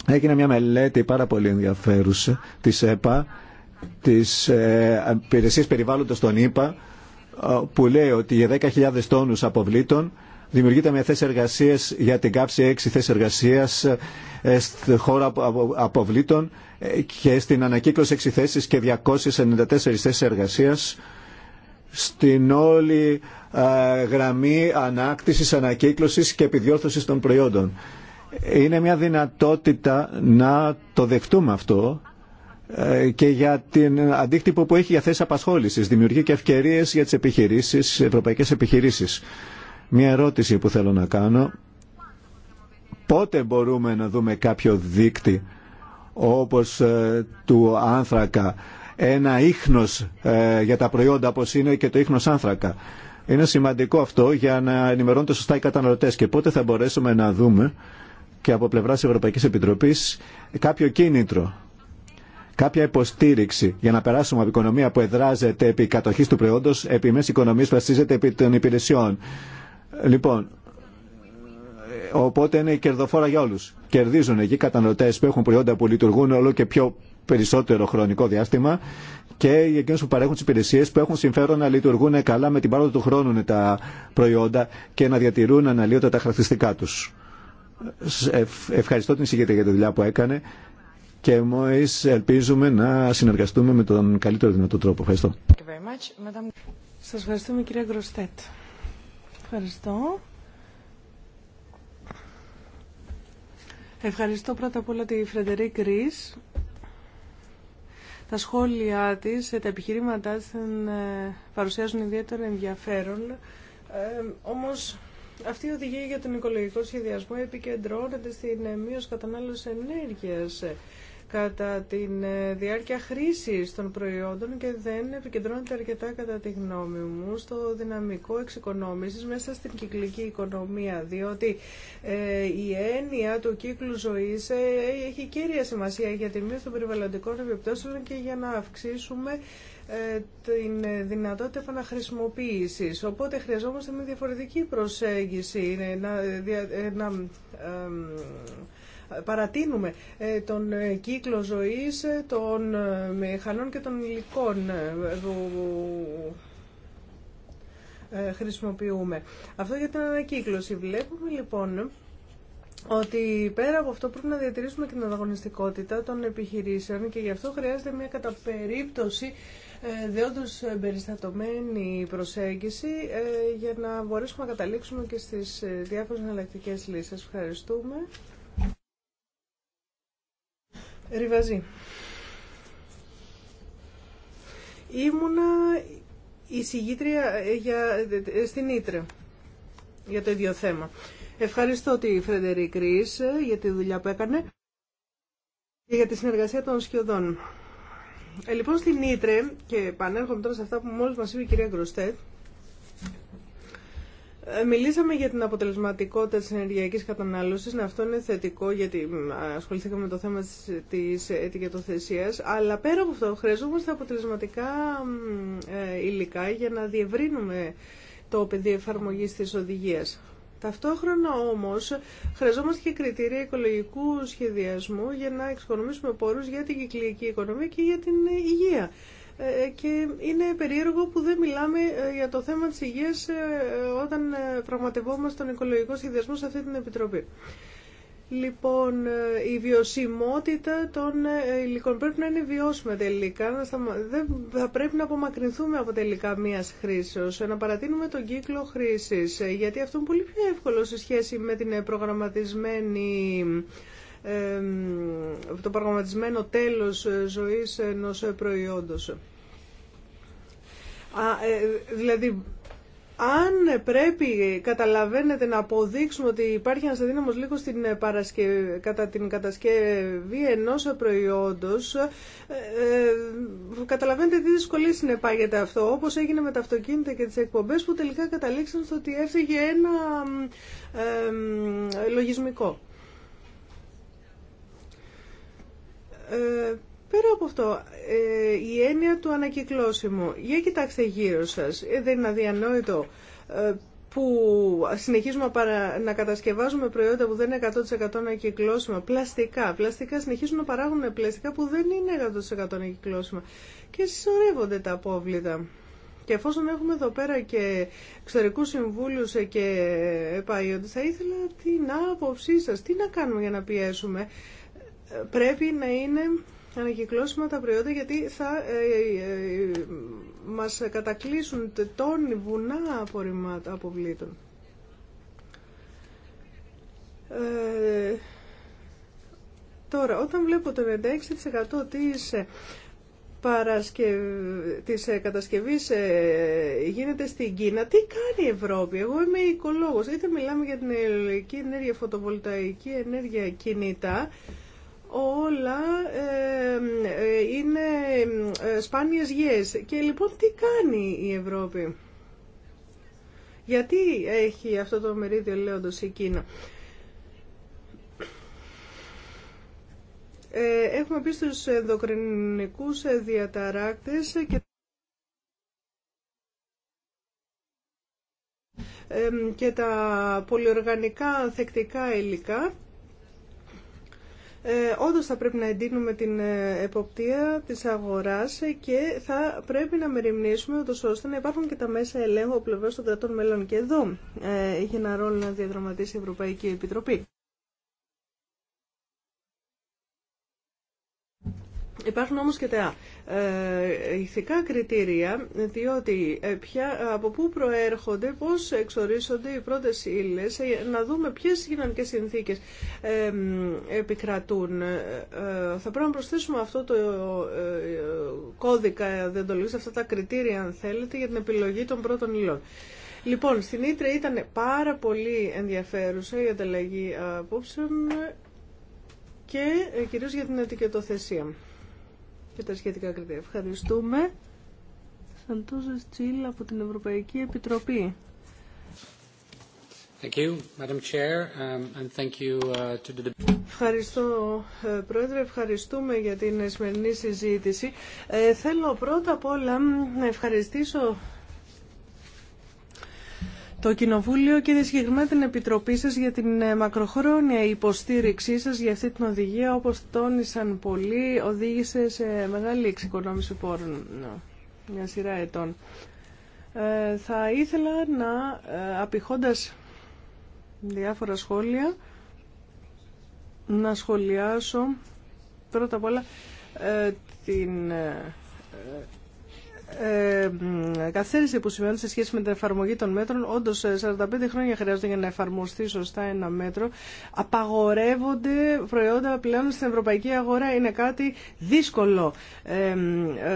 Έγινε μια μελέτη πάρα πολύ ενδιαφέρουσα της ΕΠΑ, της ε, υπηρεσία Περιβάλλοντος των ΕΠΑ, που λέει ότι για 10.000 τόνους αποβλήτων δημιουργείται με θέσει εργασία για την κάψη έξι θέσει εργασία ε, στη χώρα αποβλήτων ε, και στην ανακύκλωση έξι θέσει και 294 θέσει εργασία στην όλη ε, γραμμή ανάκτησης, ανακύκλωσης και επιδιόρθωσης των προϊόντων. Είναι μια δυνατότητα να το δεχτούμε αυτό και για την αντίκτυπο που έχει για θέσεις απασχόλησης. Δημιουργεί και ευκαιρίες για τις επιχειρήσεις, ευρωπαϊκές επιχειρήσεις. Μια ερώτηση που θέλω να κάνω. Πότε μπορούμε να δούμε κάποιο δείκτη όπως ε, του άνθρακα, ένα ίχνος ε, για τα προϊόντα όπως είναι και το ίχνος άνθρακα. Είναι σημαντικό αυτό για να ενημερώνονται σωστά οι καταναλωτές και πότε θα μπορέσουμε να δούμε και από πλευράς Ευρωπαϊκής Επιτροπής κάποιο κίνητρο κάποια υποστήριξη για να περάσουμε από οικονομία που εδράζεται επί κατοχής του προϊόντος, επί μέση οικονομίας που βασίζεται επί των υπηρεσιών. Λοιπόν, οπότε είναι κερδοφόρα για όλους. Κερδίζουν εκεί καταναλωτές που έχουν προϊόντα που λειτουργούν όλο και πιο περισσότερο χρονικό διάστημα και για εκείνους που παρέχουν τι υπηρεσίε που έχουν συμφέρον να λειτουργούν καλά με την πάροδο του χρόνου τα προϊόντα και να διατηρούν αναλύωτα τα χαρακτηριστικά τους. Ε, ευχαριστώ την συγκέντρια για τη δουλειά που έκανε και μόλι ελπίζουμε να συνεργαστούμε με τον καλύτερο δυνατό τρόπο. Ευχαριστώ. Σα ευχαριστούμε κυρία Γκροστέτ. Ευχαριστώ. Ευχαριστώ πρώτα απ' όλα τη Φρεντερή Τα σχόλια της, τα επιχειρήματά της ε, παρουσιάζουν ιδιαίτερο ενδιαφέρον. Ε, όμως αυτή η οδηγία για τον οικολογικό σχεδιασμό επικεντρώνεται στην ε, μείωση κατανάλωση ενέργειας κατά τη ε, διάρκεια χρήσης των προϊόντων και δεν επικεντρώνεται αρκετά κατά τη γνώμη μου στο δυναμικό εξοικονόμησης μέσα στην κυκλική οικονομία διότι ε, η έννοια του κύκλου ζωής ε, έχει κύρια σημασία για τη μείωση των περιβαλλοντικών επιπτώσεων και για να αυξήσουμε την δυνατότητα επαναχρησιμοποίηση. Οπότε χρειαζόμαστε μια διαφορετική προσέγγιση να παρατείνουμε ε, τον ε, κύκλο ζωής ε, των μηχανών και των υλικών που χρησιμοποιούμε. Αυτό για την ανακύκλωση. Βλέπουμε λοιπόν ότι πέρα από αυτό πρέπει να διατηρήσουμε την ανταγωνιστικότητα των επιχειρήσεων και γι' αυτό χρειάζεται μια κατά περίπτωση δεόντως περιστατωμένη προσέγγιση για να μπορέσουμε να καταλήξουμε και στις διάφορες εναλλακτικέ λύσεις. Ευχαριστούμε. Ριβαζή. Ήμουνα εισηγήτρια ε, για, στην Ήτρε για το ίδιο θέμα. Ευχαριστώ τη Φρεντερή Κρίς ε, για τη δουλειά που έκανε και για τη συνεργασία των σκιωδών. Ε, λοιπόν, στην Ήτρε, και πανέρχομαι τώρα σε αυτά που μόλις μας είπε η κυρία Γκροστέτ, ε, μιλήσαμε για την αποτελεσματικότητα της ενεργειακής κατανάλωσης. Ναι, αυτό είναι θετικό γιατί ασχοληθήκαμε με το θέμα της ετικετοθεσίας. Αλλά πέρα από αυτό χρειαζόμαστε αποτελεσματικά ε, υλικά για να διευρύνουμε το πεδίο εφαρμογής της οδηγίας. Ταυτόχρονα όμως χρειαζόμαστε και κριτήρια οικολογικού σχεδιασμού για να εξοικονομήσουμε πόρους για την κυκλική οικονομία και για την υγεία. Ε, και είναι περίεργο που δεν μιλάμε ε, για το θέμα της υγείας ε, όταν πραγματευόμαστε τον οικολογικό σχεδιασμό σε αυτή την Επιτροπή. Λοιπόν, η βιωσιμότητα των υλικών πρέπει να είναι βιώσιμη τελικά. Δεν θα πρέπει να απομακρυνθούμε από τελικά μία χρήση, να παρατείνουμε τον κύκλο χρήση. Γιατί αυτό είναι πολύ πιο εύκολο σε σχέση με την προγραμματισμένη το προγραμματισμένο τέλος ε, ζωής ενός προϊόντος. Ε, δηλαδή, αν πρέπει, καταλαβαίνετε, να αποδείξουμε ότι υπάρχει ένας αδύναμος λίγο στην ε, παρασκε... κατά την κατασκευή ενός προϊόντος, ε, καταλαβαίνετε τι δυσκολίε συνεπάγεται αυτό, όπως έγινε με τα αυτοκίνητα και τις εκπομπές που τελικά καταλήξαν στο ότι έφυγε ένα ε, λογισμικό. Ε, πέρα από αυτό, ε, η έννοια του ανακυκλώσιμου, για κοιτάξτε γύρω σας, ε, δεν είναι αδιανόητο που συνεχίζουμε να κατασκευάζουμε προϊόντα που δεν είναι 100% ανακυκλώσιμα, πλαστικά. Πλαστικά συνεχίζουν να παράγουν πλαστικά που δεν είναι 100% ανακυκλώσιμα και συσσωρεύονται τα απόβλητα. Και εφόσον έχουμε εδώ πέρα και εξωτερικούς συμβούλους και επαϊόντες, θα ήθελα την άποψή σας, τι να κάνουμε για να πιέσουμε πρέπει να είναι ανακυκλώσιμα τα προϊόντα γιατί θα ε, ε, ε, μας κατακλείσουν τόνοι βουνά απορριμμάτων αποβλήτων. Ε, τώρα, όταν βλέπω το 96% της, παρασκευ... της κατασκευής γίνεται στην Κίνα, τι κάνει η Ευρώπη. Εγώ είμαι οικολόγος. Είτε μιλάμε για την ελληνική ενέργεια, φωτοβολταϊκή ενέργεια κινητά, όλα ε, είναι ε, σπάνιες γιές. Και λοιπόν τι κάνει η Ευρώπη. Γιατί έχει αυτό το μερίδιο λέοντος η Κίνα. Ε, έχουμε πει στους ενδοκρινικούς διαταράκτες και και τα πολυοργανικά θεκτικά υλικά ε, Όντω θα πρέπει να εντείνουμε την ε, εποπτεία της αγοράς και θα πρέπει να μεριμνήσουμε ούτως ώστε να υπάρχουν και τα μέσα ελέγχου πλευρά των κρατών μελών. Και εδώ είχε ένα ρόλο να διαδραματίσει η Ευρωπαϊκή Επιτροπή. Υπάρχουν όμως και τα ε, ηθικά κριτήρια, διότι ε, ποια από πού προέρχονται, πώς εξορίσονται οι πρώτες ύλες, ε, να δούμε ποιες κοινωνικές συνθήκες ε, επικρατούν. θα πρέπει να προσθέσουμε αυτό το κώδικα δεντολής, αυτά τα κριτήρια αν θέλετε, για την επιλογή των πρώτων ύλων. Λοιπόν, στην Ήτρε ήταν πάρα πολύ ενδιαφέρουσα η ανταλλαγή απόψεων και κυρίως για την ετικετοθεσία και τα σχετικά κριτήρια. Ευχαριστούμε. Σαντούζα Τσίλ από την Ευρωπαϊκή Επιτροπή. Ευχαριστώ, Πρόεδρε. Ευχαριστούμε για την σημερινή συζήτηση. Ε, θέλω πρώτα απ' όλα να ευχαριστήσω το Κοινοβούλιο και συγκεκριμένα την Επιτροπή σα για την ε, μακροχρόνια υποστήριξή σα για αυτή την οδηγία, όπως τόνισαν πολλοί, οδήγησε σε μεγάλη εξοικονόμηση πόρων ναι, μια σειρά ετών. Ε, θα ήθελα να, ε, απηχώντας διάφορα σχόλια, να σχολιάσω πρώτα απ' όλα την ε, που σημαίνει σε σχέση με την εφαρμογή των μέτρων, όντω 45 ε, χρόνια χρειάζεται για να εφαρμοστεί σωστά ένα μέτρο. Απαγορεύονται προϊόντα πλέον στην ευρωπαϊκή αγορά. Είναι κάτι δύσκολο. Ε, ε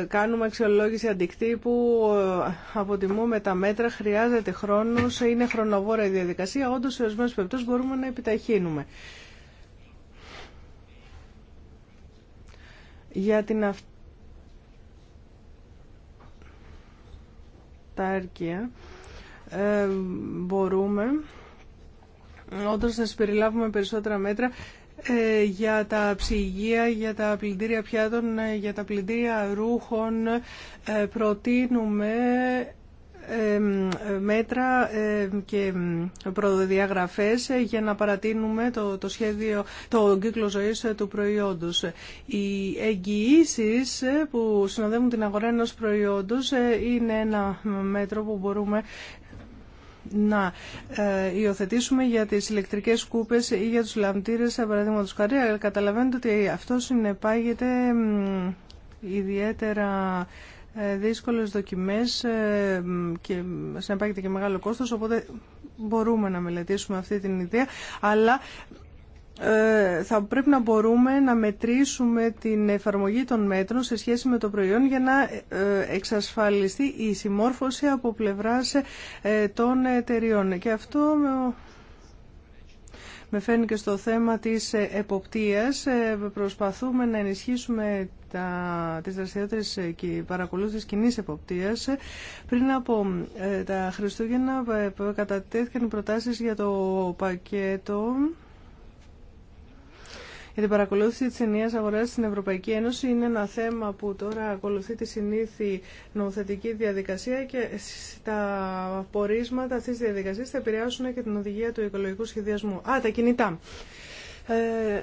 κάνουμε αξιολόγηση αντικτύπου, ε, αποτιμούμε τα μέτρα, χρειάζεται χρόνο, είναι χρονοβόρα η διαδικασία. Όντω, σε ορισμένε περιπτώσει μπορούμε να επιταχύνουμε. Για την αυτή ε, μπορούμε όντως να συμπεριλάβουμε περισσότερα μέτρα ε, για τα ψυγεία, για τα πλυντήρια πιάτων, ε, για τα πλυντήρια ρούχων. Ε, προτείνουμε μέτρα και προδιαγραφές ε, για να παρατείνουμε το, το σχέδιο, το κύκλο ζωής ε, του προϊόντος. Οι εγγυήσει ε, που συνοδεύουν την αγορά ενός προϊόντος είναι ένα μέτρο που μπορούμε να υιοθετήσουμε για τις ηλεκτρικές σκούπες ή για τους λαμπτήρες, παραδείγματος χαρή, αλλά καταλαβαίνετε ότι αυτό συνεπάγεται ιδιαίτερα ε, δύσκολες δοκιμές ε, και συνεπάγεται και μεγάλο κόστος, οπότε μπορούμε να μελετήσουμε αυτή την ιδέα, αλλά ε, θα πρέπει να μπορούμε να μετρήσουμε την εφαρμογή των μέτρων σε σχέση με το προϊόν για να εξασφαλιστεί η συμμόρφωση από πλευρά των εταιριών. Και αυτό με φέρνει και στο θέμα της ε, εποπτείας. Ε, προσπαθούμε να ενισχύσουμε τα, τις δραστηριότητες ε, και παρακολούθησης κοινής εποπτείας. Πριν από τα Χριστούγεννα κατατέθηκαν οι προτάσεις για το πακέτο για την παρακολούθηση της ενιαίας αγοράς στην Ευρωπαϊκή Ένωση είναι ένα θέμα που τώρα ακολουθεί τη συνήθι νομοθετική διαδικασία και τα πορίσματα αυτής της διαδικασίας θα επηρεάσουν και την οδηγία του οικολογικού σχεδιασμού. Α, τα κινητά. Ε,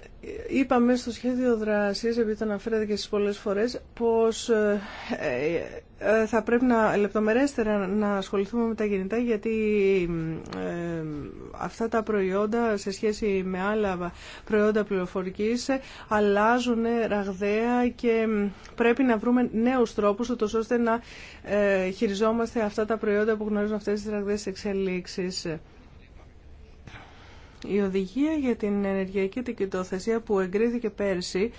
είπαμε στο σχέδιο δράσης, επειδή το αναφέρατε και στις πολλές φορές, πως ε, ε, θα πρέπει να λεπτομερέστερα να ασχοληθούμε με τα γεννητά γιατί αυτά τα προϊόντα σε σχέση με άλλα προϊόντα πληροφορικής αλλάζουν ραγδαία και πρέπει να βρούμε νέους τρόπους ώστε να ε, χειριζόμαστε αυτά τα προϊόντα που γνωρίζουν αυτές τις ραγδαίες εξελίξεις. Η οδηγία για την ενεργειακή τοκητοθεσία που εγκρίθηκε πέρσι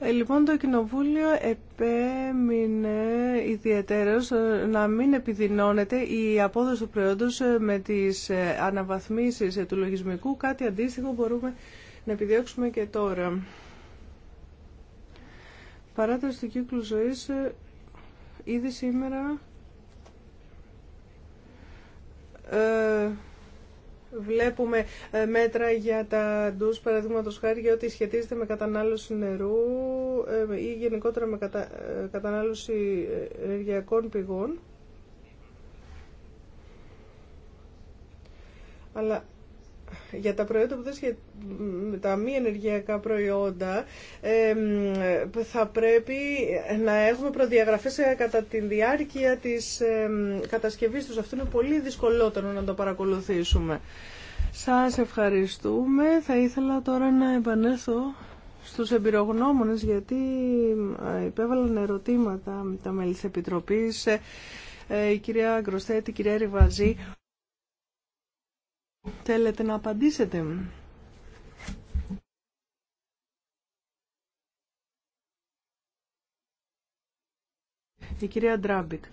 ε, Λοιπόν, το Κοινοβούλιο επέμεινε ιδιαίτερος ε, να μην επιδεινώνεται η απόδοση του προϊόντος ε, με τις αναβαθμίσεις του λογισμικού. Κάτι αντίστοιχο μπορούμε να επιδιώξουμε και τώρα. Παράταση του κύκλου ζωής ήδη σήμερα... Βλέπουμε ε, μέτρα για τα ντους, παραδείγματο χάρη, για ό,τι σχετίζεται με κατανάλωση νερού ε, ή γενικότερα με ε, κατανάλωση ενεργειακών πηγών. Αλλά για τα προϊόντα που δεν τα μη ενεργειακά προϊόντα θα πρέπει να έχουμε προδιαγραφές ε, κατά τη διάρκεια της κατασκευής τους. Αυτό είναι πολύ δυσκολότερο να το παρακολουθήσουμε. Σας ευχαριστούμε. Θα ήθελα τώρα να επανέλθω στους εμπειρογνώμονες γιατί ε, υπέβαλαν ερωτήματα με τα μέλη της Επιτροπής ε, η κυρία Γκροστέτη, η κυρία Ριβαζή. Θέλετε να απαντήσετε. Η κυρία Ντράμπικ.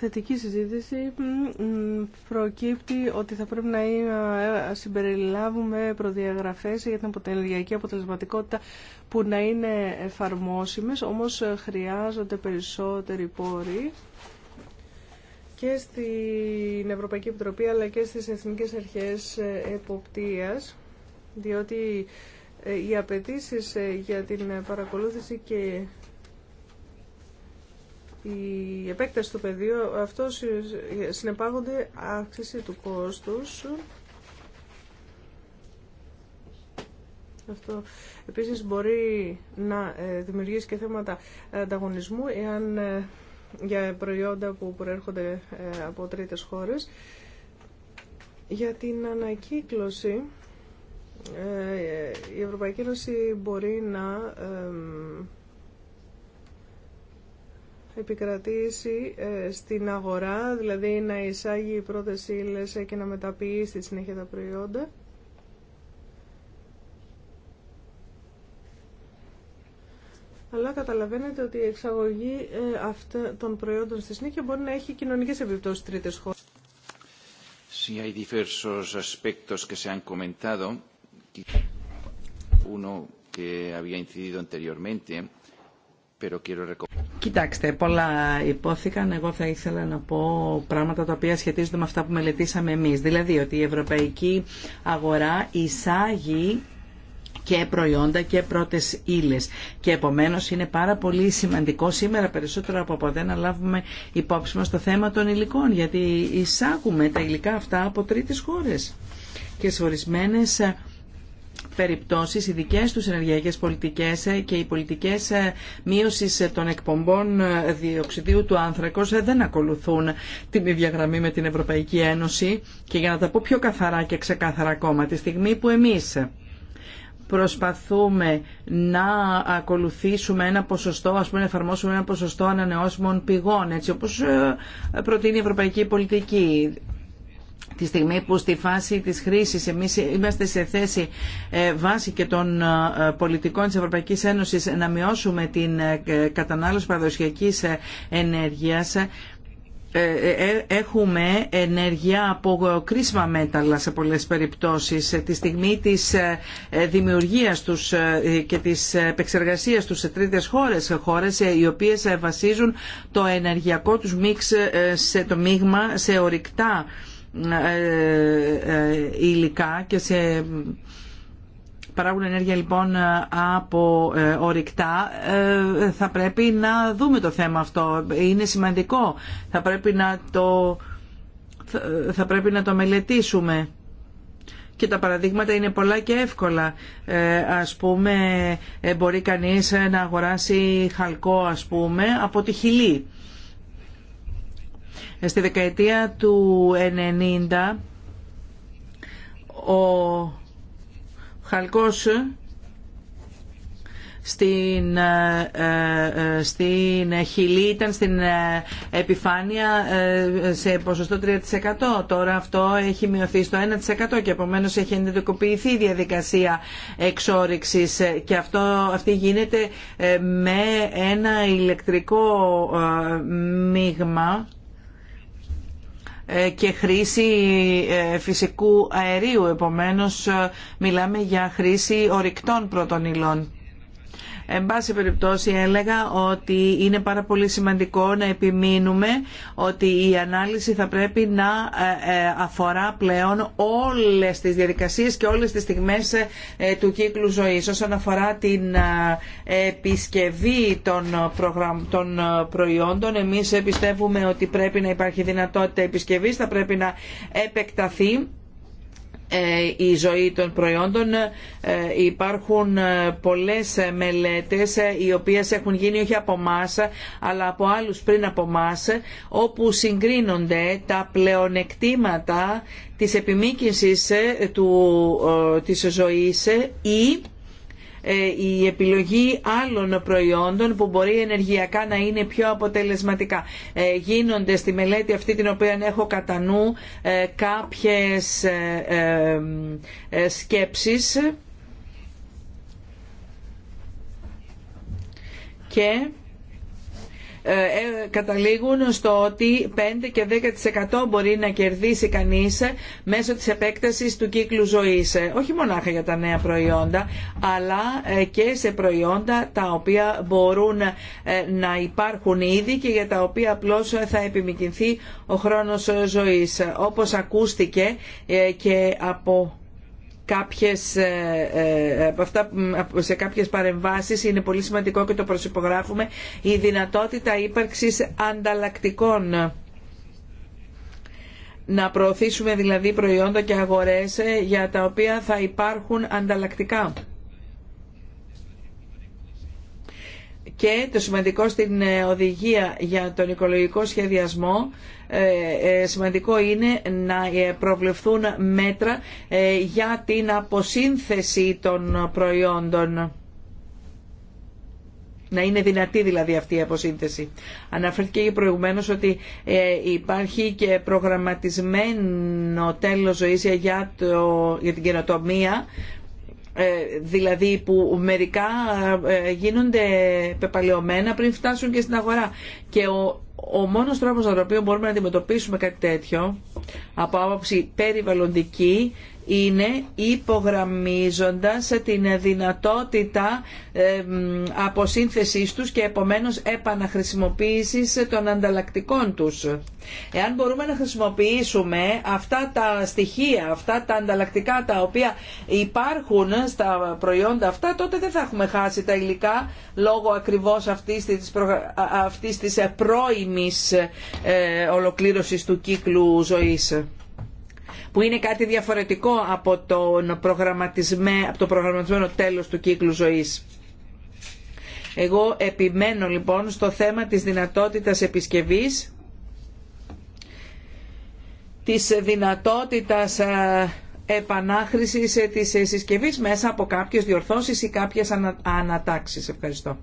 θετική συζήτηση προκύπτει ότι θα πρέπει να ε, συμπεριλάβουμε προδιαγραφές για την ενεργειακή αποτελεσματικότητα που να είναι εφαρμόσιμες, όμως χρειάζονται περισσότεροι πόροι και στην Ευρωπαϊκή Επιτροπή αλλά και στις Εθνικές Αρχές Εποπτείας, διότι ε, οι απαιτήσει ε, για την παρακολούθηση και η επέκταση του πεδίου αυτό συνεπάγονται αύξηση του κόστους Αυτό επίσης μπορεί να ε, δημιουργήσει και θέματα ανταγωνισμού εάν ε, για προϊόντα που προέρχονται ε, από τρίτες χώρες. Για την ανακύκλωση η Ευρωπαϊκή Ένωση μπορεί να επικρατήσει ε, στην αγορά, δηλαδή να εισάγει πρώτες ύλες ε, και να μεταποιεί στη συνέχεια τα προϊόντα. Αλλά καταλαβαίνετε ότι η εξαγωγή ε, αυτών των προϊόντων στη συνέχεια μπορεί να έχει κοινωνικές επιπτώσεις τρίτες χώρες. Sí, hay diversos aspectos que se han comentado. Uno que había incidido anteriormente Κοιτάξτε, πολλά υπόθηκαν. Εγώ θα ήθελα να πω πράγματα τα οποία σχετίζονται με αυτά που μελετήσαμε εμεί. Δηλαδή ότι η ευρωπαϊκή αγορά εισάγει και προϊόντα και πρώτες ύλε. Και επομένως είναι πάρα πολύ σημαντικό σήμερα περισσότερο από ποτέ να λάβουμε υπόψη μας το θέμα των υλικών, γιατί εισάγουμε τα υλικά αυτά από τρίτες χώρες. Και σε ορισμένες περιπτώσεις οι δικές τους ενεργειακές πολιτικές και οι πολιτικές μείωσης των εκπομπών διοξιδίου του άνθρακος δεν ακολουθούν την ίδια διαγραμμή με την Ευρωπαϊκή Ένωση και για να τα πω πιο καθαρά και ξεκάθαρα ακόμα τη στιγμή που εμείς προσπαθούμε να ακολουθήσουμε ένα ποσοστό, ας πούμε να εφαρμόσουμε ένα ποσοστό ανανεώσιμων πηγών, έτσι όπως ε, προτείνει η ευρωπαϊκή πολιτική τη στιγμή που στη φάση της χρήσης εμείς είμαστε σε θέση ε, βάσει και των ε, πολιτικών της Ευρωπαϊκής Ένωσης να μειώσουμε την ε, κατανάλωση παραδοσιακής ενέργειας έχουμε ενέργεια από κρίσμα μέταλλα σε πολλές περιπτώσεις τη στιγμή της δημιουργίας τους και της επεξεργασίας τους σε τρίτες χώρες χώρες οι οποίες βασίζουν το ενεργειακό τους μίξ σε το μείγμα σε ορυκτά ε, ε, ε, υλικά και σε παράγουν ενέργεια λοιπόν από ορυκτά θα πρέπει να δούμε το θέμα αυτό. Είναι σημαντικό. Θα πρέπει να το, θα πρέπει να το μελετήσουμε. Και τα παραδείγματα είναι πολλά και εύκολα. Ε, ας πούμε, μπορεί κανείς να αγοράσει χαλκό, ας πούμε, από τη χιλή. Στη δεκαετία του 90 ο Χαλκός στην, ε, ε, ε, στην Χιλή ήταν στην επιφάνεια σε ποσοστό 3%. Τώρα αυτό έχει μειωθεί στο 1% και επομένω έχει εντετοκοποιηθεί η διαδικασία εξόριξης και αυτό, αυτή γίνεται με ένα ηλεκτρικό μείγμα ε, και χρήση ε, φυσικού αερίου. Επομένως ε, μιλάμε για χρήση ορυκτών πρώτων Εν πάση περιπτώσει έλεγα ότι είναι πάρα πολύ σημαντικό να επιμείνουμε ότι η ανάλυση θα πρέπει να ε, ε, αφορά πλέον όλες τις διαδικασίες και όλες τις στιγμές ε, του κύκλου ζωής. Όσον αφορά την επισκευή των προϊόντων, εμείς πιστεύουμε ότι πρέπει να υπάρχει δυνατότητα επισκευής, θα πρέπει να επεκταθεί ε, η ζωή των προϊόντων. Ε, υπάρχουν ε, πολλές μελέτες οι οποίες έχουν γίνει όχι από εμά, αλλά από άλλους πριν από εμά, όπου συγκρίνονται τα πλεονεκτήματα της επιμήκυνσης του, της ζωής ή ε, η επιλογή άλλων προϊόντων που μπορεί ενεργειακά να είναι πιο αποτελεσματικά. Ε, γίνονται στη μελέτη αυτή την οποία έχω κατά νου ε, κάποιες σκέψεις και ε, ε, καταλήγουν στο ότι 5 και 10% μπορεί να κερδίσει κανείς μέσω της επέκτασης του κύκλου ζωής. Ε, όχι μονάχα για τα νέα προϊόντα, αλλά και σε προϊόντα τα οποία μπορούν να υπάρχουν ήδη και για τα οποία απλώς θα επιμηκυνθεί ο χρόνος ζωής. Όπως ακούστηκε και από κάποιες, ε, ε, σε κάποιες παρεμβάσεις είναι πολύ σημαντικό και το προσυπογράφουμε η δυνατότητα ύπαρξης ανταλλακτικών να προωθήσουμε δηλαδή προϊόντα και αγορές ε, για τα οποία θα υπάρχουν ανταλλακτικά. και το σημαντικό στην ε, οδηγία για τον οικολογικό σχεδιασμό ε, ε, σημαντικό είναι να προβλεφθούν μέτρα για την αποσύνθεση των προϊόντων. Να είναι δυνατή δηλαδή αυτή η αποσύνθεση. Αναφέρθηκε και προηγουμένως ότι υπάρχει και προγραμματισμένο τέλος ζωής για, το, για την καινοτομία ε, δηλαδή που μερικά ε, γίνονται πεπαλαιωμένα πριν φτάσουν και στην αγορά. Και ο, ο μόνος τρόπος με τον οποίο μπορούμε να αντιμετωπίσουμε κάτι τέτοιο από άποψη περιβαλλοντική είναι υπογραμμίζοντας την δυνατότητα αποσύνθεσής τους και επομένως επαναχρησιμοποίησης των ανταλλακτικών τους. Εάν μπορούμε να χρησιμοποιήσουμε αυτά τα στοιχεία, αυτά τα ανταλλακτικά τα οποία υπάρχουν στα προϊόντα αυτά, τότε δεν θα έχουμε χάσει τα υλικά λόγω ακριβώς αυτής της, προ... αυτής της πρώιμης ε, ολοκλήρωσης του κύκλου ζωής που είναι κάτι διαφορετικό από, από το προγραμματισμένο τέλος του κύκλου ζωής. Εγώ επιμένω λοιπόν στο θέμα της δυνατότητας επισκευής, της δυνατότητας ε, επανάχρησης ε, της ε, συσκευής μέσα από κάποιες διορθώσεις ή κάποιες ανατάξεις. Ευχαριστώ.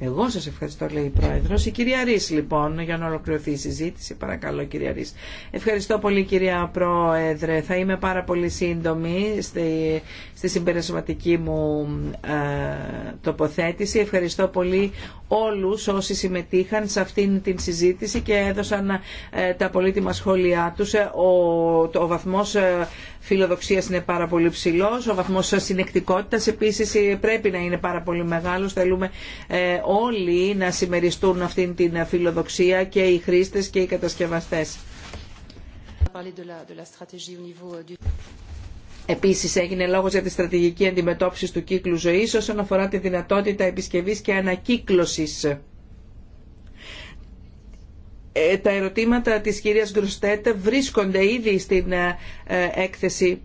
Εγώ σας ευχαριστώ, λέει η Πρόεδρος. Η κυρία Ρής, λοιπόν, για να ολοκληρωθεί η συζήτηση. Παρακαλώ, κυρία Ρής. Ευχαριστώ πολύ, κυρία Πρόεδρε. Θα είμαι πάρα πολύ σύντομη στη, στη συμπερισματική μου ε, τοποθέτηση. Ευχαριστώ πολύ όλους όσοι συμμετείχαν σε αυτήν την συζήτηση και έδωσαν ε, τα πολύτιμα σχόλιά τους. Ε, ο, ο βαθμός φιλοδοξία είναι πάρα πολύ ψηλός, ο βαθμός συνεκτικότητας επίσης πρέπει να είναι πάρα πολύ μεγάλος. Θέλουμε ε, όλοι να συμμεριστούν αυτήν την φιλοδοξία και οι χρήστες και οι κατασκευαστές. Επίσης έγινε λόγος για τη στρατηγική αντιμετώπιση του κύκλου ζωής όσον αφορά τη δυνατότητα επισκευής και ανακύκλωσης. Ε, τα ερωτήματα της κυρίας Γκροστέτα βρίσκονται ήδη στην ε, ε, έκθεση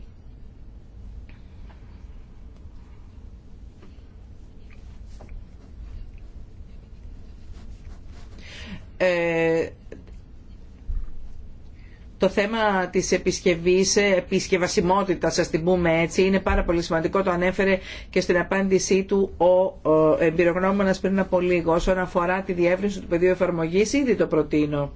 το θέμα της επισκευής, επισκευασιμότητας, ας την πούμε έτσι, είναι πάρα πολύ σημαντικό. Το ανέφερε και στην απάντησή του ο εμπειρογνώμονας πριν από λίγο. Όσον αφορά τη διεύρυνση του πεδίου εφαρμογής, ήδη το προτείνω.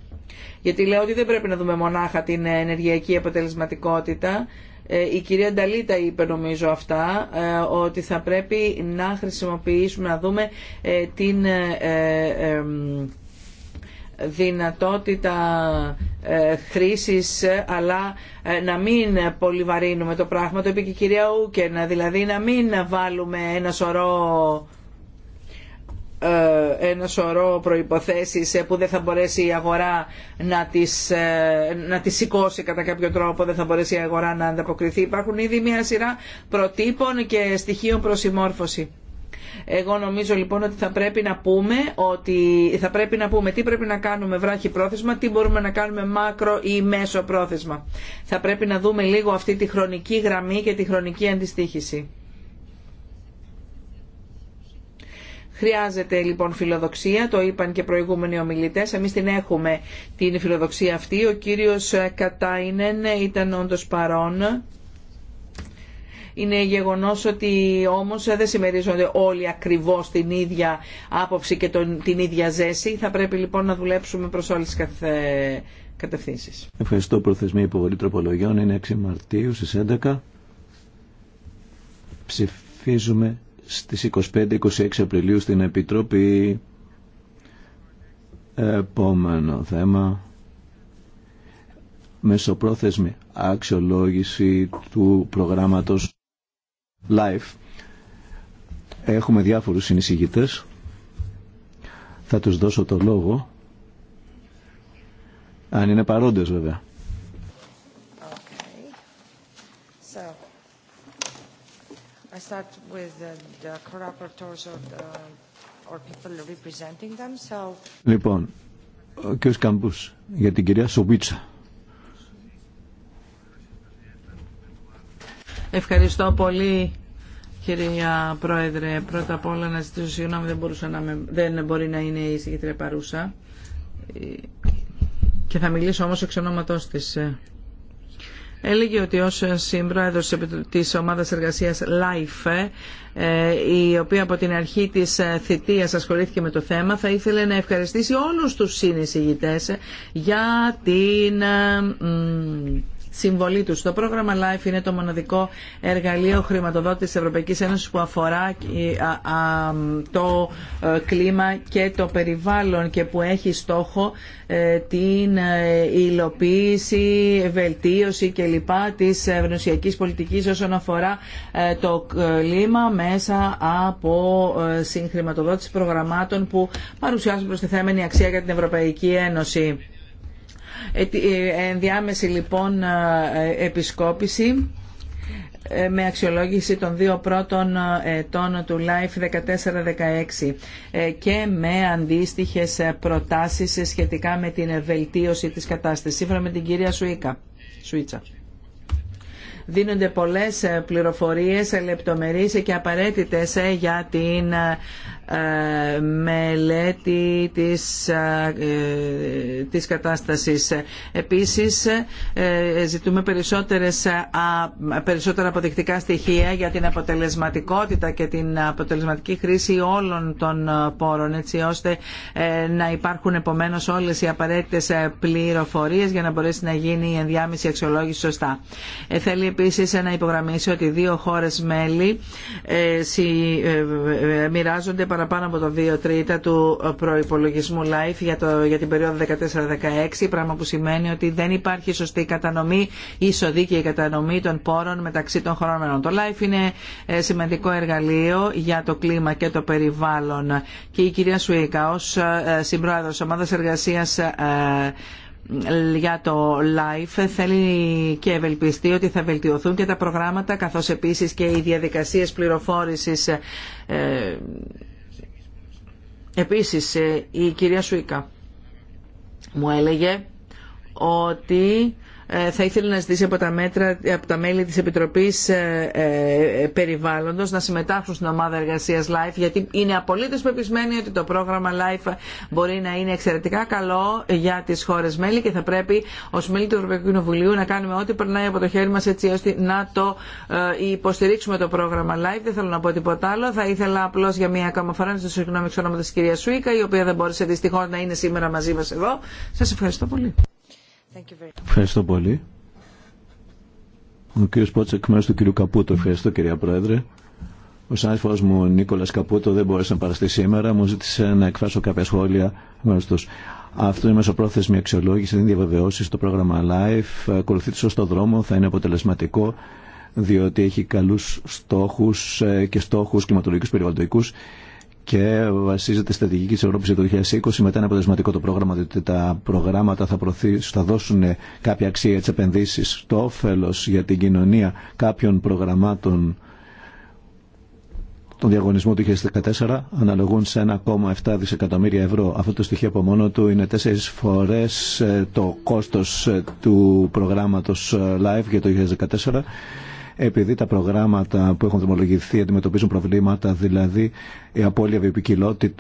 Γιατί λέω ότι δεν πρέπει να δούμε μονάχα την ενεργειακή αποτελεσματικότητα. Ε, η κυρία Νταλίτα είπε νομίζω αυτά, ε, ότι θα πρέπει να χρησιμοποιήσουμε, να δούμε ε, την δυνατότητα ε, χρήσης αλλά ε, να μην πολυβαρύνουμε το πράγμα το είπε και η κυρία Ούκενα δηλαδή να μην βάλουμε ένα σωρό ε, ένα σωρό προϋποθέσεις που δεν θα μπορέσει η αγορά να τις, να τις σηκώσει κατά κάποιο τρόπο, δεν θα μπορέσει η αγορά να ανταποκριθεί. Υπάρχουν ήδη μια σειρά προτύπων και στοιχείων προσημόρφωση. Εγώ νομίζω λοιπόν ότι θα πρέπει να πούμε ότι θα πρέπει να πούμε τι πρέπει να κάνουμε βράχη πρόθεσμα, τι μπορούμε να κάνουμε μάκρο ή μέσο πρόθεσμα. Θα πρέπει να δούμε λίγο αυτή τη χρονική γραμμή και τη χρονική αντιστοίχηση. Χρειάζεται λοιπόν φιλοδοξία, το είπαν και προηγούμενοι ομιλητέ. Εμεί την έχουμε την φιλοδοξία αυτή. Ο κύριο Κατάινεν ήταν όντω παρόν είναι γεγονός ότι όμως δεν συμμερίζονται όλοι ακριβώς την ίδια άποψη και τον, την ίδια ζέση. Θα πρέπει λοιπόν να δουλέψουμε προς όλες τις καθε... κατευθύνσεις. Ευχαριστώ. Προθεσμία υποβολή τροπολογιών είναι 6 Μαρτίου στις 11. Ψηφίζουμε στις 25-26 Απριλίου στην Επιτροπή. Επόμενο θέμα μεσοπρόθεσμη αξιολόγηση του προγράμματος live. Έχουμε διάφορους συνεισηγητές. Θα τους δώσω το λόγο. Αν είναι παρόντες βέβαια. Okay. So, I start with the, the co-rapporteurs or, the, or people representing them. So... Λοιπόν, ο κ. Καμπούς για την κυρία Σοβίτσα. Ευχαριστώ πολύ. Κυρία Πρόεδρε, πρώτα απ' όλα να ζητήσω συγγνώμη, δεν, μπορούσα να δεν μπορεί να είναι η συγκεκριά παρούσα. Και θα μιλήσω όμως εξ ονόματός της. Έλεγε ότι ως σύμπροεδρος της ομάδας εργασίας LIFE, ε, η οποία από την αρχή της θητείας ασχολήθηκε με το θέμα, θα ήθελε να ευχαριστήσει όλους τους συνεισηγητές για την ε, συμβολή του. Το πρόγραμμα LIFE είναι το μοναδικό εργαλείο χρηματοδότησης της Ευρωπαϊκής Ένωσης που αφορά ε, το ε, κλίμα και το περιβάλλον και που έχει στόχο ε, την υλοποίηση, βελτίωση κλπ. της ευνοσιακής πολιτικής όσον αφορά το κλίμα μέσα από συγχρηματοδότηση προγραμμάτων που παρουσιάζουν προστιθέμενη αξία για την Ευρωπαϊκή Ένωση. Ε, ενδιάμεση λοιπόν ε, ε, επισκόπηση με αξιολόγηση των δύο πρώτων ετών του LIFE 14-16 και με αντίστοιχες προτάσεις σχετικά με την βελτίωση της κατάστασης. Σύμφωνα με την κυρία Σουίκα. Σουίτσα δίνονται πολλές πληροφορίες λεπτομερείς και απαραίτητες για την ε, μελέτη της, ε, της κατάστασης. Επίσης, ε, ζητούμε περισσότερες, περισσότερα αποδεικτικά στοιχεία για την αποτελεσματικότητα και την αποτελεσματική χρήση όλων των πόρων, έτσι ώστε να υπάρχουν επομένως όλες οι απαραίτητες πληροφορίες για να μπορέσει να γίνει η ενδιάμεση αξιολόγηση σωστά. Θέλει επίσης να υπογραμμίσει ότι δύο χώρες μέλη μοιράζονται παραπάνω από το 2 τρίτα του προπολογισμού LIFE για, το, για την περίοδο 14-16, πράγμα που σημαίνει ότι δεν υπάρχει σωστή κατανομή, η κατανομή των πόρων μεταξύ των χρόνων. Το LIFE είναι ε, σημαντικό εργαλείο για το κλίμα και το περιβάλλον και η κυρία Σουίκα ε, συμπρόεδρο τη ομάδα εργασία ε, για το LIFE θέλει και ευελπιστεί ότι θα βελτιωθούν και τα προγράμματα καθώς επίσης και οι διαδικασίες πληροφόρησης Επίσης ε, η κυρία Σουίκα μου έλεγε ότι ε, θα ήθελε να ζητήσει από τα, μέτρα, από τα μέλη της Επιτροπής ε, ε, Περιβάλλοντος να συμμετάσχουν στην ομάδα εργασίας LIFE γιατί είναι απολύτως πεπισμένοι ότι το πρόγραμμα LIFE μπορεί να είναι εξαιρετικά καλό για τις χώρες μέλη και θα πρέπει ως μέλη του Ευρωπαϊκού Κοινοβουλίου να κάνουμε ό,τι περνάει από το χέρι μας έτσι ώστε να το υποστηρίξουμε το πρόγραμμα LIFE. Δεν θέλω να πω τίποτα άλλο. Θα ήθελα απλώς για μια ακόμα φορά να σας συγγνώμη εξ με τη κυρία Σουίκα η οποία δεν μπόρεσε δυστυχώς να είναι σήμερα μαζί μας εδώ. Σας ευχαριστώ πολύ. Ευχαριστώ πολύ. Ο κύριος Πότσεκ, μέρος του κύριου Καπούτο. Ευχαριστώ κυρία Πρόεδρε. Ο συνάδελφο μου Νίκολα Καπούτο δεν μπόρεσε να παραστεί σήμερα. Μου ζήτησε να εκφράσω κάποια σχόλια γνωστού. Αυτό είναι μεσοπρόθεσμη αξιολόγηση, δεν διαβεβαιώσει. Το πρόγραμμα LIFE. ακολουθεί σωστό δρόμο, θα είναι αποτελεσματικό, διότι έχει καλού στόχου ε, και στόχου κλιματολογικού περιβαλλοντικού και βασίζεται στη στρατηγική τη Ευρώπη για το 2020. Μετά είναι αποτελεσματικό το πρόγραμμα, διότι τα προγράμματα θα, προθήσουν, θα δώσουν κάποια αξία για τι επενδύσει. Το όφελο για την κοινωνία κάποιων προγραμμάτων τον διαγωνισμό του 2014 αναλογούν σε 1,7 δισεκατομμύρια ευρώ. Αυτό το στοιχείο από μόνο του είναι τέσσερις φορές ε, το κόστος ε, του προγράμματο ε, live για το 2014 επειδή τα προγράμματα που έχουν δρομολογηθεί αντιμετωπίζουν προβλήματα, δηλαδή η απώλεια η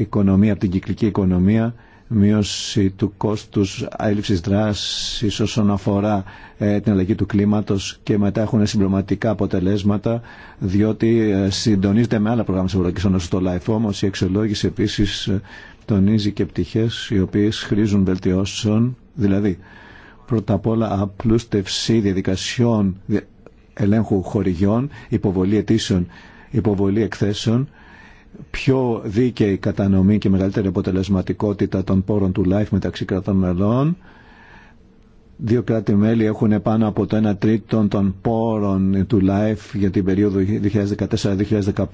οικονομία από την κυκλική οικονομία, μείωση του κόστου έλλειψης δράσης όσον αφορά ε, την αλλαγή του κλίματος και μετά έχουν συμπληρωματικά αποτελέσματα διότι ε, συντονίζεται με άλλα προγράμματα της Ευρωπαϊκή Ένωσης το LIFE όμως η εξολόγηση επίσης ε, τονίζει και πτυχές οι οποίες χρήζουν βελτιώσεων δηλαδή πρώτα απ' όλα απλούστευση διαδικασιών ελέγχου χορηγιών, υποβολή αιτήσεων, υποβολή εκθέσεων, πιο δίκαιη κατανομή και μεγαλύτερη αποτελεσματικότητα των πόρων του LIFE μεταξύ κρατών μελών. Δύο κράτη-μέλη έχουν πάνω από το 1 τρίτο των πόρων του LIFE για την περίοδο 2014-2015.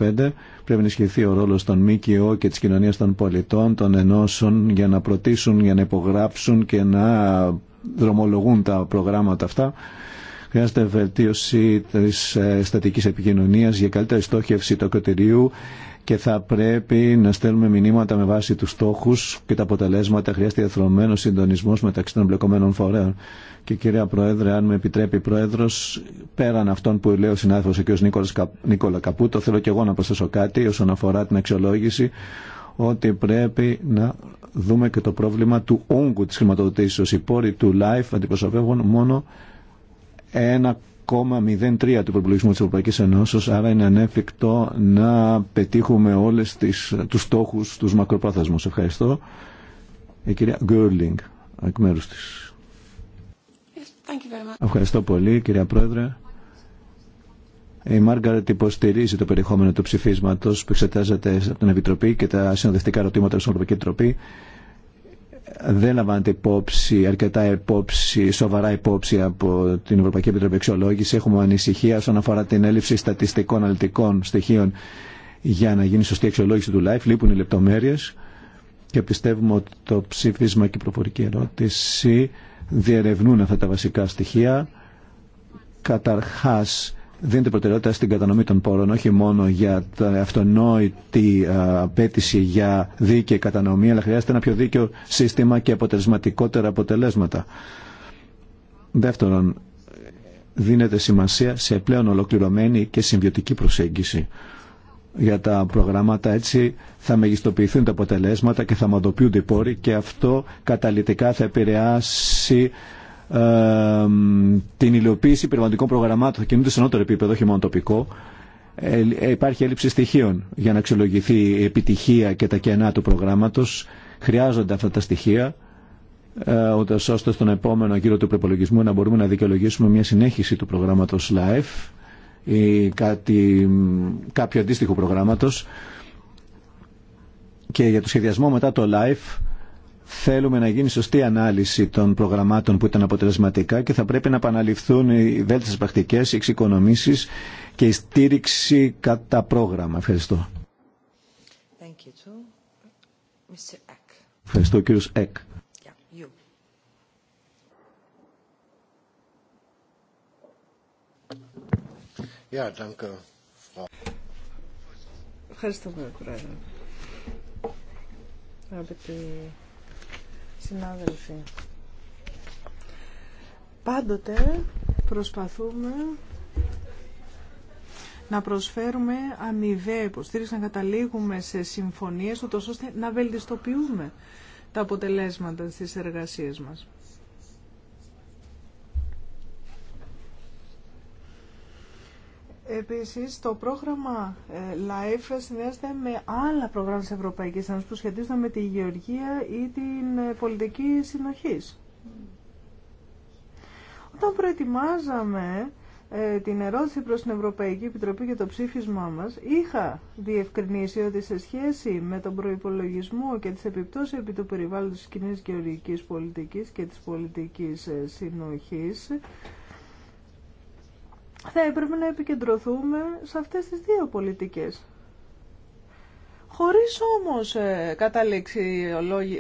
Πρέπει να ισχυθεί ο ρόλος των ΜΚΟ και της κοινωνίας των πολιτών, των ενώσεων για να προτίσουν, για να υπογράψουν και να δρομολογούν τα προγράμματα αυτά. Χρειάζεται βελτίωση της ε, στατικής επικοινωνίας για καλύτερη στόχευση του ακροτηρίου και θα πρέπει να στέλνουμε μηνύματα με βάση τους στόχους και τα αποτελέσματα χρειάζεται διαθρωμένος συντονισμός μεταξύ των εμπλεκομένων φορέων. Και κυρία Πρόεδρε, αν με επιτρέπει Πρόεδρος, πέραν αυτών που λέει ο συνάδελφος ο κ. Νίκολα Καπούτο, θέλω και εγώ να προσθέσω κάτι όσον αφορά την αξιολόγηση ότι πρέπει να δούμε και το πρόβλημα του όγκου της χρηματοδοτήσεως. Οι πόροι του LIFE αντιπροσωπεύουν μόνο 1,03 του προπολογισμού της Ευρωπαϊκής Ενώσης, άρα είναι ανέφικτο να πετύχουμε όλες τις, τους στόχους, τους μακροπρόθεσμους. Ευχαριστώ. Η κυρία Γκέρλινγκ, εκ μέρους της. Ευχαριστώ πολύ, κυρία Πρόεδρε. Η Μάργαρετ υποστηρίζει το περιεχόμενο του ψηφίσματος που εξετάζεται από την Επιτροπή και τα συνοδευτικά ερωτήματα στην Ευρωπαϊκή Επιτροπή δεν λαμβάνεται υπόψη, αρκετά υπόψη, σοβαρά υπόψη από την Ευρωπαϊκή Επιτροπή Εξολόγηση. Έχουμε ανησυχία όσον αφορά την έλλειψη στατιστικών αναλυτικών στοιχείων για να γίνει σωστή αξιολόγηση του ΛΑΙΦ. Λείπουν οι λεπτομέρειε και πιστεύουμε ότι το ψήφισμα και η προφορική ερώτηση διερευνούν αυτά τα βασικά στοιχεία. Καταρχάς, δίνεται προτεραιότητα στην κατανομή των πόρων όχι μόνο για τα αυτονόητη απέτηση για δίκαιη κατανομή αλλά χρειάζεται ένα πιο δίκαιο σύστημα και αποτελεσματικότερα αποτελέσματα. Δεύτερον, δίνεται σημασία σε πλέον ολοκληρωμένη και συμβιωτική προσέγγιση για τα προγράμματα έτσι θα μεγιστοποιηθούν τα αποτελέσματα και θα μαδοποιούνται οι πόροι και αυτό καταλητικά θα επηρεάσει την υλοποίηση περιβαλλοντικών προγραμμάτων θα κινούνται σε ανώτερο επίπεδο, όχι μόνο τοπικό. Ε, υπάρχει έλλειψη στοιχείων για να αξιολογηθεί η επιτυχία και τα κενά του προγράμματος. Χρειάζονται αυτά τα στοιχεία, ε, ώστε στον επόμενο γύρο του προπολογισμού να μπορούμε να δικαιολογήσουμε μια συνέχιση του προγράμματος LIFE ή κάτι, κάποιο αντίστοιχο προγράμματος. Και για το σχεδιασμό μετά το LIFE Θέλουμε να γίνει σωστή ανάλυση των προγραμμάτων που ήταν αποτελεσματικά και θα πρέπει να επαναληφθούν οι βέλτιστες πρακτικές, οι εξοικονομήσεις και η στήριξη κατά πρόγραμμα. Ευχαριστώ. Ευχαριστώ κύριος Εκ. Ευχαριστώ πολύ, Πρόεδρε. Συνάδελφοι, πάντοτε προσπαθούμε να προσφέρουμε αμοιβαία υποστήριξη, να καταλήγουμε σε συμφωνίες, ούτως ώστε να βελτιστοποιούμε τα αποτελέσματα στις εργασίες μας. Επίσης, το πρόγραμμα ε, LIFE συνδέεται με άλλα προγράμματα της Ευρωπαϊκής Ένωσης που σχετίζονται με τη γεωργία ή την ε, πολιτική συνοχής. Όταν προετοιμάζαμε ε, την ερώτηση προς την Ευρωπαϊκή Επιτροπή για το ψήφισμά μας, είχα διευκρινίσει ότι σε σχέση με τον προϋπολογισμό και τις επιπτώσεις επί του περιβάλλοντος της κοινής γεωργικής πολιτικής και της πολιτικής συνοχής, θα έπρεπε να επικεντρωθούμε σε αυτές τις δύο πολιτικές. Χωρίς όμως ε, καταλήξη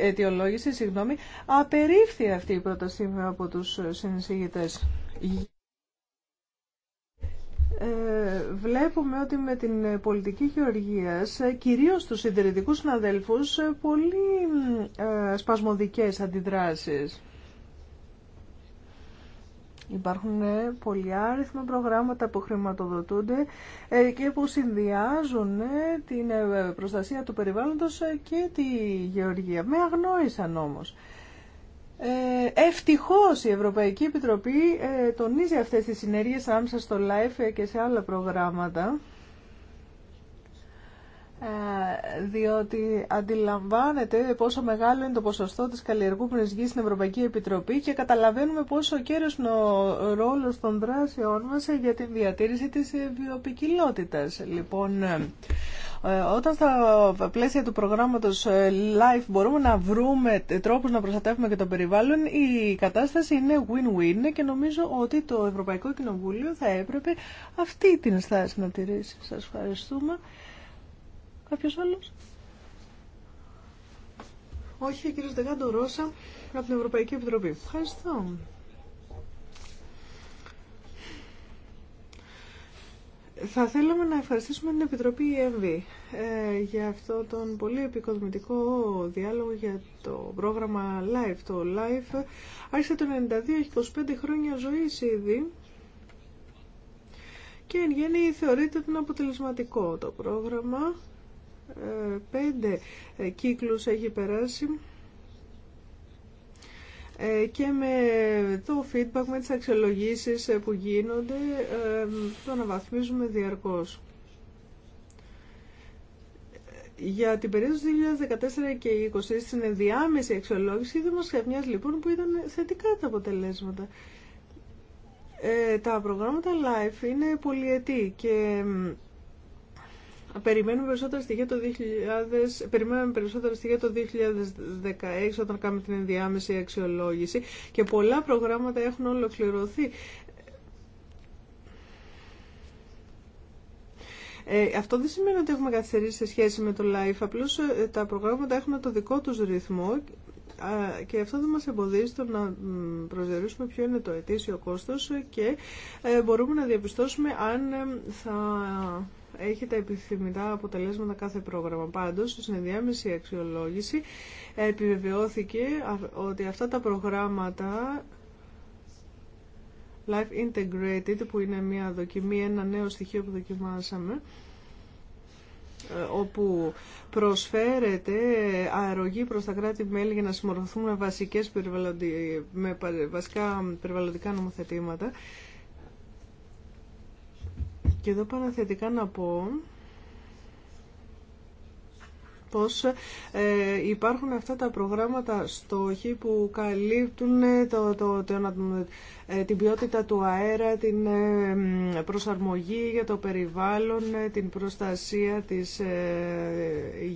αιτιολόγηση, συγγνώμη, απερίφθη αυτή η πρόταση από τους ε, συνεισηγητές. Ε, βλέπουμε ότι με την πολιτική γεωργίας, ε, κυρίως τους συντηρητικούς συναδέλφους, πολύ ε, σπασμωδικές αντιδράσεις. Υπάρχουν ε, πολλοί άριθμα προγράμματα που χρηματοδοτούνται ε, και που συνδυάζουν ε, την προστασία του περιβάλλοντος και τη γεωργία. Με αγνόησαν όμως. Ευτυχώς η Ευρωπαϊκή Επιτροπή τονίζει αυτές τις συνέργειες άμεσα στο LIFE και σε άλλα προγράμματα ε, διότι αντιλαμβάνεται πόσο μεγάλο είναι το ποσοστό της καλλιεργούμενης γης στην Ευρωπαϊκή Επιτροπή και καταλαβαίνουμε πόσο κέριος είναι ο ρόλος των δράσεών μας για τη διατήρηση της βιοπικιλότητας. Λοιπόν, ε, όταν στα πλαίσια του προγράμματος LIFE μπορούμε να βρούμε τρόπους να προστατεύουμε και το περιβάλλον, η κατάσταση είναι win-win και νομίζω ότι το Ευρωπαϊκό Κοινοβούλιο θα έπρεπε αυτή την στάση να τηρήσει. Σας ευχαριστούμε κάποιο άλλος. Όχι, ο κύριο Δεγάντο Ρώσα από την Ευρωπαϊκή Επιτροπή. Ευχαριστώ. Θα θέλαμε να ευχαριστήσουμε την Επιτροπή ΕΜΒΗ ε, για αυτό τον πολύ επικοδομητικό διάλογο για το πρόγραμμα LIFE. Το LIFE άρχισε το 92, έχει 25 χρόνια ζωής ήδη και εν γέννη θεωρείται ότι είναι αποτελεσματικό το πρόγραμμα πέντε ε, κύκλους έχει περάσει ε, και με το feedback, με τις αξιολογήσεις ε, που γίνονται, το αναβαθμίζουμε διαρκώς. Για την περίοδο 2014 και 2020 στην ενδιάμεση αξιολόγηση είδαμε λοιπόν που ήταν θετικά τα αποτελέσματα. τα προγράμματα LIFE είναι πολυετή και Περιμένουμε περισσότερα στοιχεία το 2000, περιμένουμε περισσότερα στοιχεία το 2016 όταν κάνουμε την ενδιάμεση αξιολόγηση και πολλά προγράμματα έχουν ολοκληρωθεί. Ε, αυτό δεν σημαίνει ότι έχουμε καθυστερήσει σε σχέση με το LIFE, απλώς ε, τα προγράμματα έχουν το δικό τους ρυθμό και αυτό δεν μας εμποδίζει το να προσδιορίσουμε ποιο είναι το ετήσιο κόστος και ε, μπορούμε να διαπιστώσουμε αν ε, θα έχει τα επιθυμητά αποτελέσματα κάθε πρόγραμμα. Πάντως, στην ενδιάμεση αξιολόγηση επιβεβαιώθηκε ότι αυτά τα προγράμματα Life Integrated, που είναι μια δοκιμή, ένα νέο στοιχείο που δοκιμάσαμε, ε, όπου προσφέρεται αερογή προς τα κράτη-μέλη για να συμμορφωθούν βασικές με βασικά περιβαλλοντικά νομοθετήματα και εδώ παραθετικά να πω πως ε, υπάρχουν αυτά τα προγράμματα στόχοι που καλύπτουν το, το, ε, την ποιότητα του αέρα, την ε, προσαρμογή για το περιβάλλον, την προστασία της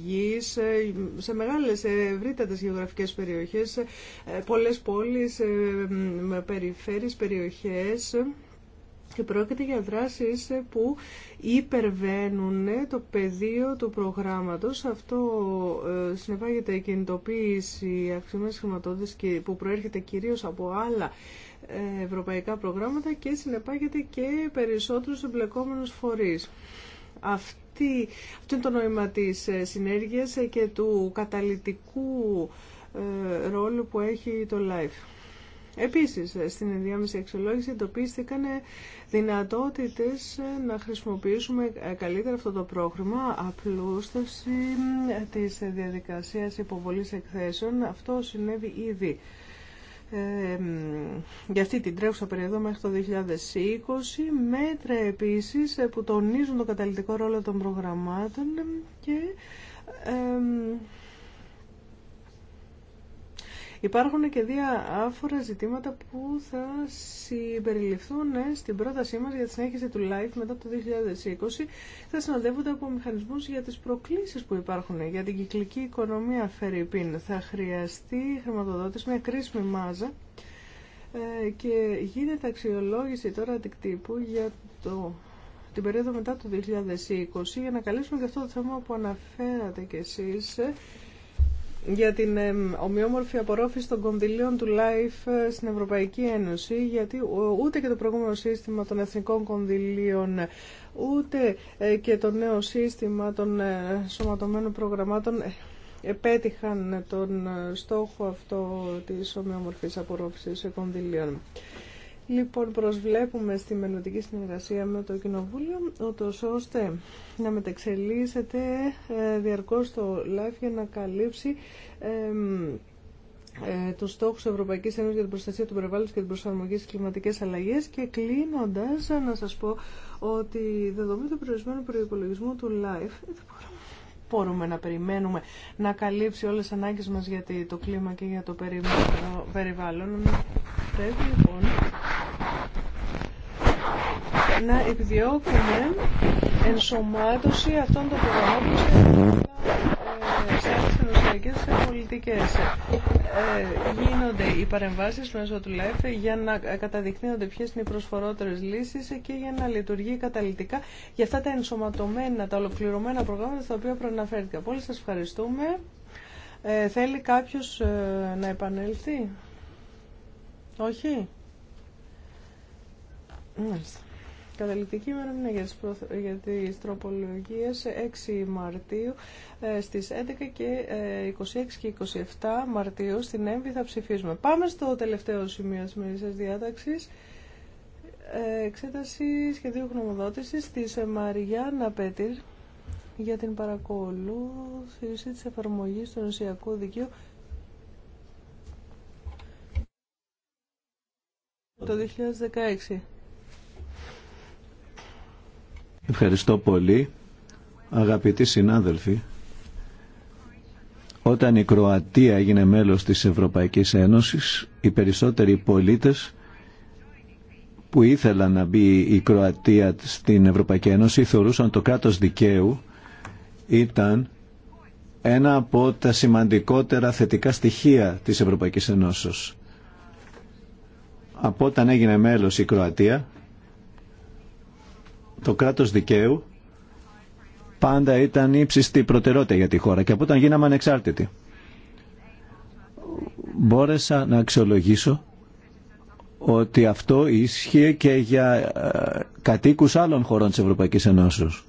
γης σε μεγάλες ευρύτατες γεωγραφικές περιοχές, πολλές πόλεις, περιφέρειες, περιοχές και πρόκειται για δράσεις που υπερβαίνουν το πεδίο του προγράμματος. Αυτό ε, συνεπάγεται η κινητοποίηση αξιωμένης χρηματοδότηση που προέρχεται κυρίως από άλλα ε, ευρωπαϊκά προγράμματα και συνεπάγεται και περισσότερους εμπλεκόμενους φορείς. Αυτή, αυτό είναι το νόημα της ε, συνέργειας και του καταλητικού ρόλου που έχει το LIFE. Επίσης, στην ενδιάμεση αξιολόγηση εντοπίστηκαν δυνατότητες να χρησιμοποιήσουμε καλύτερα αυτό το πρόγραμμα, απλούσταση της διαδικασίας υποβολής εκθέσεων. Αυτό συνέβη ήδη ε, για αυτή την τρέχουσα περίοδο μέχρι το 2020 μέτρα επίσης που τονίζουν το καταλητικό ρόλο των προγραμμάτων και Υπάρχουν και διάφορα ζητήματα που θα συμπεριληφθούν ε, στην πρότασή μας για τη συνέχιση του LIFE μετά το 2020. Θα συνοδεύονται από μηχανισμούς για τις προκλήσεις που υπάρχουν για την κυκλική οικονομία Φερρυπίν. Θα χρειαστεί χρηματοδότηση μια κρίσιμη μάζα ε, και γίνεται αξιολόγηση τώρα αντικτύπου για το την περίοδο μετά το 2020 για να καλύψουμε και αυτό το θέμα που αναφέρατε κι εσείς ε, για την ε, ομοιόμορφη απορρόφηση των κονδυλίων του LIFE ε, στην Ευρωπαϊκή Ένωση, γιατί ε, ούτε και το προηγούμενο σύστημα των εθνικών κονδυλίων, ούτε και το νέο σύστημα των σωματωμένων προγραμμάτων επέτυχαν τον στόχο αυτό της ομοιόμορφης απορρόφησης κονδυλίων. Λοιπόν, προσβλέπουμε στη μελλοντική συνεργασία με το Κοινοβούλιο, ώστε να μετεξελίσσεται ε, διαρκώς το ΛΑΦ για να καλύψει ε, τους στόχους της Ευρωπαϊκής Ένωσης για την προστασία του περιβάλλοντος και την προσαρμογή στις κλιματικές αλλαγές και κλείνοντας να σας πω ότι δεδομένου του περιορισμένου προϋπολογισμού του LIFE μπορούμε να περιμένουμε να καλύψει όλες τις ανάγκες μας για το κλίμα και για το περιβάλλον. Πρέπει λοιπόν να επιδιώκουμε ενσωμάτωση αυτών των προγραμμάτων σε πολιτικές. Ε, γίνονται οι παρεμβάσεις μέσω του ΛΕΦ για να καταδεικνύονται ποιες είναι οι προσφορότερες λύσεις και για να λειτουργεί καταλητικά για αυτά τα ενσωματωμένα, τα ολοκληρωμένα προγράμματα στα οποία προαναφέρθηκα. Πολύ σας ευχαριστούμε. Ε, θέλει κάποιος ε, να επανέλθει. Όχι. Καταληκτική ημερομηνία για τις, προθ... για τις τροπολογίες 6 Μαρτίου ε, στις 11 και 26 ε, και 27 Μαρτίου στην ΕΜΒΗ θα ψηφίσουμε. Πάμε στο τελευταίο σημείο της μερικής διάταξης. Ε, εξέταση σχεδίου γνωμοδότησης της Μαριάννα Πέτυρ για την παρακολούθηση της εφαρμογής του νοσιακού δικαίου το 2016. Ευχαριστώ πολύ, αγαπητοί συνάδελφοι. Όταν η Κροατία έγινε μέλος της Ευρωπαϊκής Ένωσης, οι περισσότεροι πολίτες που ήθελαν να μπει η Κροατία στην Ευρωπαϊκή Ένωση θεωρούσαν το κράτος δικαίου ήταν ένα από τα σημαντικότερα θετικά στοιχεία της Ευρωπαϊκής Ένωσης. Από όταν έγινε μέλος η Κροατία το κράτος δικαίου πάντα ήταν ύψιστη προτεραιότητα για τη χώρα και από όταν γίναμε ανεξάρτητοι. Μπόρεσα να αξιολογήσω ότι αυτό ίσχυε και για ε, κατοίκους άλλων χωρών της Ευρωπαϊκής Ενώσεως.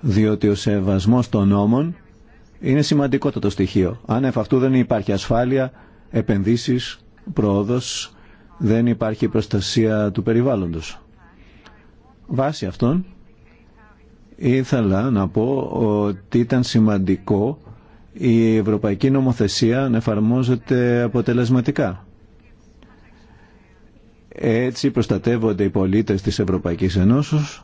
Διότι ο σεβασμός των νόμων είναι σημαντικότατο στοιχείο. Αν εφ' αυτού δεν υπάρχει ασφάλεια, επενδύσεις, πρόοδος, δεν υπάρχει προστασία του περιβάλλοντος. Βάσει αυτών ήθελα να πω ότι ήταν σημαντικό η ευρωπαϊκή νομοθεσία να εφαρμόζεται αποτελεσματικά. Έτσι προστατεύονται οι πολίτες της Ευρωπαϊκής Ενώσης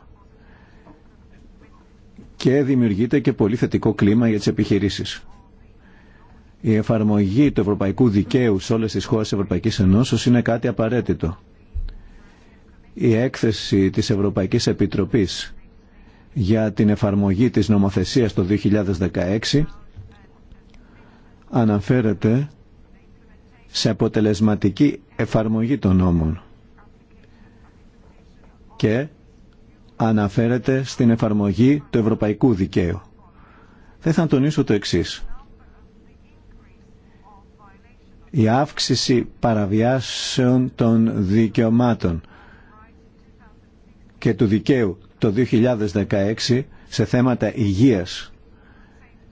και δημιουργείται και πολύ θετικό κλίμα για τις επιχειρήσεις. Η εφαρμογή του ευρωπαϊκού δικαίου σε όλες τις χώρες της Ευρωπαϊκής Ενώσης είναι κάτι απαραίτητο η έκθεση της Ευρωπαϊκής Επιτροπής για την εφαρμογή της νομοθεσίας το 2016 αναφέρεται σε αποτελεσματική εφαρμογή των νόμων και αναφέρεται στην εφαρμογή του ευρωπαϊκού δικαίου. Δεν θα τονίσω το εξής. Η αύξηση παραβιάσεων των δικαιωμάτων και του δικαίου το 2016 σε θέματα υγείας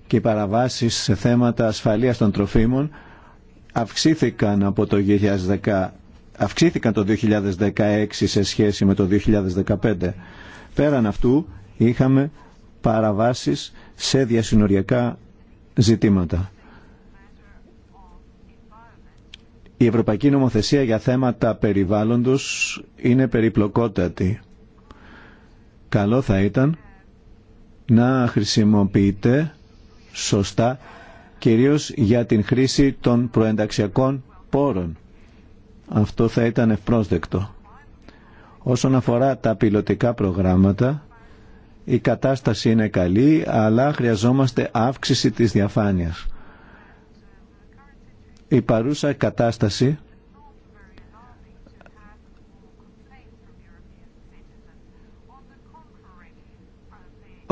και παραβάσεις σε θέματα ασφαλείας των τροφίμων αυξήθηκαν από το 2010 αυξήθηκαν το 2016 σε σχέση με το 2015. Πέραν αυτού είχαμε παραβάσεις σε διασυνοριακά ζητήματα. Η Ευρωπαϊκή Νομοθεσία για θέματα περιβάλλοντος είναι περιπλοκότατη καλό θα ήταν να χρησιμοποιείται σωστά κυρίως για την χρήση των προενταξιακών πόρων. Αυτό θα ήταν ευπρόσδεκτο. Όσον αφορά τα πιλωτικά προγράμματα, η κατάσταση είναι καλή, αλλά χρειαζόμαστε αύξηση της διαφάνειας. Η παρούσα κατάσταση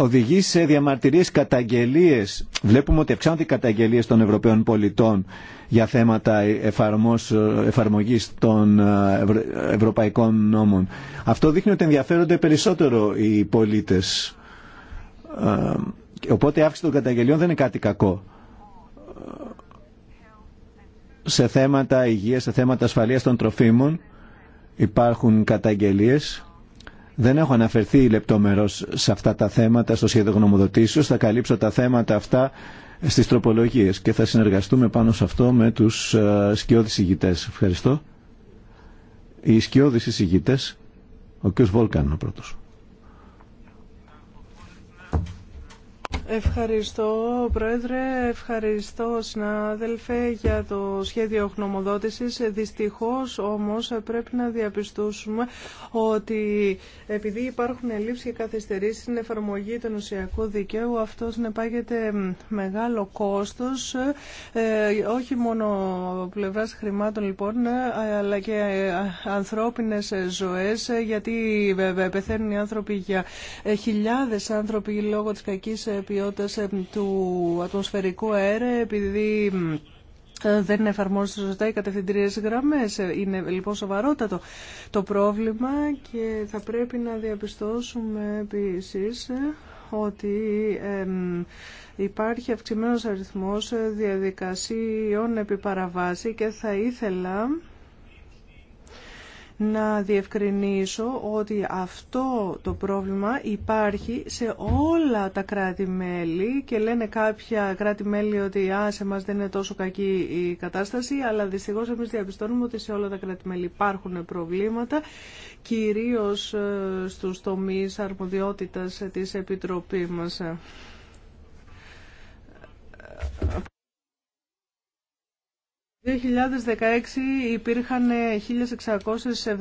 οδηγεί σε διαμαρτυρίες καταγγελίες. Βλέπουμε ότι αυξάνονται οι καταγγελίες των Ευρωπαίων πολιτών για θέματα εφαρμογή εφαρμογής των ε, ευρωπαϊκών νόμων. Αυτό δείχνει ότι ενδιαφέρονται περισσότερο οι πολίτες. Ε, οπότε η αύξηση των καταγγελιών δεν είναι κάτι κακό. Ε, σε θέματα υγείας, σε θέματα ασφαλείας των τροφίμων υπάρχουν καταγγελίες δεν έχω αναφερθεί λεπτομερώς σε αυτά τα θέματα στο σχέδιο γνωμοδοτήσεως. Θα καλύψω τα θέματα αυτά στις τροπολογίες και θα συνεργαστούμε πάνω σε αυτό με τους ε, σκιώδεις ηγητές. Ευχαριστώ. Οι σκιώδεις ηγητές, ο κ. Βόλκαν ο πρώτος. Ευχαριστώ, Πρόεδρε. Ευχαριστώ, συνάδελφε, για το σχέδιο γνωμοδότησης. Δυστυχώς, όμως, πρέπει να διαπιστώσουμε ότι επειδή υπάρχουν ελλείψεις και καθυστερήσεις στην εφαρμογή των νοσιακού δικαίου, αυτό συνεπάγεται μεγάλο κόστος, ε, όχι μόνο πλευράς χρημάτων, λοιπόν, αλλά και ανθρώπινες ζωές, γιατί βέβαια, πεθαίνουν οι άνθρωποι για ε, χιλιάδες άνθρωποι λόγω της κακής ε, ποιότητας ε, του ατμοσφαιρικού αέρα επειδή ε, δεν εφαρμόζονται σωστά οι κατευθυντήριες γραμμές. Ε, είναι λοιπόν σοβαρότατο το πρόβλημα και θα πρέπει να διαπιστώσουμε επίσης ότι υπάρχει αυξημένος αριθμός διαδικασίων επί παραβάση και θα ήθελα να διευκρινίσω ότι αυτό το πρόβλημα υπάρχει σε όλα τα κράτη-μέλη και λένε κάποια κράτη-μέλη ότι «Α, σε μας δεν είναι τόσο κακή η κατάσταση», αλλά δυστυχώς εμείς διαπιστώνουμε ότι σε όλα τα κράτη-μέλη υπάρχουν προβλήματα, κυρίως ε, στους τομείς αρμοδιότητας της Επιτροπής μας. 2016 υπήρχαν 1.671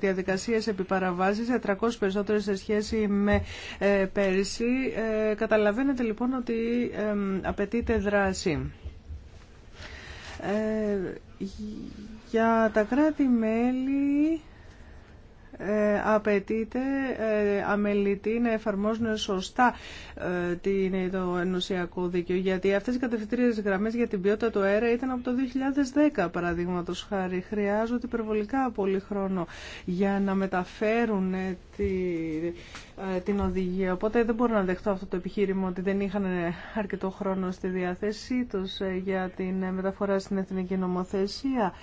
διαδικασίες επιπαραβάσεις, 300 400 περισσότερες σε σχέση με ε, πέρυσι. Ε, καταλαβαίνετε λοιπόν ότι απαιτείται δράση. Ε, για τα κράτη-μέλη... Ε, απαιτείται ε, αμελητή να εφαρμόζουν σωστά ε, το ενωσιακό δίκαιο. Γιατί αυτές οι κατευθυντήριες γραμμέ για την ποιότητα του αέρα ήταν από το 2010 παραδείγματο χάρη. Χρειάζονται υπερβολικά πολύ χρόνο για να μεταφέρουν την οδηγία. Οπότε δεν μπορώ να δεχτώ αυτό το επιχείρημα ότι δεν είχαν αρκετό χρόνο στη διάθεσή τους για την μεταφορά στην εθνική νομοθεσία.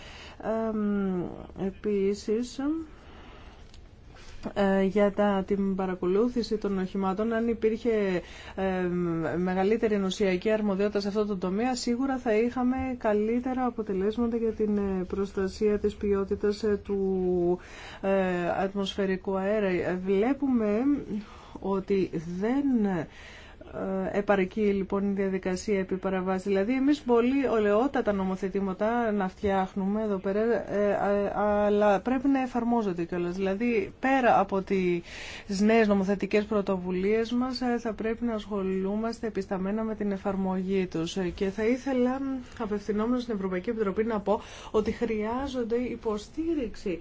Επίσης, ε, για την παρακολούθηση των οχημάτων, αν υπήρχε ε, μεγαλύτερη νοσιακή αρμοδιότητα σε αυτό το τομέα, σίγουρα θα είχαμε καλύτερα αποτελέσματα για την ε, προστασία της ποιότητας του ατμοσφαιρικού αέρα. Βλέπουμε ότι δεν ε, επαρκεί λοιπόν η διαδικασία επί παραβάση. Δηλαδή εμείς πολύ ολαιότατα νομοθετήματα να φτιάχνουμε εδώ πέρα, ε, αλλά πρέπει να εφαρμόζονται κιόλα. Δηλαδή πέρα από τις νέες νομοθετικές πρωτοβουλίες μας ε, θα πρέπει να ασχολούμαστε επισταμένα με την εφαρμογή τους. Και θα ήθελα απευθυνόμενο στην Ευρωπαϊκή Επιτροπή να πω ότι χρειάζονται υποστήριξη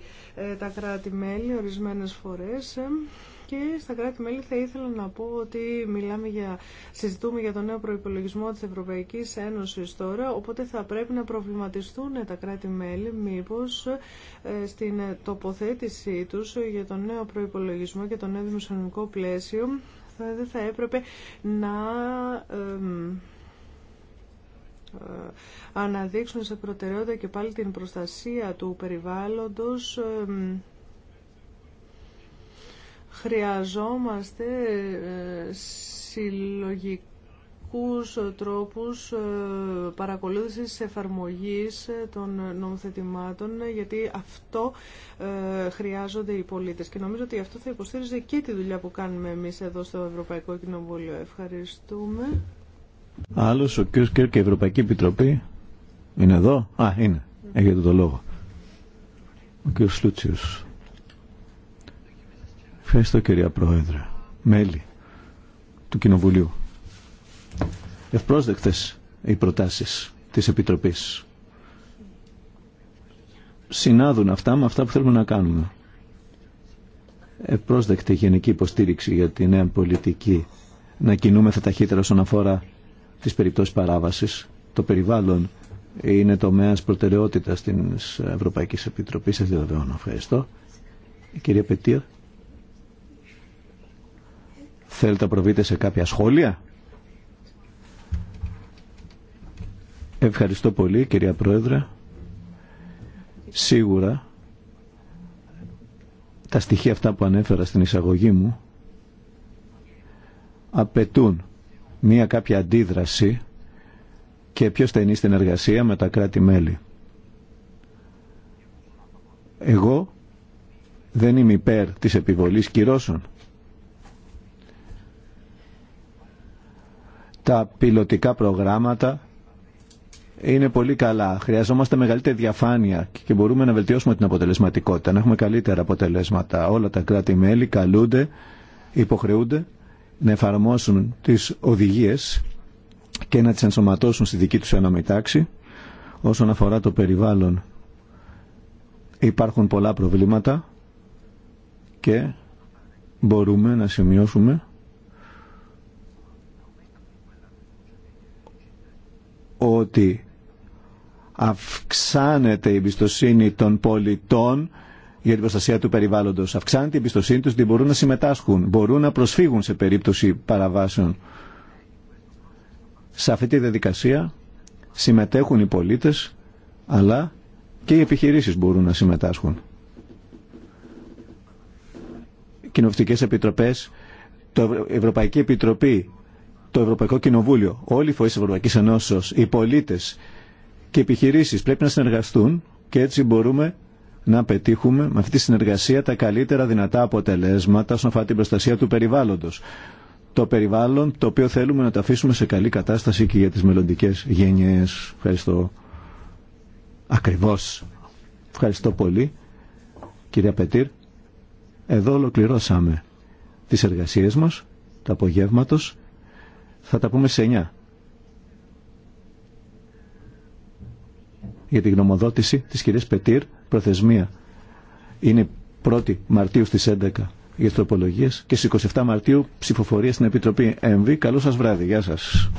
τα κράτη-μέλη ορισμένες φορές και στα κράτη-μέλη θα ήθελα να πω ότι μιλάμε για, συζητούμε για τον νέο προπολογισμό της Ευρωπαϊκής Ένωσης τώρα, οπότε θα πρέπει να προβληματιστούν τα κράτη-μέλη μήπως ε, στην τοποθέτησή τους για τον νέο προπολογισμό και το νέο δημοσιονομικό πλαίσιο ε, δεν θα έπρεπε να ε, αναδείξουν σε προτεραιότητα και πάλι την προστασία του περιβάλλοντος Χρειαζόμαστε ε, συλλογικούς ε, τρόπους ε, παρακολούθησης εφαρμογής των νομοθετημάτων γιατί αυτό χρειάζονται οι πολίτες και νομίζω ότι αυτό θα υποστήριζε και τη δουλειά που κάνουμε εμείς εδώ στο Ευρωπαϊκό Κοινοβούλιο. Ευχαριστούμε. Άλλος, ο κ. Κέρκ, και η Ευρωπαϊκή Επιτροπή είναι εδώ. Α, είναι. Έχετε το λόγο. Ο κ. Σλούτσιος. Ευχαριστώ κυρία Πρόεδρε. Μέλη του Κοινοβουλίου. Ευπρόσδεκτες οι προτάσεις της Επιτροπής. Συνάδουν αυτά με αυτά που θέλουμε να κάνουμε. Ευπρόσδεκτη γενική υποστήριξη για τη νέα πολιτική να κινούμεθα ταχύτερα όσον αφορά τις περιπτώσεις παράβασης. Το περιβάλλον είναι τομέας προτεραιότητας της Ευρωπαϊκής Επιτροπής. διαβεβαιώνω. Ευχαριστώ. Η κυρία Θέλετε να προβείτε σε κάποια σχόλια. Ευχαριστώ πολύ κυρία Πρόεδρε. Σίγουρα τα στοιχεία αυτά που ανέφερα στην εισαγωγή μου απαιτούν μία κάποια αντίδραση και πιο στενή στην εργασία με τα κράτη-μέλη. Εγώ δεν είμαι υπέρ της επιβολής κυρώσεων. Τα πιλωτικά προγράμματα είναι πολύ καλά. Χρειαζόμαστε μεγαλύτερη διαφάνεια και μπορούμε να βελτιώσουμε την αποτελεσματικότητα, να έχουμε καλύτερα αποτελέσματα. Όλα τα κράτη-μέλη καλούνται, υποχρεούνται να εφαρμόσουν τις οδηγίες και να τις ενσωματώσουν στη δική τους ένωμη Όσον αφορά το περιβάλλον υπάρχουν πολλά προβλήματα και μπορούμε να σημειώσουμε ότι αυξάνεται η εμπιστοσύνη των πολιτών για την προστασία του περιβάλλοντος. Αυξάνεται η εμπιστοσύνη τους ότι μπορούν να συμμετάσχουν, μπορούν να προσφύγουν σε περίπτωση παραβάσεων. Σε αυτή τη διαδικασία συμμετέχουν οι πολίτες, αλλά και οι επιχειρήσεις μπορούν να συμμετάσχουν. Κοινοβουλευτικές επιτροπές, το Ευρωπαϊκή Επιτροπή το Ευρωπαϊκό Κοινοβούλιο, όλοι οι φορεί τη Ευρωπαϊκή Ενώσεω, οι πολίτε και οι επιχειρήσει πρέπει να συνεργαστούν και έτσι μπορούμε να πετύχουμε με αυτή τη συνεργασία τα καλύτερα δυνατά αποτελέσματα όσον αφορά την προστασία του περιβάλλοντο. Το περιβάλλον το οποίο θέλουμε να το αφήσουμε σε καλή κατάσταση και για τι μελλοντικέ γενιέ. Ευχαριστώ. Ακριβώ. Ευχαριστώ πολύ, κυρία Πετήρ. Εδώ ολοκληρώσαμε τις εργασίες μας, τα απογεύματος. Θα τα πούμε σε 9. Για την γνωμοδότηση της κυρίας Πετήρ, προθεσμία. Είναι 1η Μαρτίου στις 11 για τροπολογίες και στις 27 Μαρτίου ψηφοφορία στην Επιτροπή ΕΜΒ. Καλό σας βράδυ. Γεια σας.